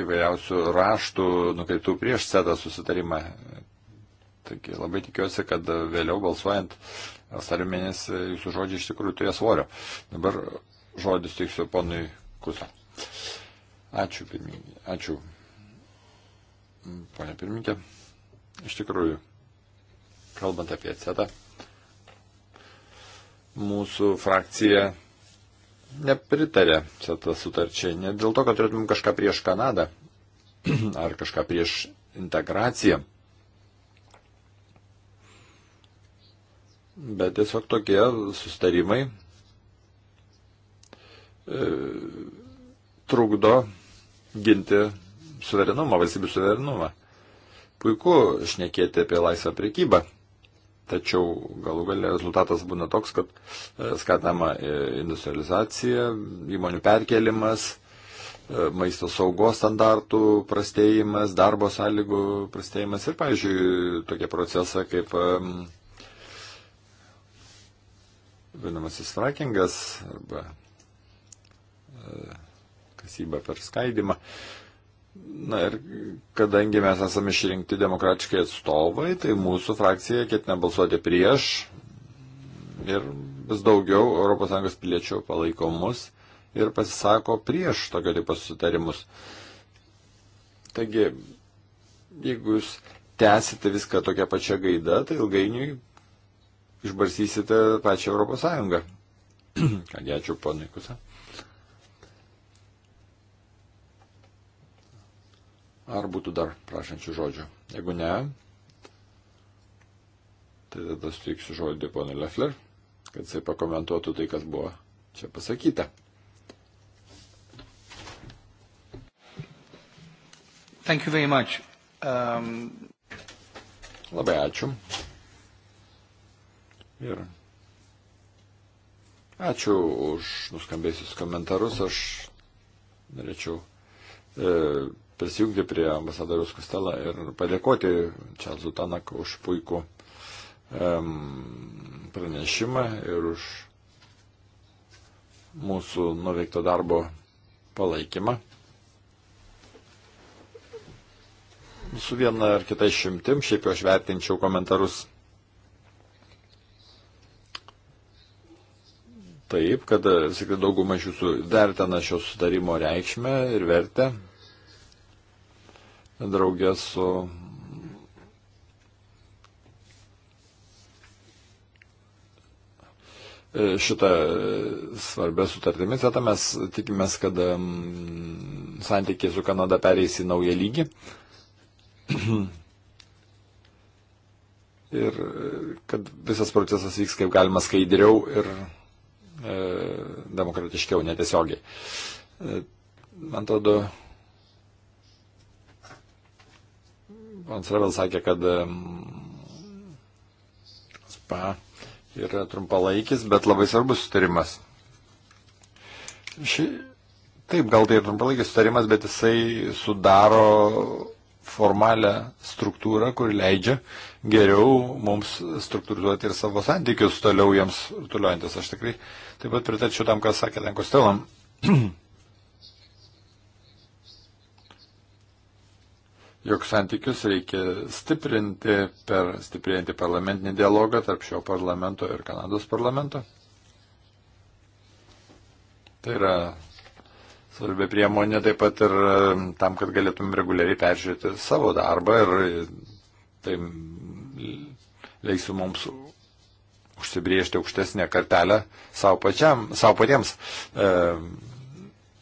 įvairiausių raštų nukreiptų prieš sedą susitarimą. Taigi labai tikiuosi, kad vėliau balsuojant vasario mėnesį jūsų žodžiai iš tikrųjų turės svorio. Dabar žodis teiksiu ponui Kusa. Ačiū, pirmininkė. Ačiū, ponė pirmininkė. Iš tikrųjų, kalbant apie setą, mūsų frakcija nepritarė CETA sutarčiai. Ne dėl to, kad turėtumėm kažką prieš Kanadą [clears throat] ar kažką prieš integraciją. Bet tiesiog tokie sustarimai e, trukdo ginti suverenumą, valstybių suverenumą. Puiku šnekėti apie laisvą priekybą, Tačiau galų galę rezultatas būna toks, kad e, skatama e, industrializacija, įmonių perkelimas, e, maisto saugos standartų prastėjimas, darbo sąlygų prastėjimas ir, pavyzdžiui, tokie procesai kaip vadinamasis frackingas arba kasyba per skaidimą. E, Na ir kadangi mes esame išrinkti demokratiškai atstovai, tai mūsų frakcija ketina balsuoti prieš ir vis daugiau ES piliečių palaiko mus ir pasisako prieš tokio tipo susitarimus. Taigi, jeigu jūs tęsite viską tokią pačią gaidą, tai ilgainiui išbarsysite pačią ES. [clears throat] Kągi ačiū, ponai Kusa. Ar būtų dar prašančių žodžio? Jeigu ne, tai tada suteiksiu žodį ponui Leffler, kad jisai pakomentuotų tai, kas buvo čia pasakyta. Thank you very much. Um... Labai ačiū. Ir ačiū už nuskambėsius komentarus. Aš norėčiau e, prisijungti prie ambasadoriaus Kostelą ir padėkoti Čelzu Tanak už puikų um, pranešimą ir už mūsų nuveikto darbo palaikymą. Su viena ar kita išimtim, šiaip jau aš vertinčiau komentarus taip, kad vis tik dauguma iš jūsų vertina šio sutarimo reikšmę ir vertę, draugė su šitą svarbę sutartimį. Tad mes tikimės, kad santykiai su Kanada pereis į naują lygį. [clears throat] ir kad visas procesas vyks kaip galima skaidriau ir e, demokratiškiau, netiesiogiai. E, man atrodo, Ansrevel sakė, kad SPA yra trumpalaikis, bet labai svarbus sutarimas. Ši... Taip, gal tai ir trumpalaikis sutarimas, bet jisai sudaro formalią struktūrą, kur leidžia geriau mums struktūrizuoti ir savo santykius toliau jiems tuliuojantis. Aš tikrai taip pat pritarčiau tam, ką sakė Lenko Stelam. [clears throat] jog santykius reikia stiprinti per stiprėjantį parlamentinį dialogą tarp šio parlamento ir Kanados parlamento. Tai yra svarbi priemonė taip pat ir tam, kad galėtum reguliariai peržiūrėti savo darbą ir tai leisų mums užsibriežti aukštesnę kartelę savo, pačiam, savo patiems, e,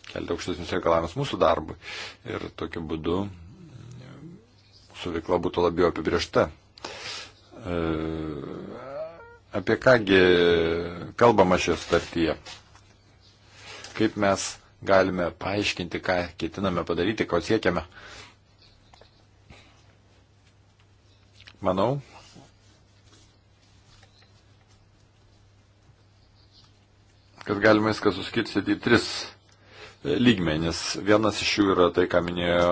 kelti aukštesnius reikalavimus mūsų darbui. Ir tokiu būdu mūsų veikla būtų labiau apibriešta. E, apie kągi kalbama šioje startyje? Kaip mes galime paaiškinti, ką ketiname padaryti, ko siekiame? Manau, kad galima viską suskirstyti į tris lygmenis. Vienas iš jų yra tai, ką minėjo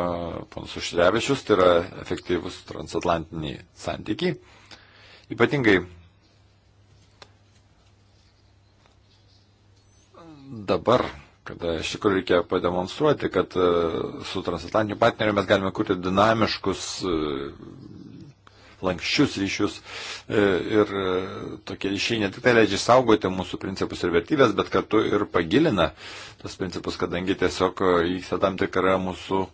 ponas Užsirevičius, tai yra efektyvus transatlantiniai santykiai. Ypatingai dabar, kada iš tikrųjų reikia pademonstruoti, kad e, su transatlantiniu partneriu mes galime kurti dinamiškus e, lankščius ryšius e, ir e, tokie ryšiai ne tik tai leidžia saugoti mūsų principus ir vertybės, bet kartu ir pagilina tas principus, kadangi tiesiog e, vyksta tam tikra mūsų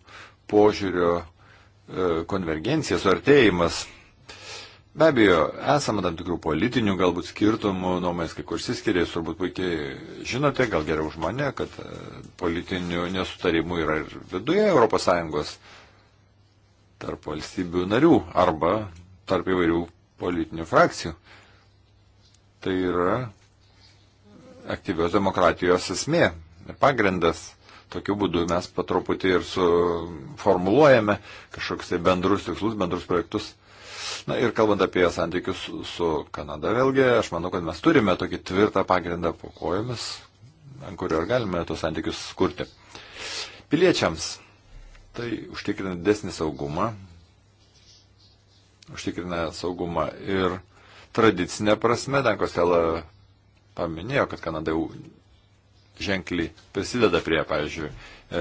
požiūrio konvergencija, suartėjimas. Be abejo, esama tam tikrų politinių galbūt skirtumų, nuomonės kai kur išsiskiria, jūs turbūt puikiai žinote, gal geriau už mane, kad politinių nesutarimų yra ir viduje ES tarp valstybių narių arba tarp įvairių politinių frakcijų. Tai yra aktyvios demokratijos esmė, pagrindas. Tokiu būdu mes patruputį ir suformuluojame kažkokius tai bendrus tikslus, bendrus projektus. Na ir kalbant apie santykius su Kanada vėlgi, aš manau, kad mes turime tokį tvirtą pagrindą po kojomis, ant kurio ir galime tos santykius kurti. Piliečiams tai užtikrina didesnį saugumą, užtikrina saugumą. Ir tradicinė prasme, Dankostela paminėjo, kad Kanada jau ženkliai prisideda prie, pavyzdžiui,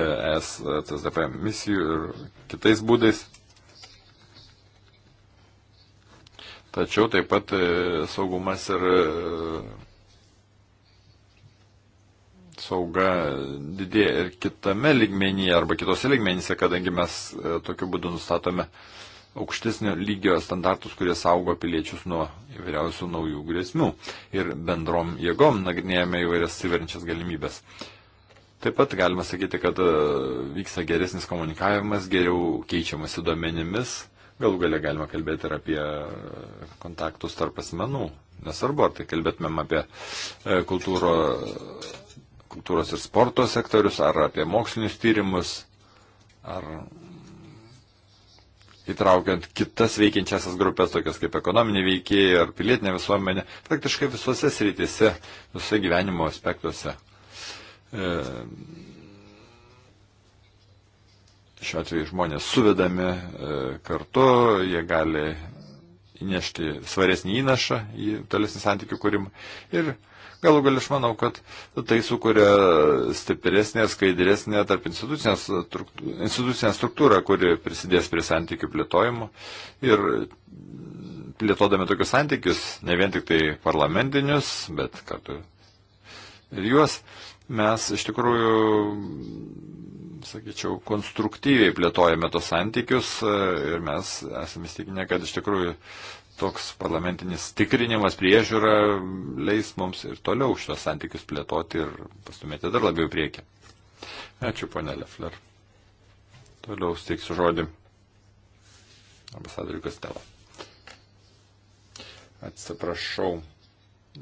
ES CSDP misijų ir kitais būdais. Tačiau taip pat e, saugumas ir e, sauga didėja ir kitame ligmenyje arba kitose ligmenyse, kadangi mes e, tokiu būdu nustatome uh, aukštesnio lygio standartus, kurie saugo piliečius nuo įvairiausių naujų grėsmių ir bendrom jėgom nagrinėjame įvairias siverančias galimybės. Taip pat galima sakyti, kad e, vyksta geresnis komunikavimas, geriau keičiamasi duomenimis, galų gale galima kalbėti ir apie e, kontaktus tarp asmenų. Nesvarbu, ar tai kalbėtumėm apie e, kultūro, kultūros ir sporto sektorius, ar apie mokslinius tyrimus, ar įtraukiant kitas veikiančiasias grupės, tokias kaip ekonominiai veikėjai ar pilietinė visuomenė, praktiškai visose srityse, visose gyvenimo aspektuose. E, šiuo atveju žmonės suvedami e, kartu, jie gali įnešti svaresnį įnašą į tolesnį santykių kūrimą. Ir Galų gal aš manau, kad tai sukuria stipresnė, skaidresnė tarp institucinę struktūrą, struktūrą, kuri prisidės prie santykių plėtojimo. Ir plėtodami tokius santykius, ne vien tik tai parlamentinius, bet kartu ir juos, mes iš tikrųjų, sakyčiau, konstruktyviai plėtojame tos santykius e, ir mes esame įstikinę, kad iš tikrųjų toks parlamentinis tikrinimas, priežiūra leis mums ir toliau šios santykius plėtoti ir pastumėti dar labiau priekį. Ačiū, ponė Lefler. Toliau steiksiu žodį ambasadoriui Kostelo. Atsiprašau.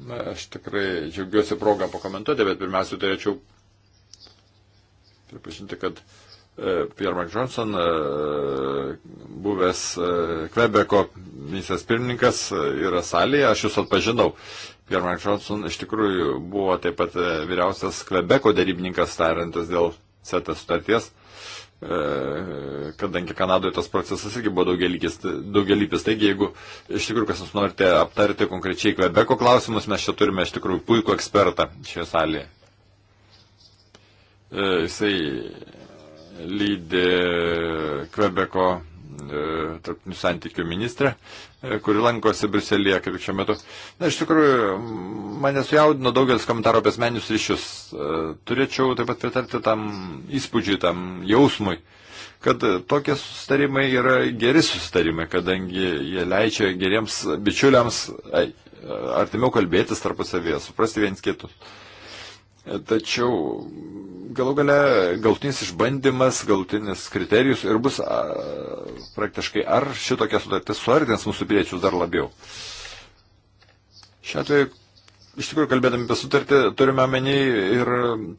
Na, aš tikrai džiaugiuosi progą pakomentuoti, bet pirmiausia turėčiau pripažinti, kad uh, Pierre Mark Johnson, e, buvęs Kvebeko e, ministras pirmininkas, e, yra salėje, aš jūs atpažinau. Pierre Mark Johnson iš tikrųjų buvo taip pat vyriausias Kvebeko darybininkas tarintas dėl CETA sutarties, kadangi Kanadoje tas procesas irgi buvo daugelykis, daugelykis. Taigi, jeigu iš tikrųjų kas jūs norite aptarti konkrečiai Kvebeko klausimus, mes čia turime iš tikrųjų puikų ekspertą šioje salėje. Jisai lydi e, Kvebeko e, tarptautinių santykių ministrė, e, kuri lankosi Bruselėje kaip šiuo metu. Na, iš tikrųjų, mane sujaudino daugelis komentarų apie asmeninius ryšius. Turėčiau taip pat pritarti tam įspūdžiui, tam jausmui, kad tokie sustarimai yra geri sustarimai, kadangi jie leidžia geriems bičiuliams ai, artimiau kalbėtis tarpusavėje, suprasti viens kitus. Tačiau galų gale galtinis išbandymas, galtinis kriterijus ir bus a, praktiškai ar šitokia sutartis suardins mūsų piliečius dar labiau. Šiuo atveju iš tikrųjų, kalbėdami apie sutartį, turime menį ir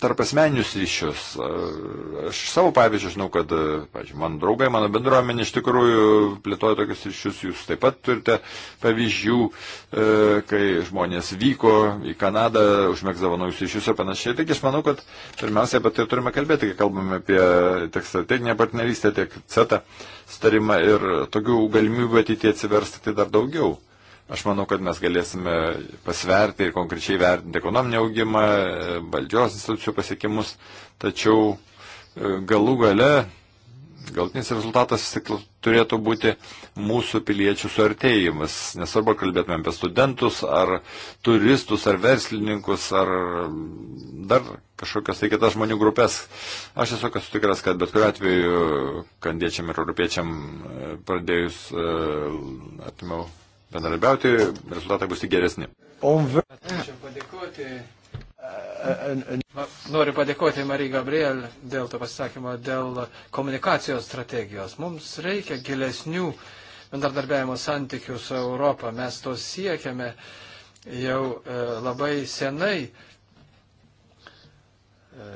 tarp asmeninius ryšius. Aš savo pavyzdžių žinau, kad, pažiūrėjau, mano draugai, mano bendruomenė iš tikrųjų plėtoja tokius ryšius. Jūs taip pat turite pavyzdžių, e, kai žmonės vyko į Kanadą, užmėgzavo naujus ryšius ir panašiai. Taigi aš manau, kad pirmiausia apie tai turime kalbėti, kai kalbame apie tiek strateginę partnerystę, tiek CETA starimą ir tokių galimybių ateityje atsiversti tai dar daugiau. Aš manau, kad mes galėsime pasverti ir konkrečiai vertinti ekonominį augimą, valdžios institucijų pasiekimus, tačiau e, galų gale galtinis rezultatas turėtų būti mūsų piliečių suartėjimas. Nesvarbu, kalbėtume apie studentus, ar turistus, ar verslininkus, ar dar kažkokias tai kitas žmonių grupės. Aš esu kas tikras, kad bet kuriu atveju kandiečiam ir europiečiam e, pradėjus e, artimiau bendradarbiauti, rezultatai bus tik geresni. Padėkoti, noriu padėkoti Marijai Gabriel dėl to pasakymo, dėl komunikacijos strategijos. Mums reikia gilesnių bendradarbiavimo santykių su Europą. Mes to siekiame jau e, labai senai. E,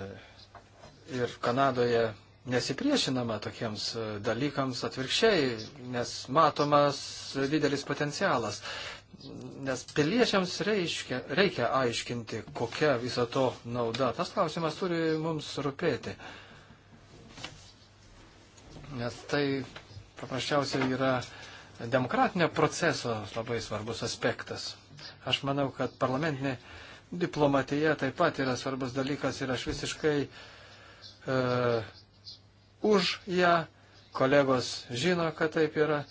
ir Kanadoje nesipriešinama tokiems e, dalykams atvirkščiai, nes matomas didelis potencialas. Nes piliečiams reiškia, reikia aiškinti, kokia viso to nauda. Tas klausimas turi mums rūpėti. Nes tai paprasčiausiai yra demokratinio proceso labai svarbus aspektas. Aš manau, kad parlamentinė diplomatija taip pat yra svarbus dalykas ir aš visiškai e, už ją, kolegos žino, kad taip yra.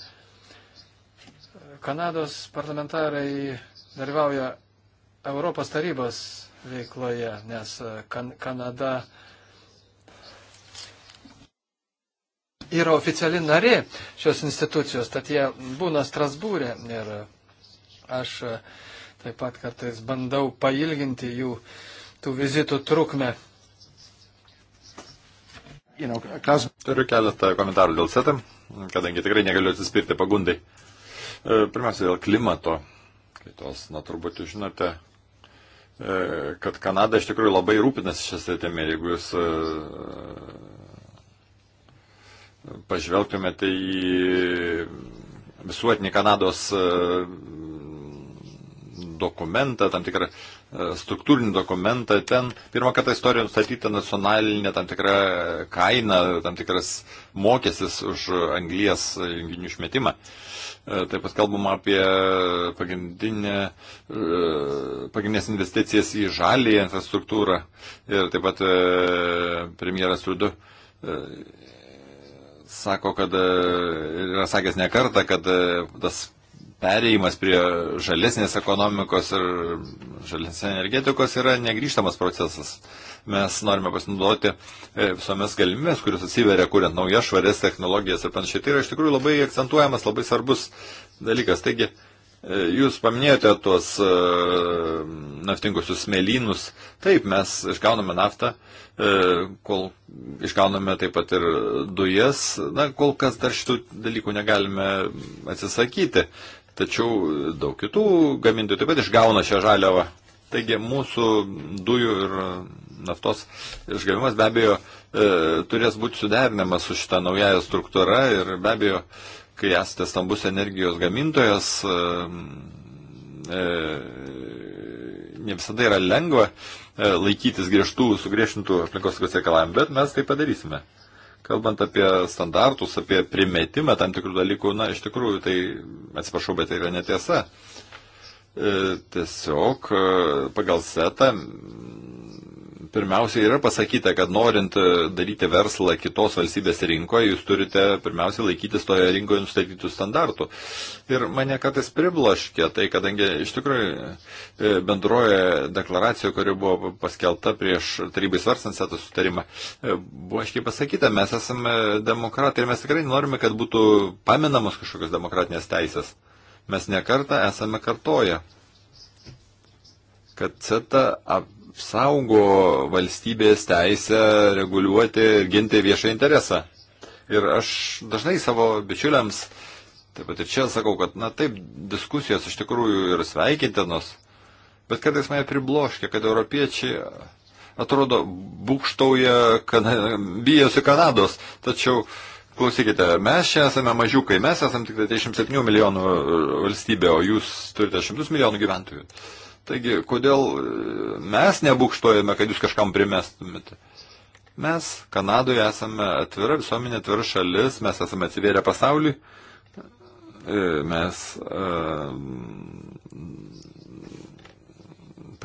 Kanados parlamentarai dalyvauja Europos tarybos veikloje, nes e, kan Kanada yra oficiali narė šios institucijos, tad jie būna Strasbūrė ir aš e, taip pat kartais bandau pailginti jų tų vizitų trukmę you know, klausimų. Turiu keletą komentarų dėl CETA, kadangi tikrai negaliu atsispirti pagundai. E, pirmiausia, dėl klimato kaitos. Na, turbūt jūs žinote, e, kad Kanada iš tikrųjų labai rūpinasi šią sritimį. Jeigu jūs e, pažvelgtumėte į visuotinį Kanados dokumentą, tam tikrą e, struktūrinį dokumentą. Ten pirmą kartą istorijoje nustatyta nacionalinė tam tikra e, kaina, tam tikras mokestis už anglijas junginių išmetimą. E, taip pat kalbama apie pagrindinę, pagrindinės investicijas į žalį infrastruktūrą ir taip pat premjeras Rudu sako, kad yra sakęs ne kartą, kad tas perėjimas prie žalesnės ekonomikos ir žalesnės energetikos yra negryžtamas procesas. Mes norime pasinaudoti e, visomis galimybės, kurios atsiveria, kuriant naujas švarias technologijas ir panašiai. Tai yra iš tikrųjų labai akcentuojamas, labai svarbus dalykas. Taigi, e, Jūs paminėjote tuos e, naftingusius smėlynus. Taip, mes išgauname naftą, kol išgauname taip pat ir dujas. Na, kol kas dar šitų dalykų negalime atsisakyti. Tačiau daug kitų gamintojų taip pat išgauna šią žaliavą. Taigi mūsų dujų ir naftos išgavimas be abejo e, turės būti suderinamas su šitą naująją struktūrą ir be abejo, kai esate stambus energijos gamintojas, e, e, ne visada yra lengva e, laikytis griežtų, sugriešintų aplinkos reikalavimų, bet mes tai padarysime. Kalbant apie standartus, apie primetimą tam tikrų dalykų, na, iš tikrųjų, tai, atsiprašau, bet tai yra netiesa. E, tiesiog e, pagal setą pirmiausia yra pasakyta, kad norint e, daryti verslą kitos valstybės rinkoje, jūs turite pirmiausia laikytis toje rinkoje nustatytų standartų. Ir mane kartais pribloškė tai, kadangi iš tikrųjų e, bendroje deklaracijoje, kuri buvo paskelta prieš tarybai svarstant setą sutarimą, e, buvo aiškiai pasakyta, mes esame demokratai ir mes tikrai norime, kad būtų paminamos kažkokios demokratinės teisės. Mes nekartą esame kartoję kad CETA saugo valstybės teisę reguliuoti ir ginti viešą interesą. Ir aš dažnai savo bičiuliams, taip pat ir čia sakau, kad, na taip, diskusijos iš tikrųjų yra sveikintinos, bet kartais mane pribloškia, kad europiečiai atrodo būkštauja, kana, bijosi Kanados, tačiau Klausykite, mes čia esame mažiukai, mes esame tik 37 tai milijonų valstybė, o jūs turite 100 milijonų gyventojų. Uh, Taigi, kodėl e, mes nebūkštojame, kad jūs kažkam primestumėte? Mes Kanadoje esame atvira visuomenė, atvira šalis, mes esame atsivėrę pasauliui, e, mes e,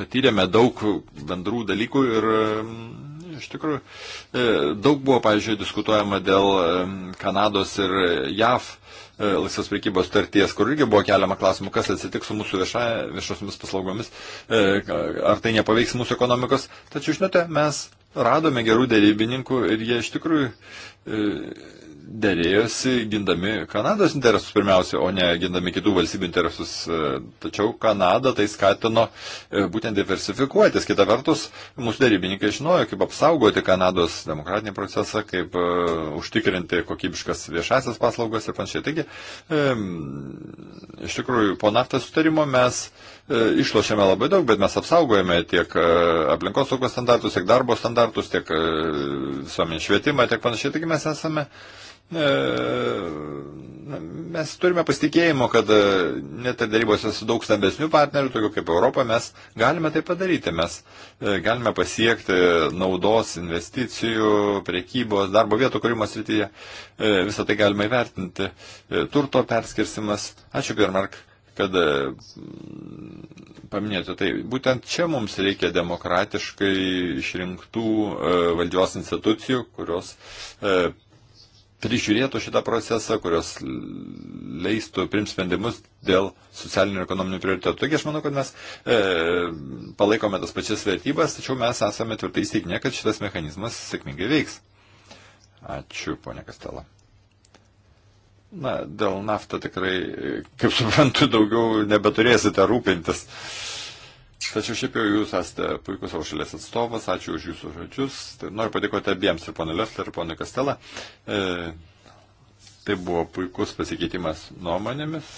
patyrėme daug bendrų dalykų ir Iš tikrųjų, e, daug buvo, pavyzdžiui, diskutuojama dėl Kanados ir JAV e, laisvos prekybos starties, kur irgi buvo keliama klausimų, kas atsitiks su mūsų vieša, viešosiomis paslaugomis, e, ar tai nepaveiks mūsų ekonomikos. Tačiau, žinote, mes radome gerų dėrybininkų ir jie iš tikrųjų dėrėjosi gindami Kanados interesus pirmiausia, o ne gindami kitų valstybių interesus. E, tačiau Kanada tai skatino e, būtent diversifikuotis. Kita vertus, mūsų darybininkai žinojo, kaip apsaugoti Kanados demokratinį procesą, kaip uh, užtikrinti kokybiškas viešasias paslaugas ir panašiai. Taigi, um, iš tikrųjų, po naftos sutarimo mes uh, E, išlošiame labai daug, bet mes apsaugojame tiek e, aplinkos saugos standartus, tiek darbo standartus, tiek e, visuomenį švietimą, tiek panašiai. Taigi mes esame, mes turime pasitikėjimo, kad net ir darybose su daug stambesnių partnerių, tokių kaip Europą, mes galime tai padaryti. Mes galime pasiekti naudos investicijų, priekybos, darbo vietų kūrimo srityje. Visą tai galima įvertinti. Turto perskirsimas. Ačiū, Pirmark kad e, paminėjote tai, būtent čia mums reikia demokratiškai išrinktų e, valdžios institucijų, kurios e, prižiūrėtų šitą procesą, kurios leistų prims sprendimus dėl socialinių ir ekonominių prioritetų. Taigi aš manau, kad mes e, palaikome tas pačias vertybas, tačiau mes esame tvirtai įsitikinę, kad šitas mechanizmas sėkmingai veiks. Ačiū, ponė Kastela. Na, dėl naftą tikrai, kaip suprantu, daugiau nebeturėsite rūpintis. Tačiau šiaip jau jūs esate puikus savo šalies atstovas, ačiū už jūsų žodžius. Tai noriu padėkoti abiems, ir ponui Lefler, ir ponui Kastelą. E, tai buvo puikus pasikeitimas nuomonėmis.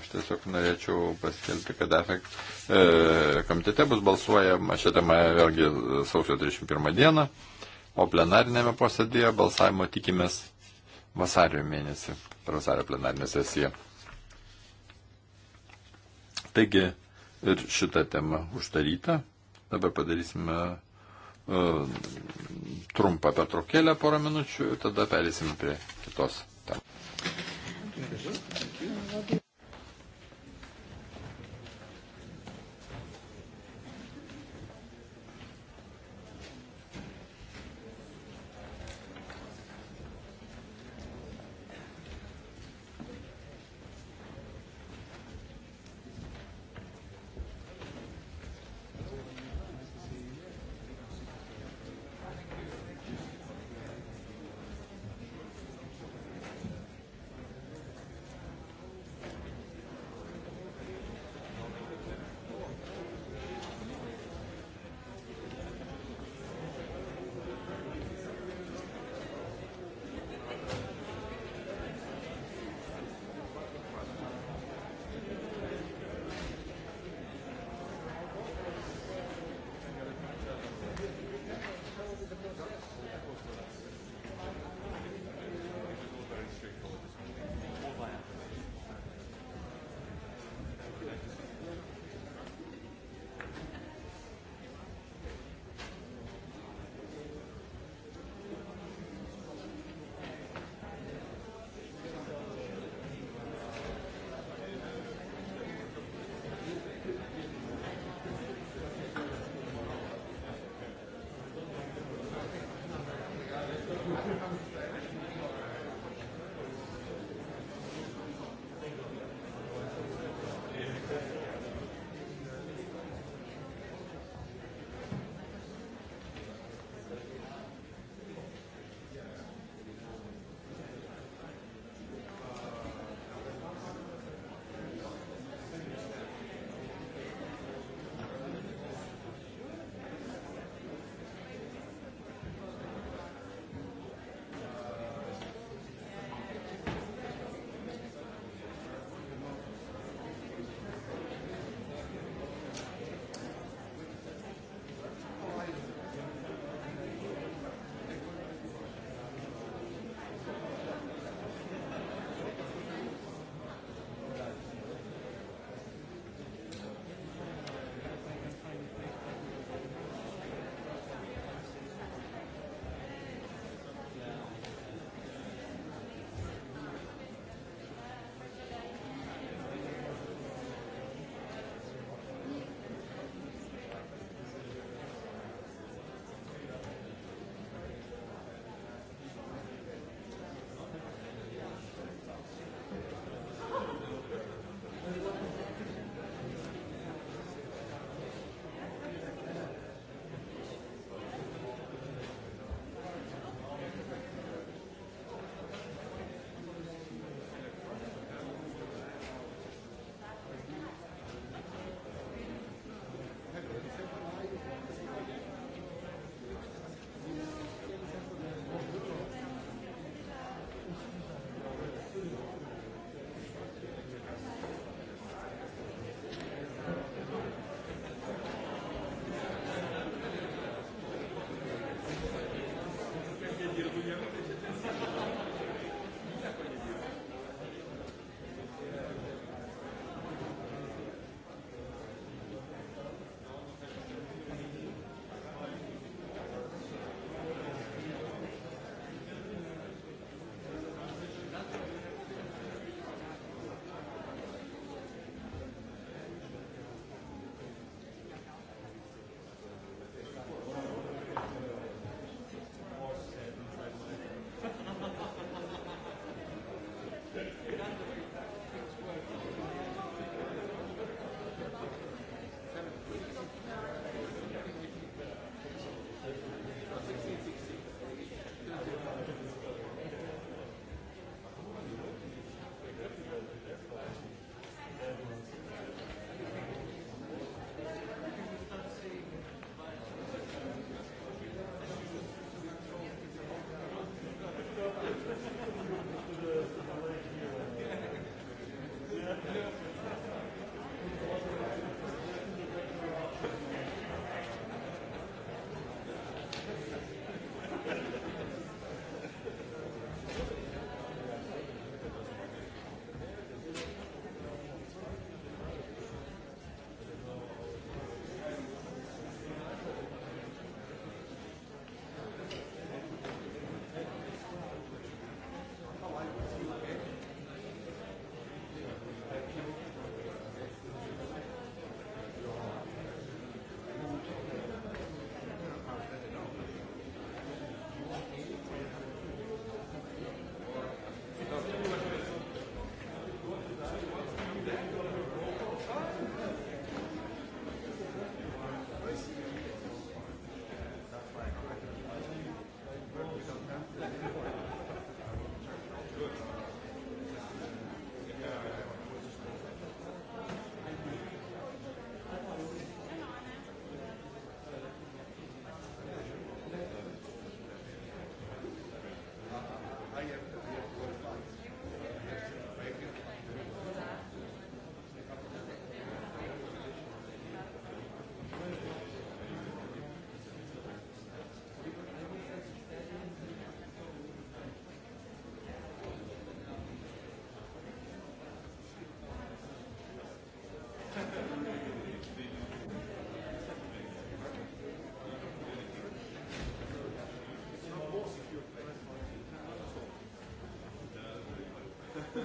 Aš tiesiog norėčiau paskelbti, kad efekt e, komitete bus balsuojama šią temą vėlgi sausio 31 dieną, o plenarinėme posėdėje balsavimo tikimės vasario mėnesį, per vasario plenarinę sesiją. Taigi ir šitą temą uždaryta. Dabar padarysime uh, trumpą pertraukėlę porą minučių ir tada perėsim prie kitos temos.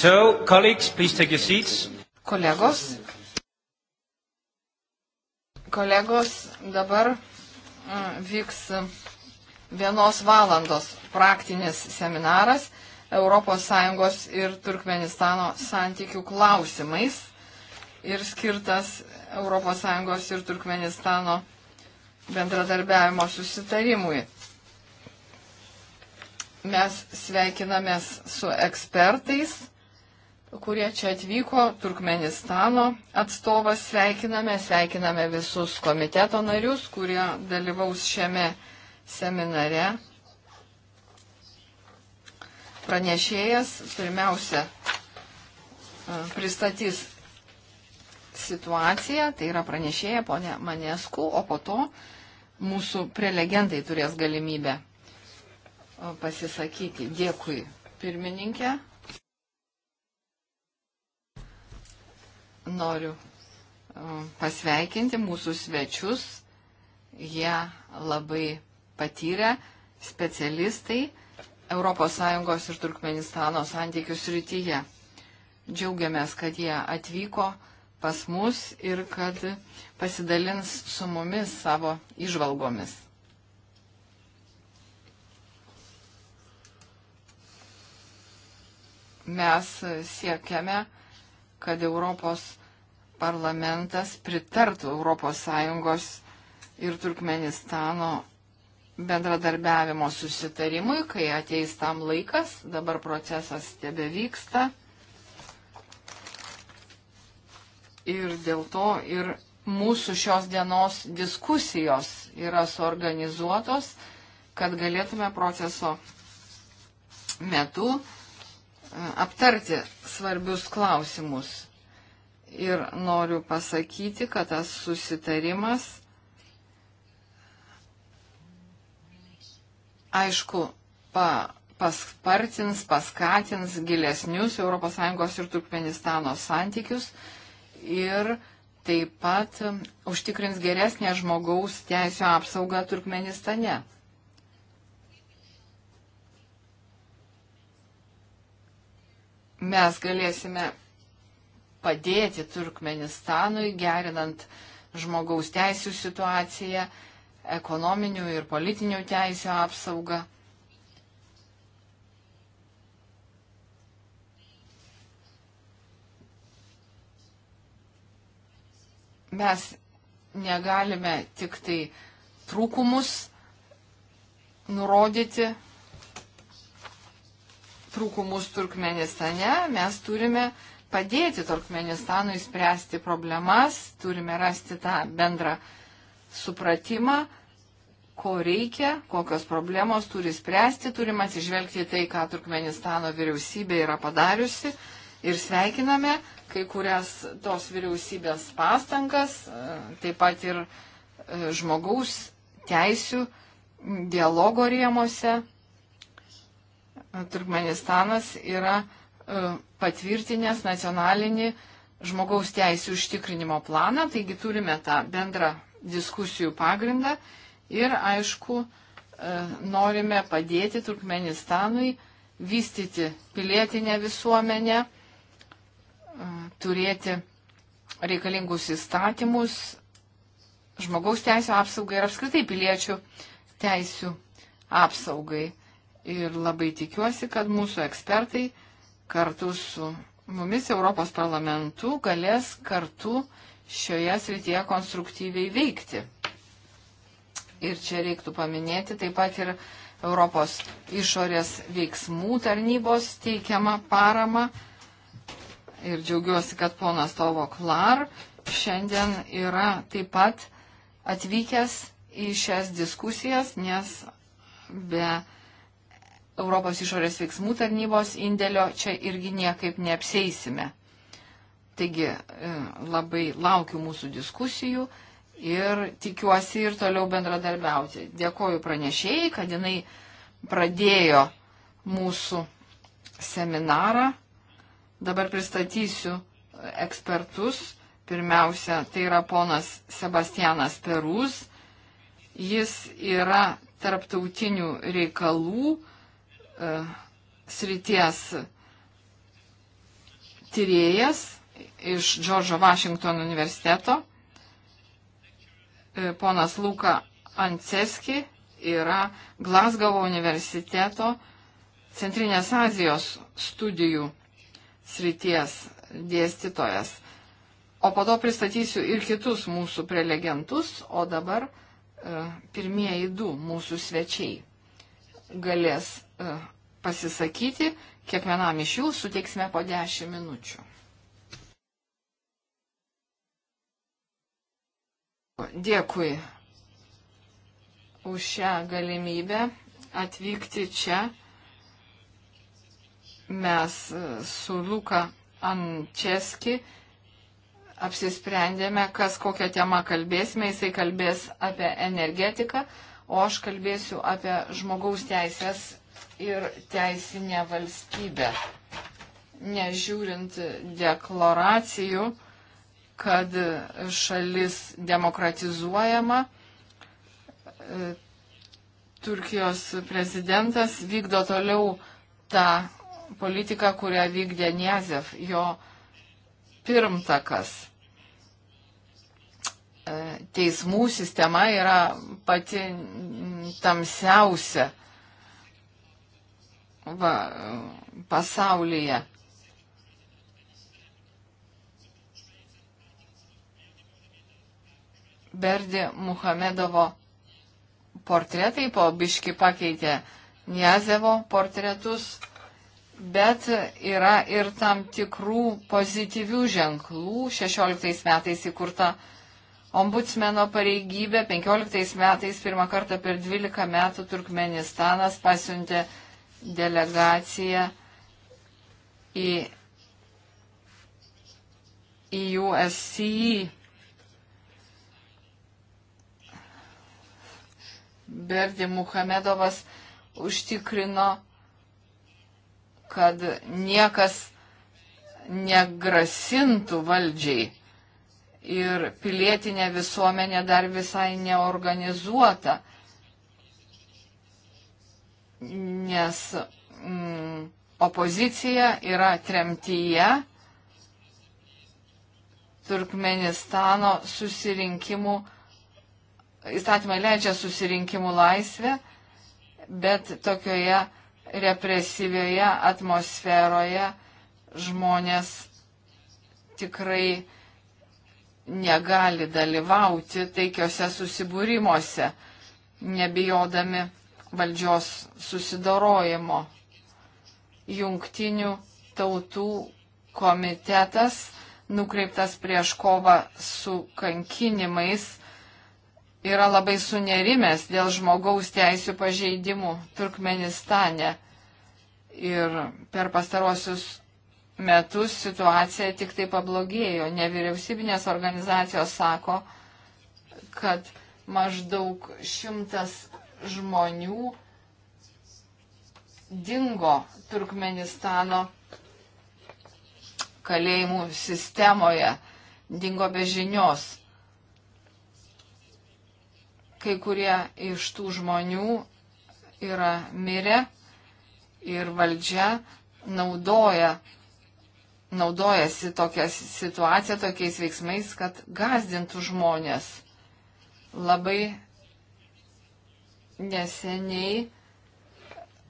So, colleagues, please take your seats. Kolegos, kolegos, dabar mm, vyks vienos valandos praktinis seminaras ES ir Turkmenistano santykių klausimais ir skirtas ES ir Turkmenistano bendradarbiavimo susitarimui. Mes sveikinamės su ekspertais kurie čia atvyko, Turkmenistano atstovas sveikiname, sveikiname visus komiteto narius, kurie dalyvaus šiame seminare. Pranešėjas pirmiausia e, pristatys situaciją, tai yra pranešėja ponė Manesku, o po to mūsų prelegentai turės galimybę e, pasisakyti. Dėkui pirmininkė. noriu e, pasveikinti mūsų svečius. Jie labai patyrę specialistai ES ir Turkmenistano santykių srityje. Džiaugiamės, kad jie atvyko pas mus ir kad pasidalins su mumis savo išvalgomis. Mes siekiame kad Europos parlamentas pritartų ES ir Turkmenistano bendradarbiavimo susitarimui, kai ateis tam laikas, dabar procesas tebe vyksta. Ir dėl to ir mūsų šios dienos diskusijos yra suorganizuotos, kad galėtume proceso metu aptarti svarbius klausimus. Ir noriu pasakyti, kad tas susitarimas, aišku, pa, paspartins, paskatins gilesnius ES ir Turkmenistano santykius ir taip pat um, užtikrins geresnę žmogaus teisų apsaugą Turkmenistane. mes galėsime padėti Turkmenistanui, gerinant žmogaus teisų situaciją, ekonominių ir politinių teisų apsaugą. Mes negalime tik tai trūkumus nurodyti trūkumus Turkmenistane, mes turime padėti Turkmenistanui spręsti problemas, turime rasti tą bendrą supratimą, ko reikia, kokios problemos turi spręsti, turime atsižvelgti tai, ką Turkmenistano vyriausybė yra padariusi ir sveikiname kai kurias tos vyriausybės pastangas, taip pat ir e, žmogaus teisių dialogo rėmose Turkmenistanas yra e, patvirtinęs nacionalinį žmogaus teisų užtikrinimo planą, taigi turime tą bendrą diskusijų pagrindą ir, aišku, e, norime padėti Turkmenistanui vystyti pilietinę visuomenę, e, turėti reikalingus įstatymus, žmogaus teisų apsaugai ir apskritai piliečių teisų apsaugai ir labai tikiuosi, kad mūsų ekspertai kartu su mumis Europos parlamentu galės kartu šioje srityje konstruktyviai veikti. Ir čia reiktų paminėti taip pat ir Europos išorės veiksmų tarnybos teikiamą paramą. Ir džiaugiuosi, kad ponas Tovo Klar šiandien yra taip pat atvykęs į šias diskusijas, nes be Europos išorės veiksmų tarnybos indėlio čia irgi niekaip neapseisime. Taigi e, labai laukiu mūsų diskusijų ir tikiuosi ir toliau bendradarbiauti. Dėkoju pranešėjai, kad jinai pradėjo mūsų seminarą. Dabar pristatysiu ekspertus. Pirmiausia, tai yra ponas Sebastianas Perus. Jis yra tarptautinių reikalų E, srities tyrėjas iš Džordžo Vašingtono universiteto. E, ponas Luka Anceski yra Glasgow universiteto Centrinės Azijos studijų srities dėstytojas. O po to pristatysiu ir kitus mūsų prelegentus, o dabar e, pirmieji du mūsų svečiai galės E, pasisakyti, kiekvienam iš jų suteiksime po 10 minučių. Dėkui už šią galimybę atvykti čia. Mes e, su Luka Ančeski apsisprendėme, kas kokią temą kalbėsime. Jisai kalbės apie energetiką, o aš kalbėsiu apie žmogaus teisės ir teisinę valstybę. Nežiūrint deklaracijų, kad šalis demokratizuojama, Turkijos prezidentas vykdo toliau tą politiką, kurią vykdė Niazev, jo pirmtakas. Teismų sistema yra pati tamsiausia va, pasaulyje. Berdi Muhamedovo portretai po biški pakeitė Niazevo portretus, bet yra ir tam tikrų pozityvių ženklų. 16 metais įkurta ombudsmeno pareigybė, 15 metais pirmą kartą per 12 metų Turkmenistanas pasiuntė delegaciją į, į USCE. Berdi Muhamedovas užtikrino, kad niekas negrasintų valdžiai ir pilietinė visuomenė dar visai neorganizuota nes mm, opozicija yra tremtyje Turkmenistano susirinkimų, įstatymai leidžia susirinkimų laisvę, bet tokioje represyvioje atmosferoje žmonės tikrai negali dalyvauti taikiuose susibūrimuose, nebijodami valdžios susidorojimo. Jungtinių tautų komitetas nukreiptas prieš kovą su kankinimais yra labai sunerimęs dėl žmogaus teisų pažeidimų Turkmenistane. Ir per pastarosius metus situacija tik tai pablogėjo. Nevyriausybinės organizacijos sako, kad maždaug šimtas žmonių dingo Turkmenistano kalėjimų sistemoje, dingo be žinios. Kai kurie iš tų žmonių yra mirę ir valdžia naudoja, naudojasi tokią situaciją, tokiais veiksmais, kad gazdintų žmonės. Labai neseniai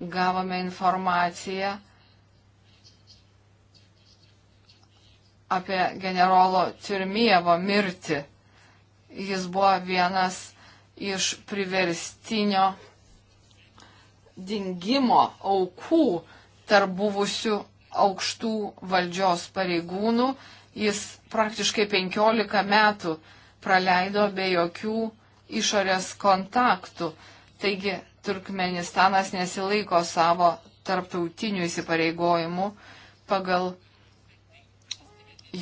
gavome informaciją apie generolo Tirmievo mirtį. Jis buvo vienas iš priverstinio dingimo aukų tarp buvusių aukštų valdžios pareigūnų. Jis praktiškai 15 metų praleido be jokių išorės kontaktų. Taigi, Turkmenistanas nesilaiko savo tarptautinių įsipareigojimų pagal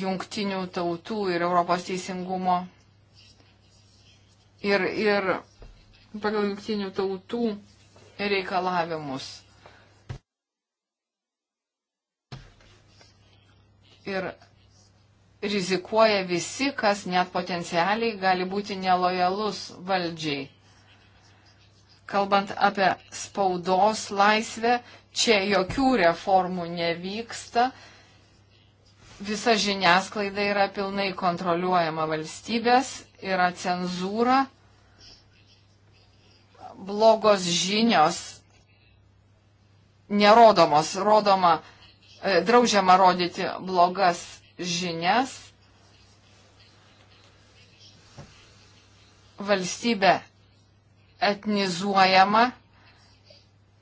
jungtinių tautų ir Europos teisingumo ir, ir pagal jungtinių tautų reikalavimus. Ir rizikuoja visi, kas net potencialiai gali būti nelojalus valdžiai. Kalbant apie spaudos laisvę, čia jokių reformų nevyksta. Visa žiniasklaida yra pilnai kontroliuojama valstybės, yra cenzūra, blogos žinios nerodomos, rodoma, e, draudžiama rodyti blogas žinias. Valstybė etnizuojama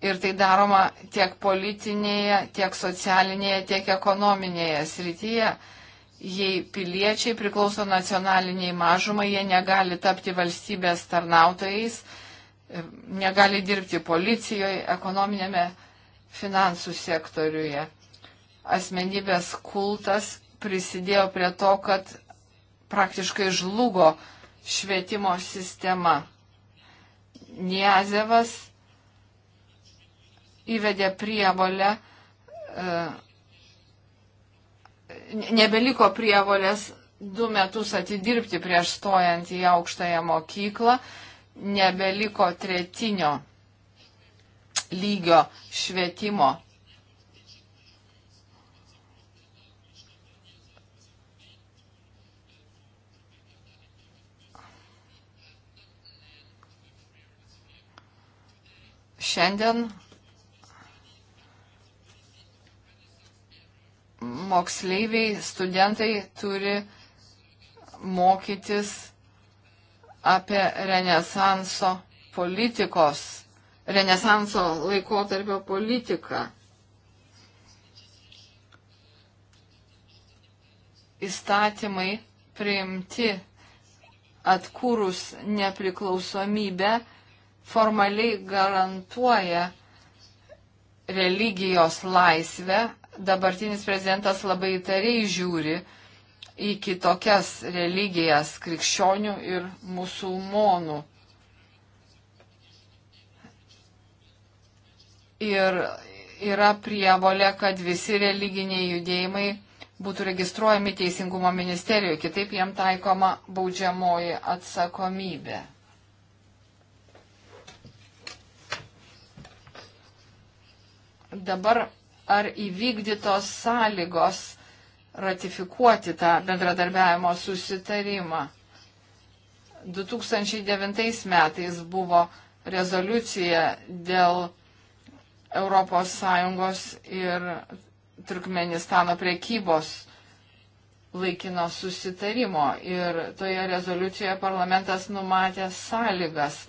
ir tai daroma tiek politinėje, tiek socialinėje, tiek ekonominėje srityje. Jei piliečiai priklauso nacionaliniai mažumai, jie negali tapti valstybės tarnautojais, negali dirbti policijoje, ekonominėme finansų sektoriuje. Asmenybės kultas prisidėjo prie to, kad praktiškai žlugo švietimo sistema. Niezevas įvedė prievolę, e, nebeliko prievolės du metus atidirbti prieš stojant į aukštąją mokyklą, nebeliko tretinio lygio švietimo Šiandien moksleiviai, studentai turi mokytis apie renesanso politikos, renesanso laikotarpio politiką. Įstatymai priimti atkūrus nepriklausomybę formaliai garantuoja religijos laisvę, dabartinis prezidentas labai įtariai žiūri į kitokias religijas krikščionių ir musulmonų. Ir yra prievolė, kad visi religiniai judėjimai būtų registruojami Teisingumo ministerijoje, kitaip jiem taikoma baudžiamoji atsakomybė. dabar ar įvykdytos sąlygos ratifikuoti tą bendradarbiavimo susitarimą. 2009 metais buvo rezoliucija dėl ES ir Turkmenistano priekybos laikino susitarimo ir toje rezoliucijoje parlamentas numatė sąlygas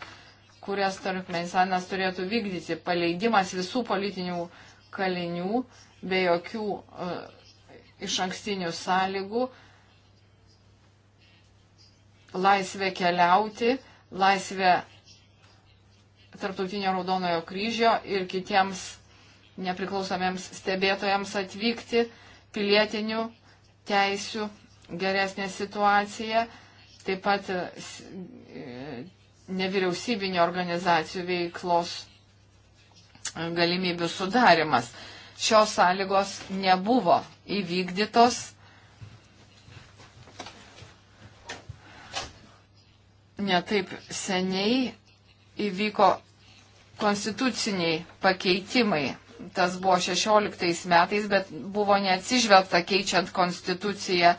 kurias Turkmenistanas turėtų vykdyti - paleidimas visų politinių kalinių be jokių uh, iš ankstinių sąlygų, laisvė keliauti, laisvė Tarptautinio Raudonojo kryžio ir kitiems nepriklausomiems stebėtojams atvykti, pilietinių teisių geresnė situacija, taip pat e, nevyriausybinio organizacijų veiklos galimybių sudarimas. Šios sąlygos nebuvo įvykdytos. Netaip seniai įvyko konstituciniai pakeitimai. Tas buvo 16 metais, bet buvo neatsižvelgta keičiant konstituciją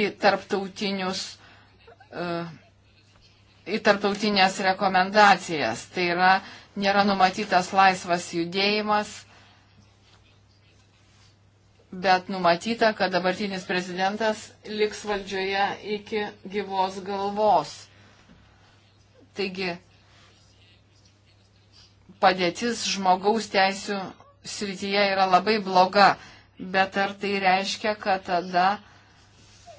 į tarptautinius uh, į tarptautinės rekomendacijas. Tai yra, nėra numatytas laisvas judėjimas, bet numatyta, kad dabartinis prezidentas liks valdžioje iki gyvos galvos. Taigi, padėtis žmogaus teisų srityje yra labai bloga, bet ar tai reiškia, kad tada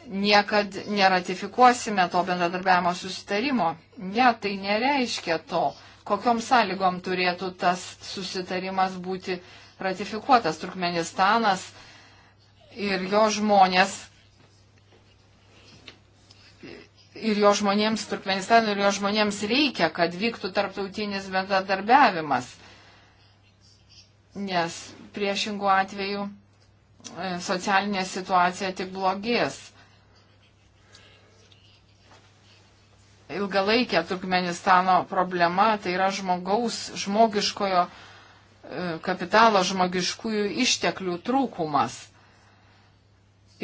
niekad neratifikuosime to bendradarbiavimo susitarimo. Ne, tai nereiškia to, kokiom sąlygom turėtų tas susitarimas būti ratifikuotas. Turkmenistanas ir jo žmonės. Ir jo žmonėms, Turkmenistanui ir jo žmonėms reikia, kad vyktų tarptautinis bendradarbiavimas. Nes priešingų atveju e, socialinė situacija tik blogės. ilgalaikė Turkmenistano problema, tai yra žmogaus, žmogiškojo e, kapitalo, žmogiškųjų išteklių trūkumas.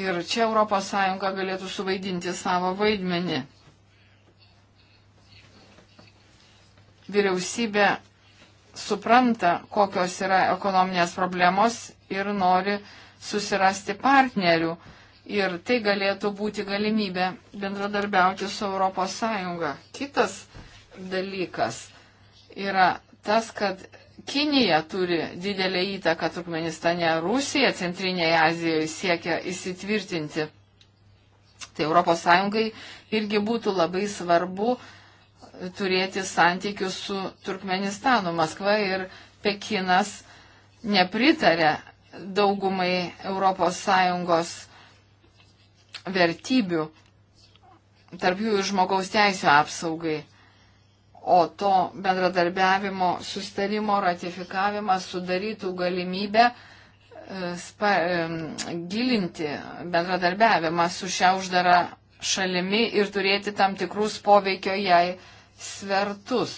Ir čia ES galėtų suvaidinti savo vaidmenį. Vyriausybė supranta, kokios yra ekonominės problemos ir nori susirasti partnerių ir tai galėtų būti galimybė bendradarbiauti su ES. Kitas dalykas yra tas, kad Kinija turi didelę įtaką Turkmenistane, Rusija Centrinėje Azijoje siekia įsitvirtinti. Tai ES irgi būtų labai svarbu turėti santykius su Turkmenistanu. Maskva ir Pekinas nepritarė daugumai ES vertybių, tarp jų ir žmogaus teisų apsaugai. O to bendradarbiavimo sustarimo ratifikavimas sudarytų galimybę e, spa, e, gilinti bendradarbiavimą su šia uždara šalimi ir turėti tam tikrus poveikio jai svertus.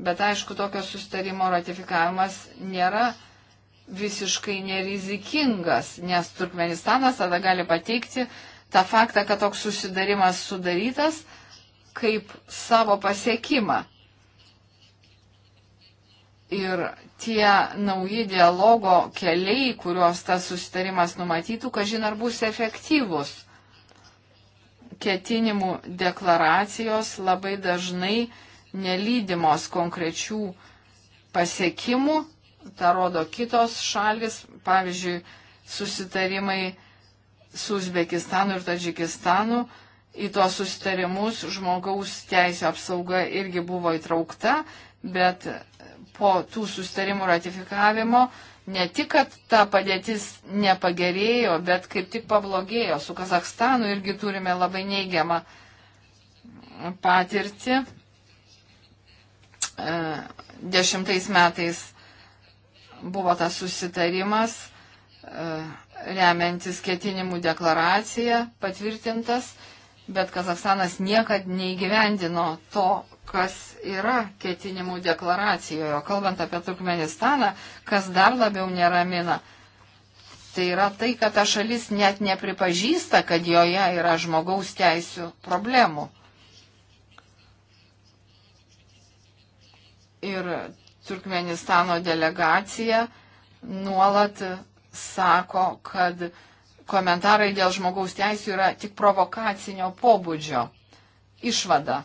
Bet aišku, tokio sustarimo ratifikavimas nėra visiškai nerizikingas, nes Turkmenistanas tada gali pateikti tą faktą, kad toks susidarimas sudarytas, kaip savo pasiekimą. Ir tie nauji dialogo keliai, kuriuos tas susitarimas numatytų, kažin ar bus efektyvus. Ketinimų deklaracijos labai dažnai nelydimos konkrečių pasiekimų, tą rodo kitos šalis, pavyzdžiui, susitarimai su Uzbekistanu ir Tadžikistanu. Į tuos sustarimus žmogaus teisų apsauga irgi buvo įtraukta, bet po tų sustarimų ratifikavimo ne tik, kad ta padėtis nepagerėjo, bet kaip tik pablogėjo. Su Kazakstanu irgi turime labai neigiamą patirtį. E, dešimtais metais buvo tas susitarimas e, remiantis ketinimų deklaracija patvirtintas, bet Kazakstanas niekad neįgyvendino to, kas yra ketinimų deklaracijoje. O kalbant apie Turkmenistaną, kas dar labiau neramina, tai yra tai, kad ta šalis net nepripažįsta, kad joje yra žmogaus teisų problemų. Ir Turkmenistano delegacija nuolat sako, kad komentarai dėl žmogaus teisų yra tik provokacinio pobūdžio. Išvada.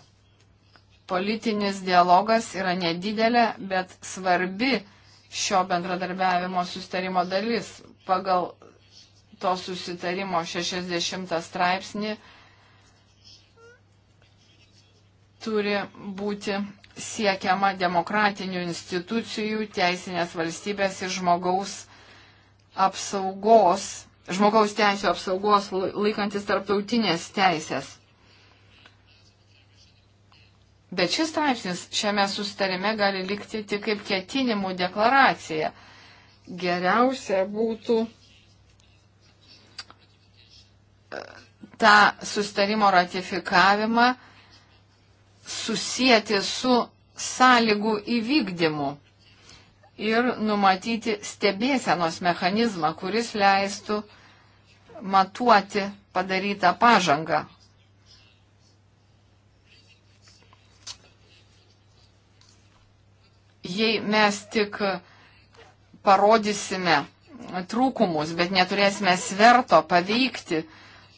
Politinis dialogas yra nedidelė, bet svarbi šio bendradarbiavimo sustarimo dalis. Pagal to susitarimo 60 straipsnį turi būti siekiama demokratinių institucijų, teisinės valstybės ir žmogaus apsaugos, žmogaus teisų apsaugos laikantis tarptautinės teisės. Bet šis straipsnis šiame sustarime gali likti tik kaip ketinimų deklaracija. Geriausia būtų e, tą sustarimo ratifikavimą susijęti su sąlygų įvykdymu ir numatyti stebėsenos mechanizmą, kuris leistų matuoti padarytą pažangą. Jei mes tik parodysime trūkumus, bet neturėsime sverto paveikti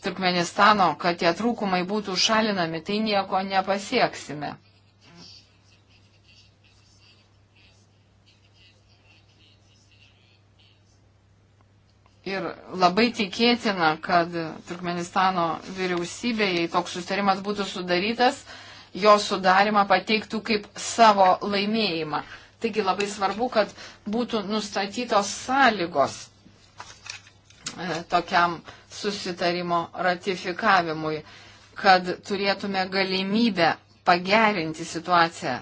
Turkmenistano, kad tie trūkumai būtų šalinami, tai nieko nepasieksime. Ir labai tikėtina, kad Turkmenistano vyriausybė, jei toks sustarimas būtų sudarytas, jo sudarimą pateiktų kaip savo laimėjimą. Taigi labai svarbu, kad būtų nustatytos sąlygos e, tokiam susitarimo ratifikavimui, kad turėtume galimybę pagerinti situaciją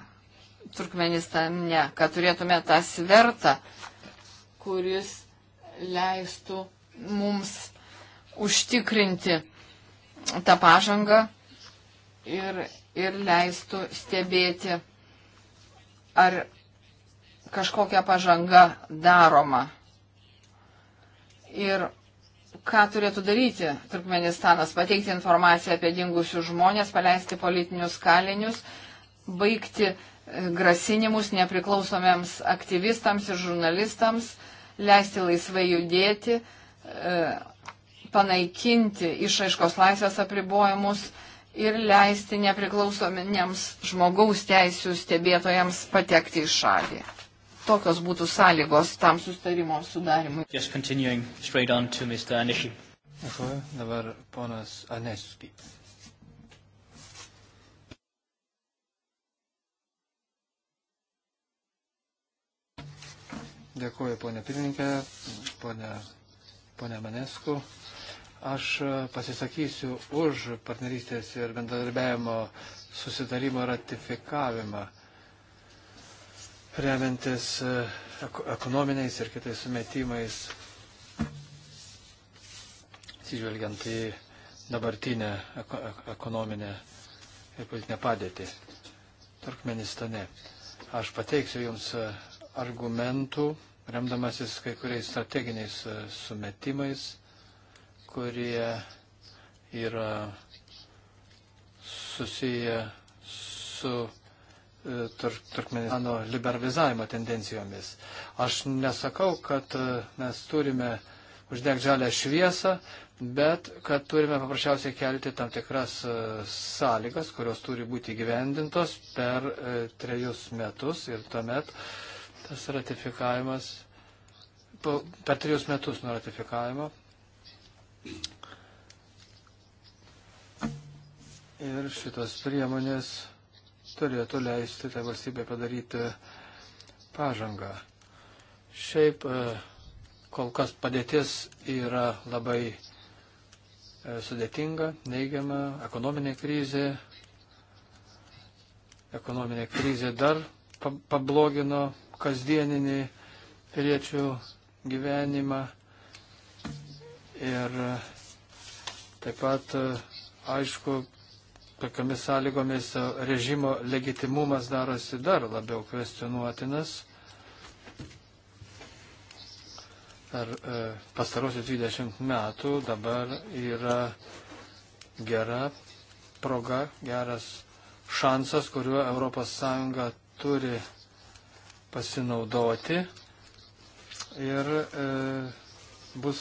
Turkmenistane, kad turėtume tą svertą, kuris leistų mums užtikrinti tą pažangą ir, ir leistų stebėti, ar kažkokia pažanga daroma. Ir ką turėtų daryti Turkmenistanas? Pateikti informaciją apie dingusius žmonės, paleisti politinius kalinius, baigti grasinimus nepriklausomiems aktyvistams ir žurnalistams, leisti laisvai judėti, e, panaikinti išaiškos laisvės apribojimus ir leisti nepriklausomiems žmogaus teisų stebėtojams patekti į šalį. Tokios būtų sąlygos tam sustarimo sudarimui. Dėkuoju. Dabar ponas Aneski. Dėkuoju, ponė pirmininkė, ponė, ponė Manesku. Aš e, pasisakysiu už partnerystės ir bendradarbiavimo susitarimo ratifikavimą, remiantis e, ekonominiais ir kitais sumetimais, atsižvelgiant į dabartinę e, ekonominę ir politinę padėtį Turkmenistane. Aš pateiksiu Jums argumentų, remdamasis kai kuriais strateginiais e, sumetimais, kurie yra susiję su e, Turkmenistano liberalizavimo tendencijomis. Aš nesakau, kad e, mes turime uždegti žalę šviesą, bet kad turime paprasčiausiai kelti tam tikras sąlygas, kurios turi būti gyvendintos per trejus metus ir tuomet uh, tas ratifikavimas po, per trijus metus nuo ratifikavimo. Ir šitos priemonės turėtų leisti tą tai valstybę padaryti pažangą. Šiaip e, kol kas padėtis yra labai e, sudėtinga, neigiama, ekonominė krizė. Ekonominė krizė dar pablogino kasdieninį piliečių gyvenimą ir taip pat, aišku, tokiamis sąlygomis režimo legitimumas darosi dar labiau kvestionuotinas. Per e, pastarosius 20 metų dabar yra gera proga, geras šansas, kuriuo ES turi pasinaudoti ir e, bus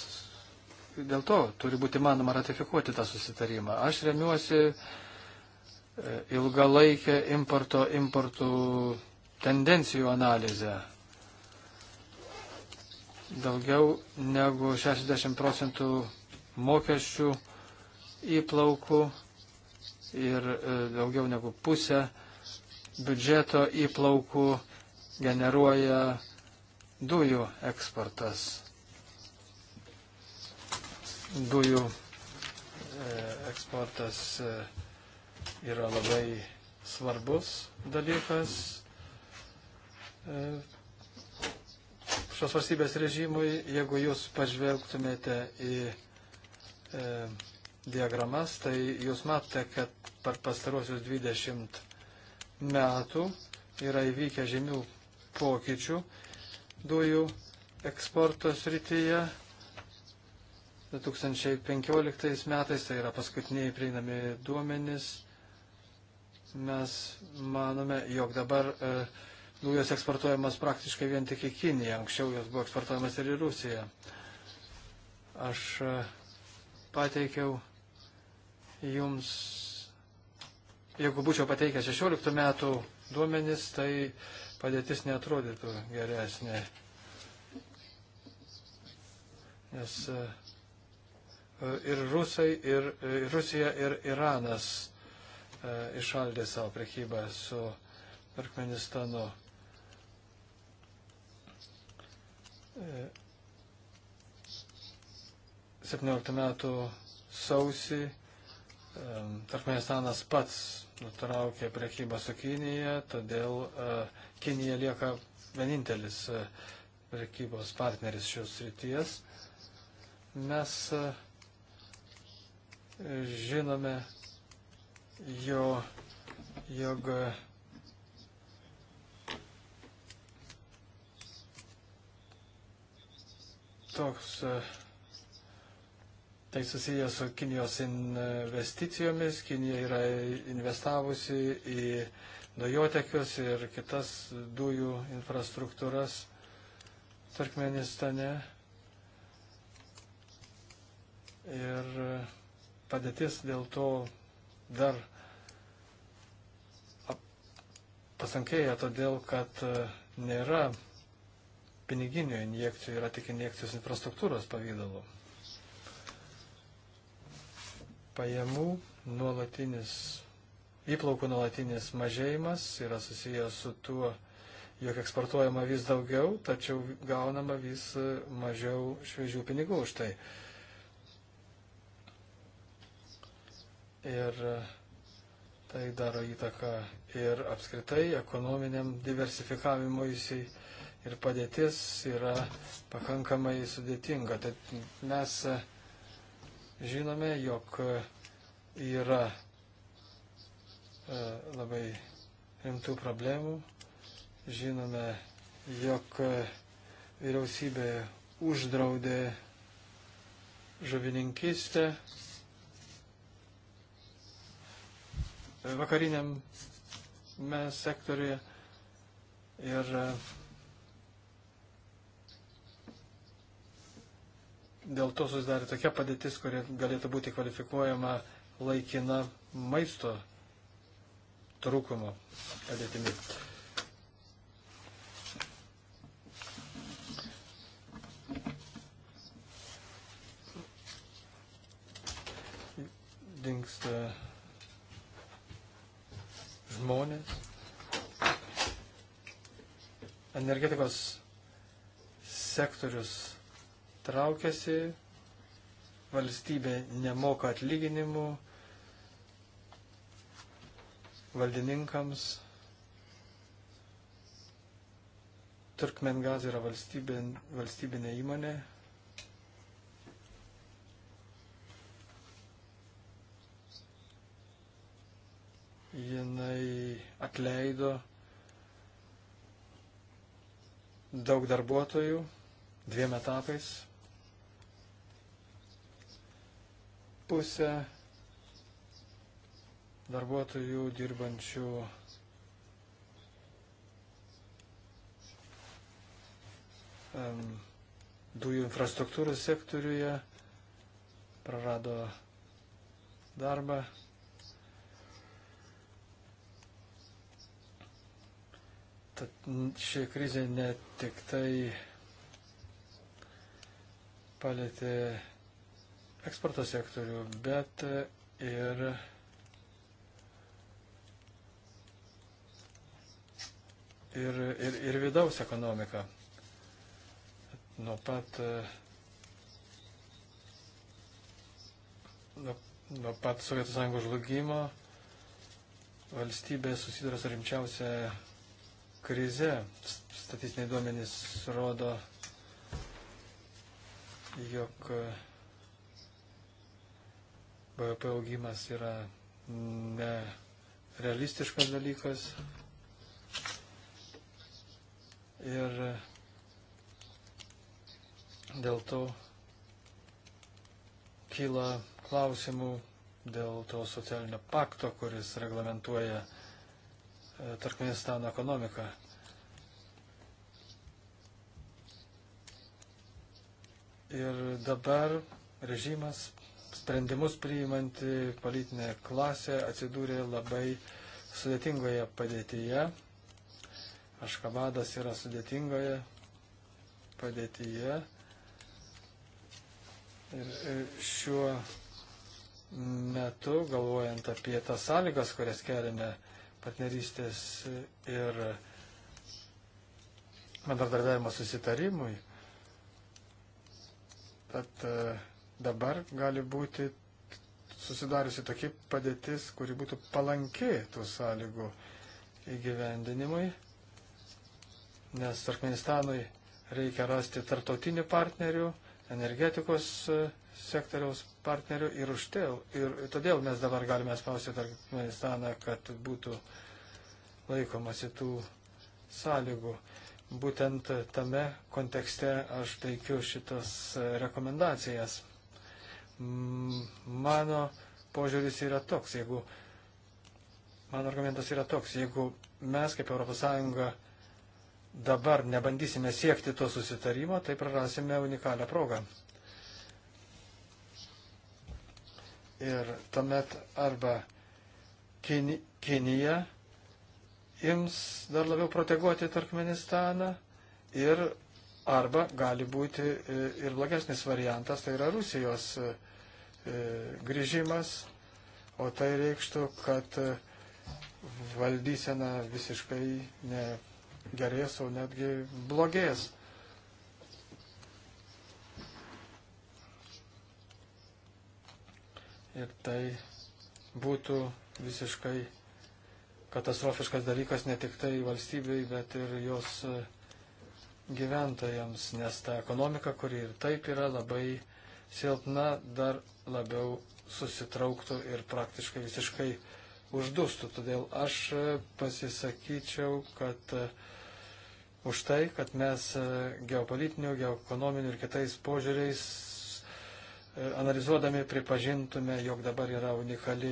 dėl to turi būti manoma ratifikuoti tą susitarimą. Aš remiuosi e, ilgalaikę importo importų tendencijų analizę. Daugiau negu 60 procentų mokesčių įplaukų ir e, daugiau negu pusę biudžeto įplaukų generuoja dujų eksportas. Dujų e, eksportas e, yra labai svarbus dalykas e, šios valstybės režimui. Jeigu jūs pažvelgtumėte į diagramas, tai jūs matote, kad per pastaruosius 20 metų yra įvykę žymių pokyčių dujų eksporto srityje. 2015 metais, tai yra paskutiniai prieinami duomenys, mes manome, jog dabar e, dujos eksportuojamas praktiškai vien tik į Kiniją, anksčiau jos buvo eksportuojamas ir į Rusiją. Aš e, pateikiau jums jeigu būčiau pateikęs 16 metų duomenis, tai padėtis netrodytų geresnė. Nes e, ir Rusai, ir, e, ir Rusija, ir Iranas e, išaldė savo prekybą su Turkmenistanu. E, 17 metų sausį Turkmenistanas pats nutraukė priekybą su Kinija, todėl e, Kinija lieka vienintelis e, priekybos partneris šios ryties. Mes e, žinome jo, jog toks uh, Tai susijęs su Kinijos investicijomis. Kinija yra investavusi į dujotekius ir kitas dujų infrastruktūras Turkmenistane. Ir padėtis dėl to dar pasankėja, todėl kad e, nėra piniginių injekcijų, yra tik injekcijos infrastruktūros pavydalu pajamų nuolatinis, įplaukų nuolatinis mažėjimas yra susijęs su tuo, jog eksportuojama vis daugiau, tačiau gaunama vis e, mažiau šviežių pinigų už tai. Ir e, tai daro įtaką ir apskritai ekonominiam diversifikavimuisi ir padėtis yra pakankamai sudėtinga. Tad mes e, Žinome, jog e, yra e, labai rimtų problemų. Žinome, jog e, vyriausybė uždraudė žuvininkistę vakariniam sektoriuje ir dėl to susidarė tokia padėtis, kuri galėtų būti kvalifikuojama laikina maisto trūkumo padėtimi. Dingsta žmonės. Energetikos sektorius traukiasi, valstybė nemoka atlyginimų valdininkams. Turkmengaz yra valstybė, valstybinė įmonė. Jinai atleido daug darbuotojų dviem etapais pusę darbuotojų dirbančių dujų infrastruktūros sektoriuje, prarado darbą. Tad ši krizė ne tik tai palėtė eksporto sektorių, bet ir ir, ir, ir vidaus ekonomika. Nuo pat, nuo, nuo pat Sovietų sąjungos žlugimo valstybė susiduria su rimčiausia krize. Statistiniai duomenys rodo, jog BVP augimas yra nerealistiškas dalykas. Ir dėl to kyla klausimų dėl to socialinio pakto, kuris reglamentuoja e, Turkmenistano ekonomiką. Ir dabar režimas sprendimus priimanti politinė klasė atsidūrė labai sudėtingoje padėtyje. Aškabadas yra sudėtingoje padėtyje. Ir šiuo metu, galvojant apie tas sąlygas, kurias keliame partnerystės ir bendradarbiavimo susitarimui, tad uh, dabar gali būti susidariusi tokia padėtis, kuri būtų palanki tų sąlygų įgyvendinimui, nes Turkmenistanui reikia rasti tartautinių partnerių, energetikos e, sektoriaus partnerių ir užtėl. Ir todėl mes dabar galime spausti Turkmenistaną, kad būtų laikomasi tų sąlygų. Būtent tame kontekste aš teikiu šitas rekomendacijas. Mano požiūris yra toks, jeigu, mano argumentas yra toks, jeigu mes kaip ES dabar nebandysime siekti to susitarimo, tai prarasime unikalią progą. Ir tuomet arba Kini, Kinija ims dar labiau proteguoti Turkmenistaną ir arba gali būti e, ir blogesnis variantas, tai yra Rusijos uh, E, grįžimas, o tai reikštų, kad e, valdysena visiškai negerės, o netgi blogės. Ir tai būtų visiškai katastrofiškas dalykas ne tik tai valstybei, bet ir jos e, gyventojams, nes ta ekonomika, kuri ir taip yra labai silpna, dar labiau susitrauktų ir praktiškai visiškai uždustų. Todėl aš e, pasisakyčiau, kad e, už tai, kad mes e, geopolitiniu, geoekonominiu ir kitais požiūriais analizuodami pripažintume, jog dabar yra unikali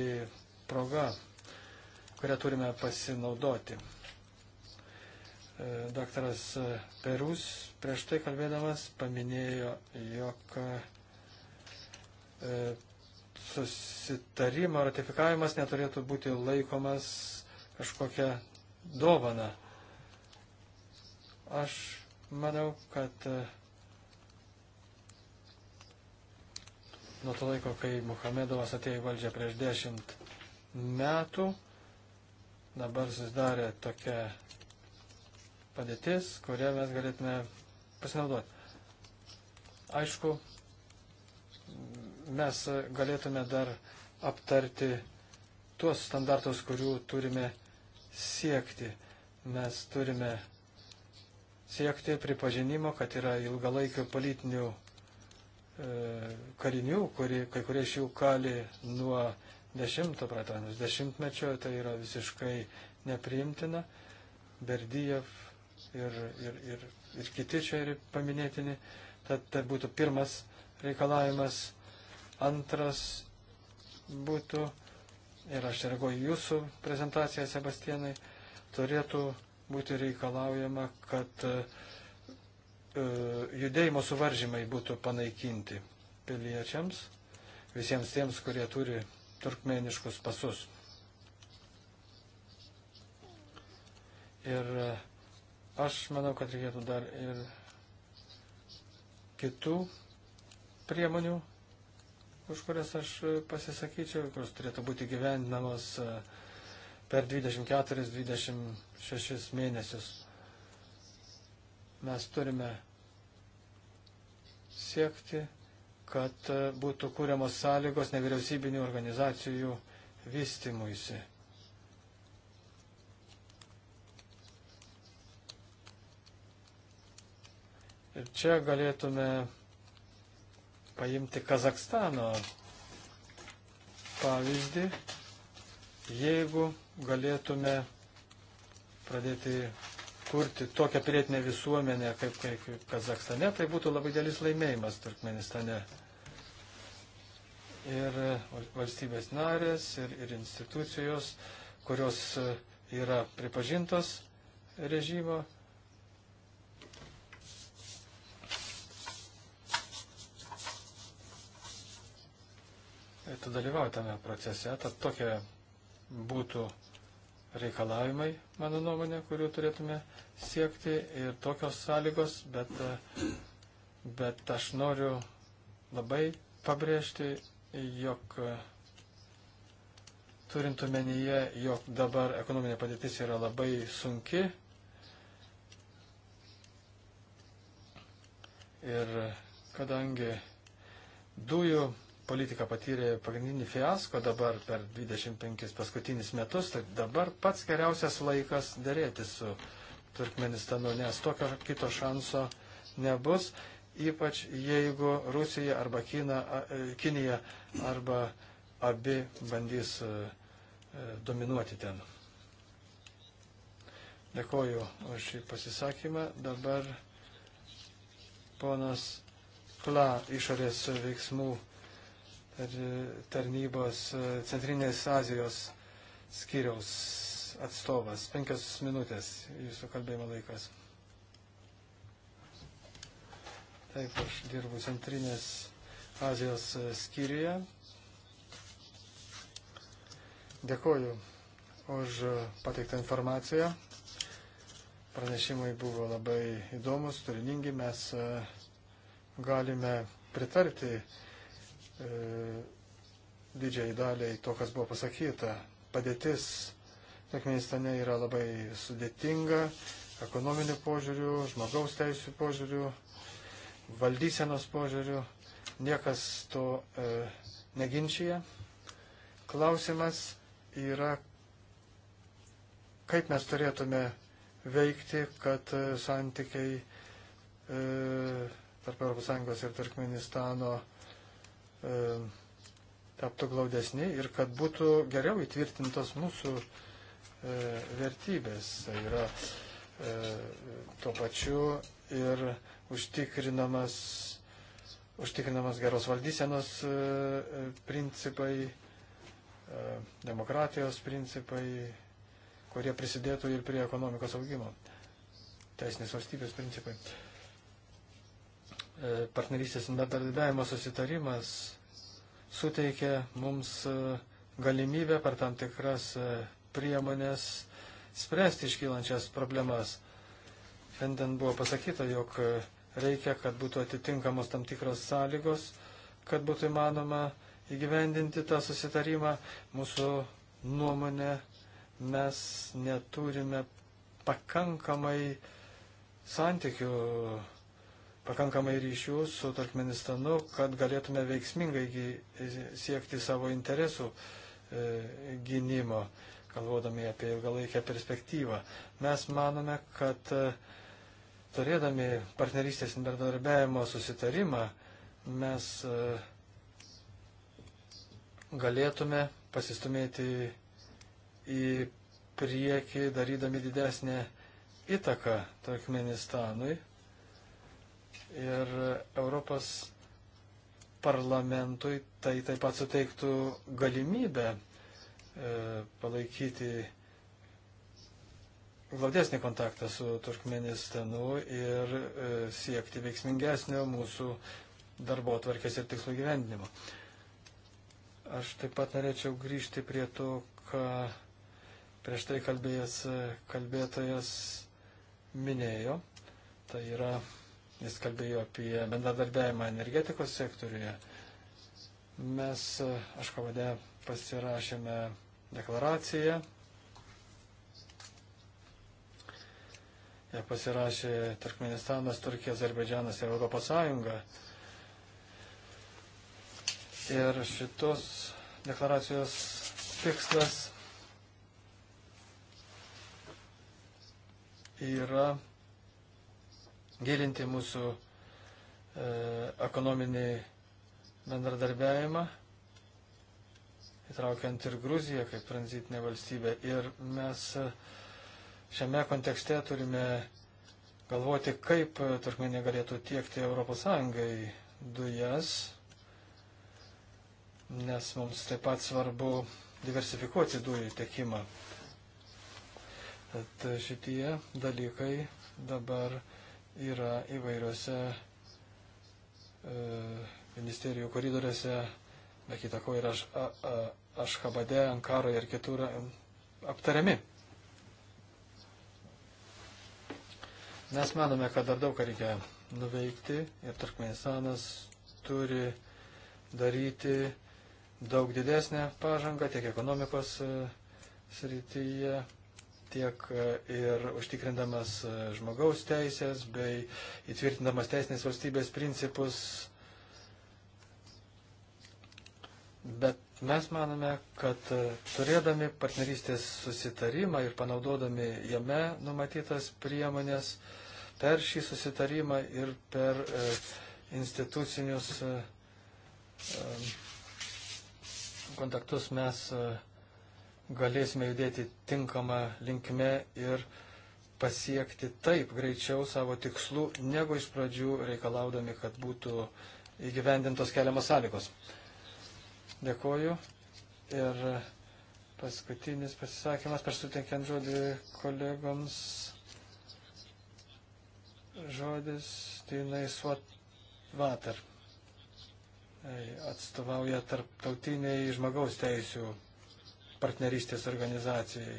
proga, kurią turime pasinaudoti. Daktaras Perus prieš tai kalbėdamas paminėjo, jog E, susitarimo ratifikavimas neturėtų būti laikomas kažkokia dovana. Aš manau, kad e, nuo to laiko, kai Muhamedovas atėjo į valdžią prieš dešimt metų, dabar susidarė tokia padėtis, kurią mes galėtume pasinaudoti. Aišku, mes galėtume dar aptarti tuos standartus, kurių turime siekti. Mes turime siekti pripažinimo, kad yra ilgalaikių politinių e, kalinių, kuri, kai kurie iš jų kali nuo dešimto pratanus dešimtmečio, tai yra visiškai nepriimtina. Berdyjev ir, ir, ir, ir kiti čia ir paminėtini. Tad tai būtų pirmas reikalavimas Antras būtų, ir aš reaguoju jūsų prezentaciją, Sebastianai, turėtų būti reikalaujama, kad e, judėjimo suvaržymai būtų panaikinti piliečiams, visiems tiems, kurie turi turkmeniškus pasus. Ir e, aš manau, kad reikėtų dar ir kitų priemonių už kurias aš pasisakyčiau, kurios turėtų būti gyvendinamos e, per 24-26 mėnesius. Mes turime siekti, kad e, būtų kūriamos sąlygos nevyriausybinių organizacijų vystimuisi. Ir čia galėtume paimti Kazakstano pavyzdį, jeigu galėtume pradėti kurti tokią pilietinę visuomenę kaip, kaip Kazakstane, tai būtų labai dėlis laimėjimas Turkmenistane. Ir valstybės narės, ir, ir institucijos, kurios e, yra pripažintos režimo tu dalyvauji tame procese, tad tokie būtų reikalavimai, mano nuomonė, kurių turėtume siekti ir tokios sąlygos, bet, bet aš noriu labai pabrėžti, jog turint omenyje, jog dabar ekonominė padėtis yra labai sunki ir kadangi dujų politika patyrė pagrindinį fiasko dabar per 25 paskutinius metus, tai dabar pats geriausias laikas dėrėti su Turkmenistanu, nes tokio kito šanso nebus, ypač jeigu Rusija arba Kina, e, Kinija arba abi bandys e, e, dominuoti ten. Dėkoju už šį pasisakymą. Dabar ponas Kla išorės veiksmų E, tarnybos e, Centrinės Azijos skyriaus atstovas. Penkios minutės jūsų kalbėjimo laikas. Taip, aš dirbu Centrinės Azijos e, skyriuje. Dėkoju už pateiktą informaciją. Pranešimai buvo labai įdomus, turiningi. Mes galime pritarti E, didžiai daliai to, kas buvo pasakyta. Padėtis Turkmenistane yra labai sudėtinga ekonominių požiūrių, žmogaus teisų požiūrių, valdysenos požiūrių. Niekas to e, neginčia. Klausimas yra, kaip mes turėtume veikti, kad e, santykiai e, tarp ES ir Turkmenistano e, E, taptų glaudesni ir kad būtų geriau įtvirtintos mūsų e, vertybės. Tai yra e, tuo pačiu ir užtikrinamas, užtikrinamas geros valdysenos principai, demokratijos principai, kurie prisidėtų ir prie ekonomikos augimo. Teisinės valstybės principai. E, partnerystės bendradarbiavimo susitarimas suteikia mums e, galimybę per tam tikras e, priemonės spręsti iškylančias problemas. Šiandien buvo pasakyta, jog reikia, kad būtų atitinkamos tam tikros sąlygos, kad būtų įmanoma įgyvendinti tą susitarimą. Mūsų nuomonė mes neturime pakankamai santykių pakankamai ryšių su Turkmenistanu, kad galėtume veiksmingai siekti savo interesų e, gynimo, galvodami apie ilgalaikę perspektyvą. Mes manome, kad e, turėdami partnerystės ir bendradarbiavimo susitarimą, mes e, galėtume pasistumėti į priekį, darydami didesnę įtaką Turkmenistanui ir Europos parlamentui tai taip pat suteiktų galimybę e, palaikyti glaudesnį kontaktą su Turkmenistanu ir e, siekti veiksmingesnio mūsų darbo atvarkės ir tikslų gyvendinimo. Aš taip pat norėčiau grįžti prie to, ką prieš tai kalbėjęs kalbėtojas minėjo. Tai yra Jis kalbėjo apie bendradarbiavimą energetikos sektoriuje. Mes, e, aš kavade, pasirašėme deklaraciją. Jie pasirašė Turkmenistanas, Turkija, Azerbaidžianas ir Europos Sąjunga. Ir šitos deklaracijos tikslas yra gilinti mūsų e, ekonominį bendradarbiavimą, įtraukiant ir Gruziją kaip tranzitinę valstybę. Ir mes e, šiame kontekste turime galvoti, kaip Turkmenija galėtų tiekti ES dujas, nes mums taip pat svarbu diversifikuoti dujų tiekimą. Tad šitie dalykai dabar yra įvairiuose e, ministerijų koridoriuose, be kita ko ir aš, a, a, Ašhabade, Ankaroje ir kitur e, aptariami. Mes manome, kad dar daug ką reikia nuveikti ir Turkmenistanas turi daryti daug didesnę pažangą tiek ekonomikos e, srityje, tiek e, ir užtikrindamas e, žmogaus teisės bei įtvirtindamas teisinės valstybės principus. Bet mes manome, kad e, turėdami partnerystės susitarimą ir panaudodami jame numatytas priemonės per šį susitarimą ir per institucinius kontaktus mes galėsime judėti tinkamą linkme ir pasiekti taip greičiau savo tikslų, negu iš pradžių reikalaudami, kad būtų įgyvendintos keliamos sąlygos. Dėkoju. Ir paskutinis pasisakymas, prieš sutinkiant žodį kolegoms, žodis Tinai Svatvatar. Atstovauja tarptautiniai žmogaus teisų partnerystės organizacijai.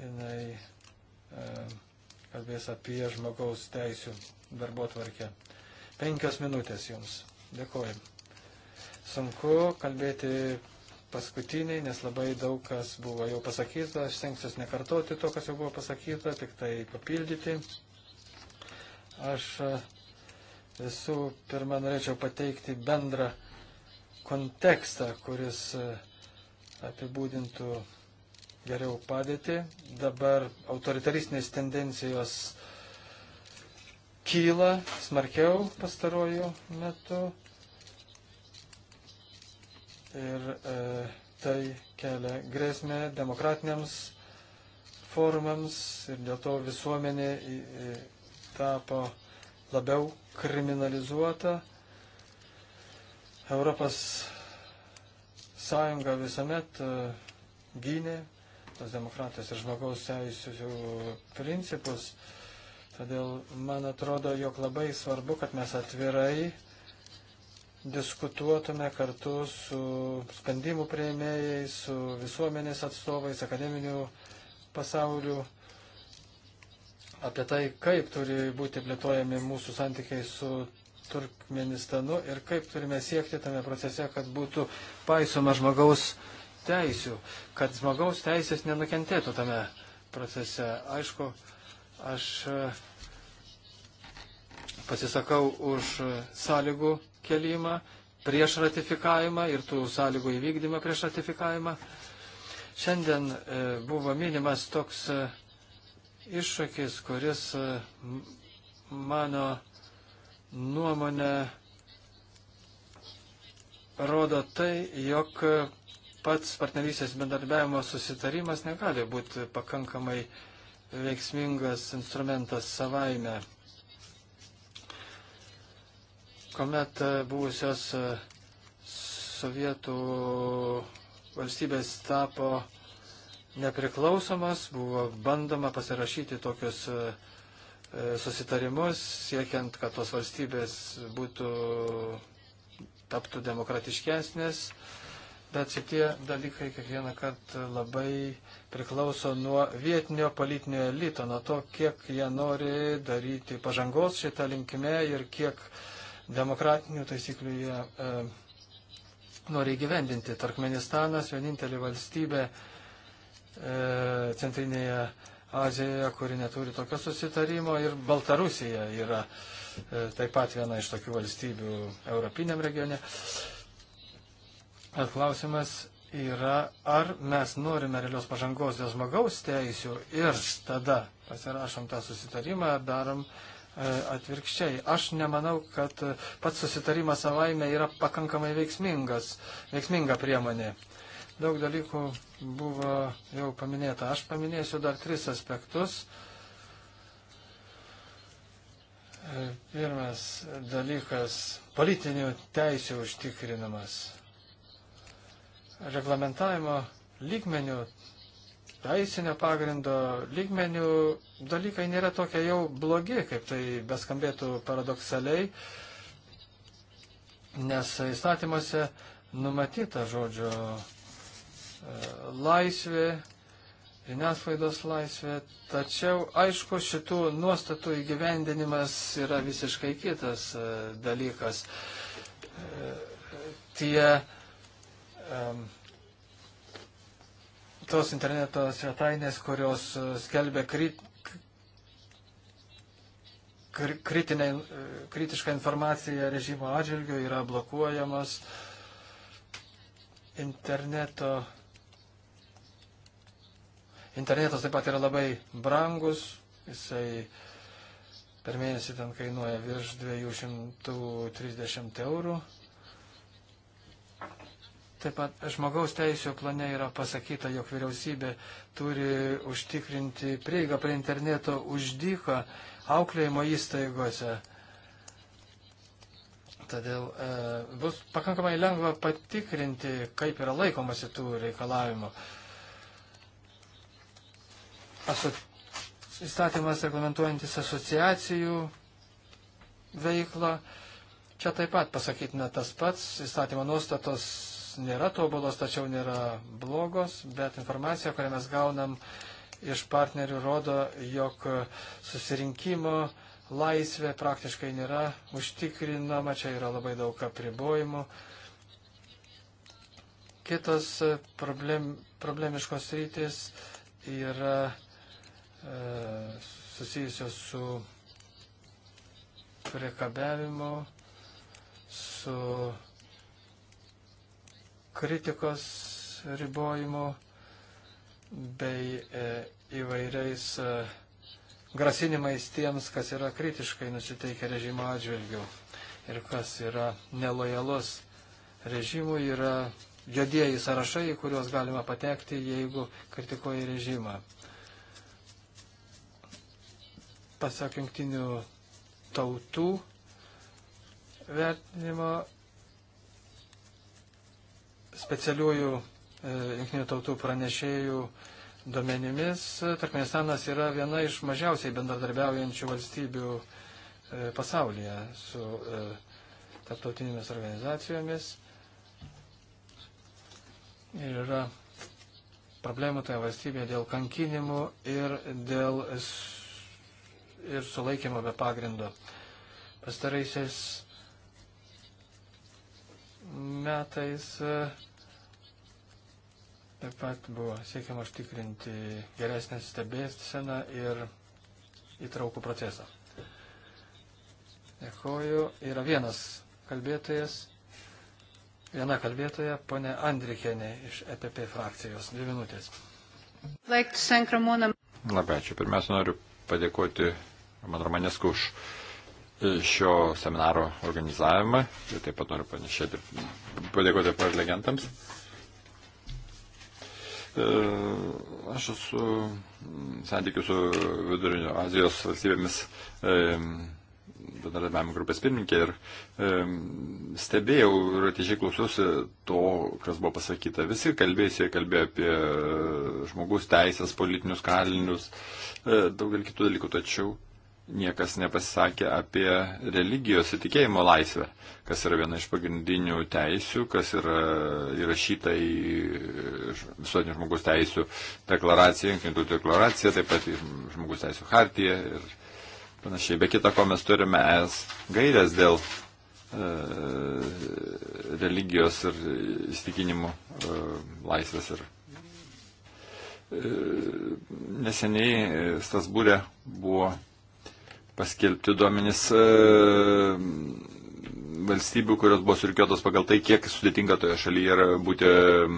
Jinai e, kalbės apie žmogaus teisų darbo tvarkę. Penkios minutės jums. Dėkuoju. Sunku kalbėti paskutiniai, nes labai daug kas buvo jau pasakyta. Aš stengsiuos nekartoti to, kas jau buvo pasakyta, tik tai papildyti. Aš e, visų pirma norėčiau pateikti bendrą kontekstą, kuris uh, apibūdintų geriau padėtį. Dabar autoritaristinės tendencijos kyla smarkiau pastaruoju metu ir e, tai kelia grėsmę demokratiniams formams ir dėl to visuomenė į, į, tapo labiau kriminalizuota. Europos sąjunga visuomet e, gynė tos demokratijos ir žmogaus teisų principus. Todėl man atrodo, jog labai svarbu, kad mes atvirai diskutuotume kartu su sprendimų prieimėjais, su visuomenės atstovais, akademinių pasaulių apie tai, kaip turi būti plėtojami mūsų santykiai su Turkmenistanu ir kaip turime siekti tame procese, kad būtų paisoma žmogaus teisių, kad žmogaus teisės nenukentėtų tame procese. Aišku, aš e, pasisakau už e, sąlygų kelimą prieš ratifikavimą ir tų sąlygų įvykdymą prieš ratifikavimą. Šiandien e, buvo minimas toks iššūkis, kuris mano nuomonė rodo tai, jog pats partnerystės bendarbiavimo susitarimas negali būti pakankamai veiksmingas instrumentas savaime. Komet buvusios sovietų valstybės tapo nepriklausomas, buvo bandoma pasirašyti tokius uh, E, susitarimus, siekiant, kad tos valstybės būtų, taptų demokratiškesnės, bet šitie dalykai kiekvieną kartą labai priklauso nuo vietinio politinio elito, nuo to, kiek jie nori daryti pažangos šitą linkme ir kiek demokratinių taisyklių jie e, nori įgyvendinti. Turkmenistanas vienintelė valstybė e, centrinėje Azijoje, kuri neturi tokio susitarimo ir Baltarusija yra e, taip pat viena iš tokių valstybių Europiniam regione. Klausimas yra, ar mes norime realios pažangos dėl žmogaus teisių ir tada pasirašom tą susitarimą, darom e, atvirkščiai. Aš nemanau, kad pats susitarimas savaime yra pakankamai veiksmingas, veiksminga priemonė Daug dalykų buvo jau paminėta. Aš paminėsiu dar tris aspektus. E, pirmas dalykas - politinių teisų užtikrinimas. Reglamentavimo lygmenių, teisinio pagrindo lygmenių dalykai nėra tokie jau blogi, kaip tai beskambėtų paradoksaliai, nes įstatymuose numatyta žodžio laisvė, žiniasklaidos laisvė, tačiau aišku šitų nuostatų įgyvendinimas yra visiškai kitas e, dalykas. E, tie tos interneto svetainės, kurios e, skelbia krit, kritinė, kritišką informaciją režimo atžvilgių, yra blokuojamas interneto Internetas taip pat yra labai brangus, jisai per mėnesį ten kainuoja virš 230 eurų. Taip pat žmogaus teisų plane yra pasakyta, jog vyriausybė turi užtikrinti prieigą prie interneto uždyką auklėjimo įstaigose. Todėl e, bus pakankamai lengva patikrinti, kaip yra laikomasi tų reikalavimų. E, aso, įstatymas reglamentuojantis asociacijų veiklą. Čia taip pat pasakytina tas pats, įstatymo nuostatos nėra tobulos, tačiau nėra blogos, bet informacija, kurią mes gaunam iš partnerių, rodo, jog susirinkimo laisvė praktiškai nėra užtikrinama, čia yra labai daug apribojimų. Kitos problem, problemiškos rytis yra E, susijusios su priekabiavimu, su kritikos ribojimu bei e, įvairiais e, grasinimais tiems, kas yra kritiškai nusiteikę režimo atžvilgių ir kas yra nelojalus režimui, yra jodieji sąrašai, į kuriuos galima patekti, jeigu kritikuoji režimą pasak jungtinių tautų vertinimo specialiųjų e, jungtinių tautų pranešėjų duomenimis, Turkmenistanas yra viena iš mažiausiai bendradarbiaujančių valstybių e, pasaulyje su e, tarptautinėmis organizacijomis. Ir yra problemų toje valstybėje dėl kankinimų ir dėl ir sulaikymo be pagrindo. Pastaraisiais metais e, taip pat buvo siekiama užtikrinti geresnę stebėseną ir įtraukų procesą. Dėkoju. Yra vienas kalbėtojas, viena kalbėtoja, ponė Andrikėnė iš EPP frakcijos. Dvi minutės. Labai ačiū. Pirmiausia, noriu padėkoti Roman Romanesku už e, šio seminaro organizavimą ir taip pat noriu panešėti, padėkoti prelegentams. E, aš esu santykių su Vidurinio Azijos valstybėmis e, bendradarbiavimo grupės pirmininkė ir stebėjau ir atidžiai klausiausi to, kas buvo pasakyta. Visi kalbėjusiai kalbėjo apie žmogus teisės, politinius kalinius, daugelį kitų dalykų, tačiau niekas nepasisakė apie religijos įtikėjimo laisvę, kas yra viena iš pagrindinių teisių, kas yra įrašyta į visuotinių žmogus teisų deklaraciją, jungtinių deklaraciją, taip pat į žmogus teisų hartiją ir panašiai. Be kita ko mes turime es gairias dėl e, religijos ir įstikinimų e, laisvės ir e, neseniai Strasbūrė buvo paskelbti duomenys e, valstybių, kurios buvo surikiotos pagal tai, kiek sudėtinga toje šalyje yra būti mm,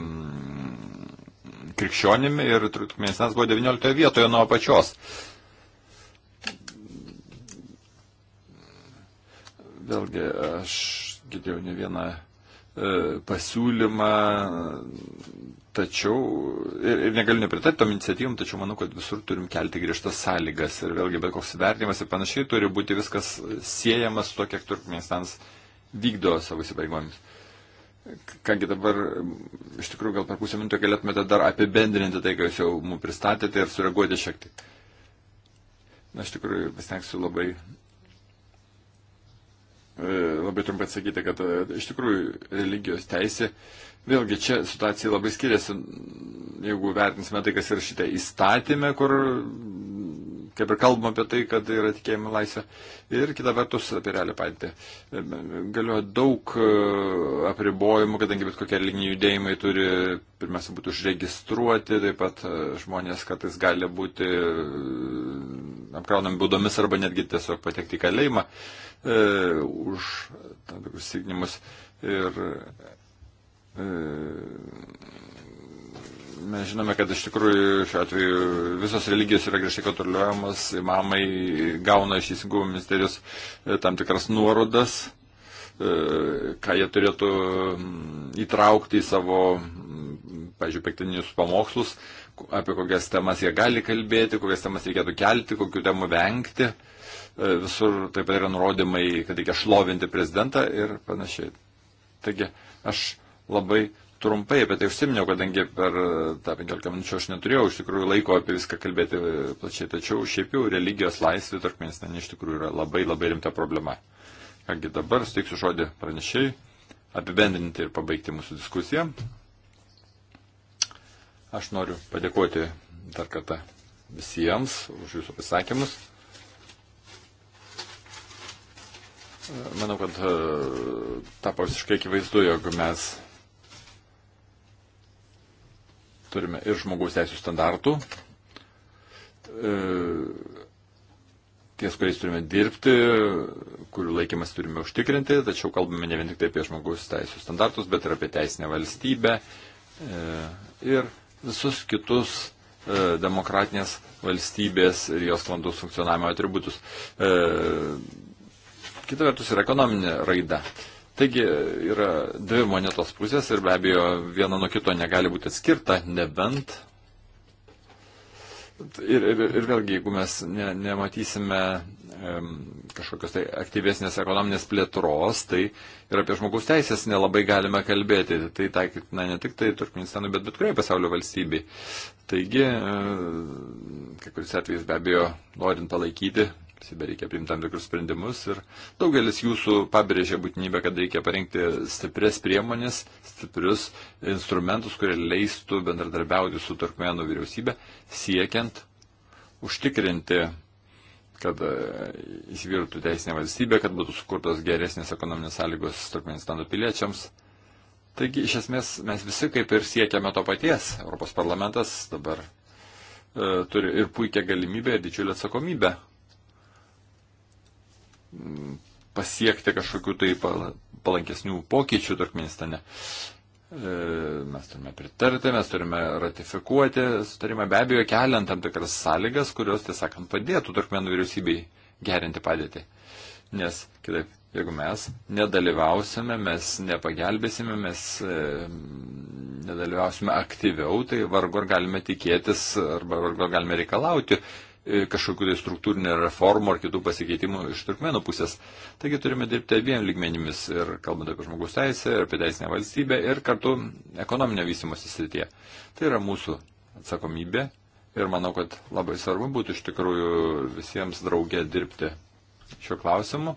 krikščionimi ir Turkmenistanas buvo 19 vietoje nuo apačios. Vėlgi, aš girdėjau ne vieną E, pasiūlymą, tačiau ir, ir negaliu nepritarti tom iniciatyvom, tačiau manau, kad visur turim kelti griežtas sąlygas ir vėlgi bet koks vertinimas ir panašiai turi būti viskas siejamas su to, kiek Turkmenistanas vykdo savo įsipareigojimus. Kągi dabar, iš tikrųjų, gal per pusę minutę galėtumėte dar apibendrinti tai, ką jūs jau mums pristatėte ir sureaguoti šiek tiek. Na, iš tikrųjų, pasitengsiu labai E, labai trumpai atsakyti, kad e, iš tikrųjų religijos teisė, vėlgi čia situacija labai skiriasi, jeigu vertinsime tai, kas yra šitą įstatymę, kur kaip ir kalbam apie tai, kad yra tikėjimo laisvė, ir kita vertus apie realią patį. E, galioja daug apribojimų, kadangi bet kokie religiniai judėjimai turi, pirmiausia, būti užregistruoti, taip pat žmonės kartais gali būti apkraunami baudomis arba netgi tiesiog patekti į kalėjimą e, už tam tikrus signimus. Ir e, mes žinome, kad iš tikrųjų šiuo atveju visos religijos yra griežtai kontroliuojamos, imamai gauna iš įsingumų ministerijos e, tam tikras nuorodas, e, ką jie turėtų įtraukti į savo, pažiūrėjau, pektininius pamokslus. E, apie kokias temas jie gali kalbėti, kokias temas reikėtų kelti, kokiu temu vengti. E, visur taip pat yra nurodymai, kad reikia šlovinti prezidentą ir panašiai. Taigi aš labai trumpai apie tai užsiminiau, kadangi per e, tą 15 minučių aš neturėjau iš tikrųjų laiko apie viską kalbėti e, plačiai, tačiau šiaip jau religijos laisvė Turkmenistane iš tikrųjų yra labai labai rimta problema. Kągi dabar steiksiu žodį pranešiai apibendrinti ir pabaigti mūsų diskusiją. Aš noriu padėkoti dar kartą visiems už jūsų pasakymus. Manau, kad e, tapo visiškai akivaizdu, jog mes turime ir žmogaus teisų standartų, e, ties kuriais turime dirbti, kurių laikymas turime užtikrinti, tačiau kalbame ne vien tik tai apie žmogaus teisų standartus, bet ir apie teisinę valstybę e, ir visus kitus e, demokratinės valstybės ir jos sklandus funkcionavimo atributus. E, kita vertus yra ekonominė raida. Taigi yra dvi monetos pusės ir be abejo viena nuo kito negali būti atskirta, nebent Ir, ir, ir vėlgi, jeigu mes ne, nematysime um, kažkokios tai aktyvesnės ekonominės plėtros, tai ir apie žmogaus teisės nelabai galime kalbėti. Tai taikytina ne tik tai Turkmenistanui, bet bet kuriai pasaulio valstybei. Taigi, uh, kai kuris atvejais be abejo, norint palaikyti vyriausybė reikia priimti tam tikrus sprendimus ir daugelis jūsų pabrėžė būtinybę, kad reikia parengti stiprias priemonės, stiprius instrumentus, kurie leistų bendradarbiauti su Turkmenų vyriausybė, siekiant užtikrinti kad e, įsivyrtų teisinė valstybė, kad būtų sukurtos geresnės ekonominės sąlygos Turkmenistano piliečiams. Taigi, iš esmės, mes visi kaip ir siekiame to paties. Europos parlamentas dabar e, turi ir puikia galimybę, ir didžiulę atsakomybę pasiekti kažkokių tai palankesnių pokyčių Turkmenistane. E, mes turime pritarti, mes turime ratifikuoti sutarimą, be abejo, keliant tam tikras sąlygas, kurios, tiesąkant, padėtų Turkmenų vyriausybei gerinti padėtį. Nes kitaip, jeigu mes nedalyvausime, mes nepagelbėsime, mes e, nedalyvausime aktyviau, tai vargu ar galime tikėtis arba vargu ar galime reikalauti E, kažkokių tai struktūrinio reformų ar kitų pasikeitimų iš turkmenų pusės. Taigi turime dirbti abiem lygmenimis ir kalbant apie žmogus teisę, ir apie teisinę valstybę, ir kartu ekonominio vystimosi srityje. Tai yra mūsų atsakomybė ir manau, kad labai svarbu būtų iš tikrųjų visiems draugė dirbti šiuo klausimu,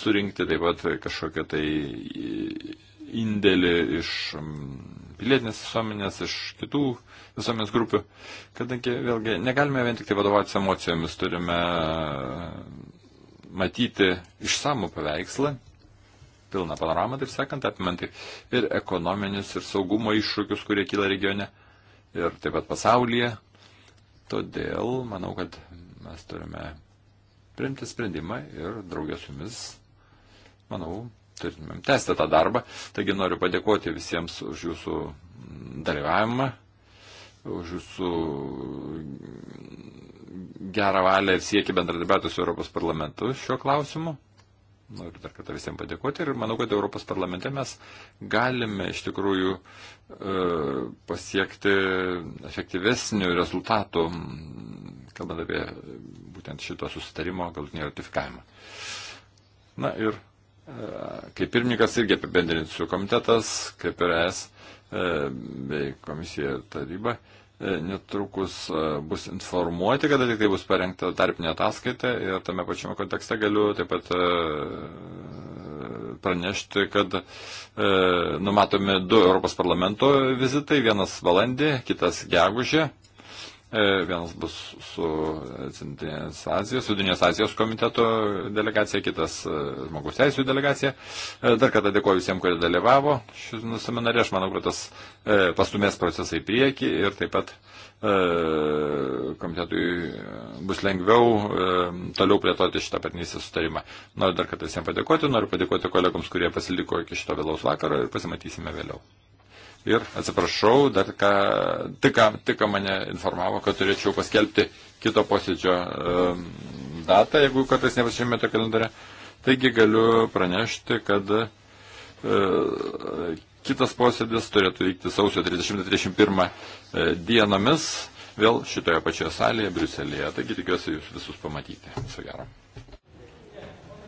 surinkti taip pat kažkokią tai indėlį iš pilietinės visuomenės, iš kitų visuomenės grupių, kadangi vėlgi negalime vien tik tai vadovautis emocijomis, turime matyti išsamų paveikslą, pilną panoramą, taip sakant, apimantį ir ekonominius, ir saugumo iššūkius, kurie kyla regione, ir taip pat pasaulyje. Todėl manau, kad mes turime priimti sprendimą ir draugės jumis, manau, turėtumėm tęsti tą darbą. Taigi noriu padėkoti visiems už jūsų dalyvavimą, už jūsų gerą valią ir siekį bendradarbiauti su Europos parlamentu šiuo klausimu. Noriu dar kartą visiems padėkoti ir manau, kad Europos parlamente mes galime iš tikrųjų e, pasiekti efektyvesnių rezultatų, kalbant apie būtent šito susitarimo galutinį ratifikavimą. Na ir kaip pirmininkas irgi apibendrinsiu komitetas, kaip ir es, e, bei komisija ir taryba, e, netrukus e, bus informuoti, kada tik tai bus parengta tarpinė ataskaita ir tame pačiame kontekste galiu taip pat pranešti, kad e, numatomi du Europos parlamento vizitai, vienas valandį, kitas gegužė. E, vienas bus su e, Centrinės Azijos, Sudinės Azijos komiteto delegacija, kitas e, žmogus teisų delegacija. Dar kartą dėkoju visiems, kurie dalyvavo šiame seminare. Aš manau, kad tas pastumės procesai į priekį ir taip pat komitetui bus lengviau toliau plėtoti šitą partnerystės sustarimą. Noriu dar kartą visiems padėkoti, noriu padėkoti kolegoms, kurie pasiliko iki šito vėlaus vakaro ir pasimatysime vėliau. Ir atsiprašau, dar ką, tik, tik mane informavo, kad turėčiau paskelbti kito posėdžio um, datą, jeigu kartais nepasižymė to kalendarė. Taigi galiu pranešti, kad uh, kitas posėdis turėtų vykti sausio 30-31 e, dienomis vėl šitoje pačioje salėje, Briuselėje. Taigi tikiuosi jūs visus pamatyti. Viso gero.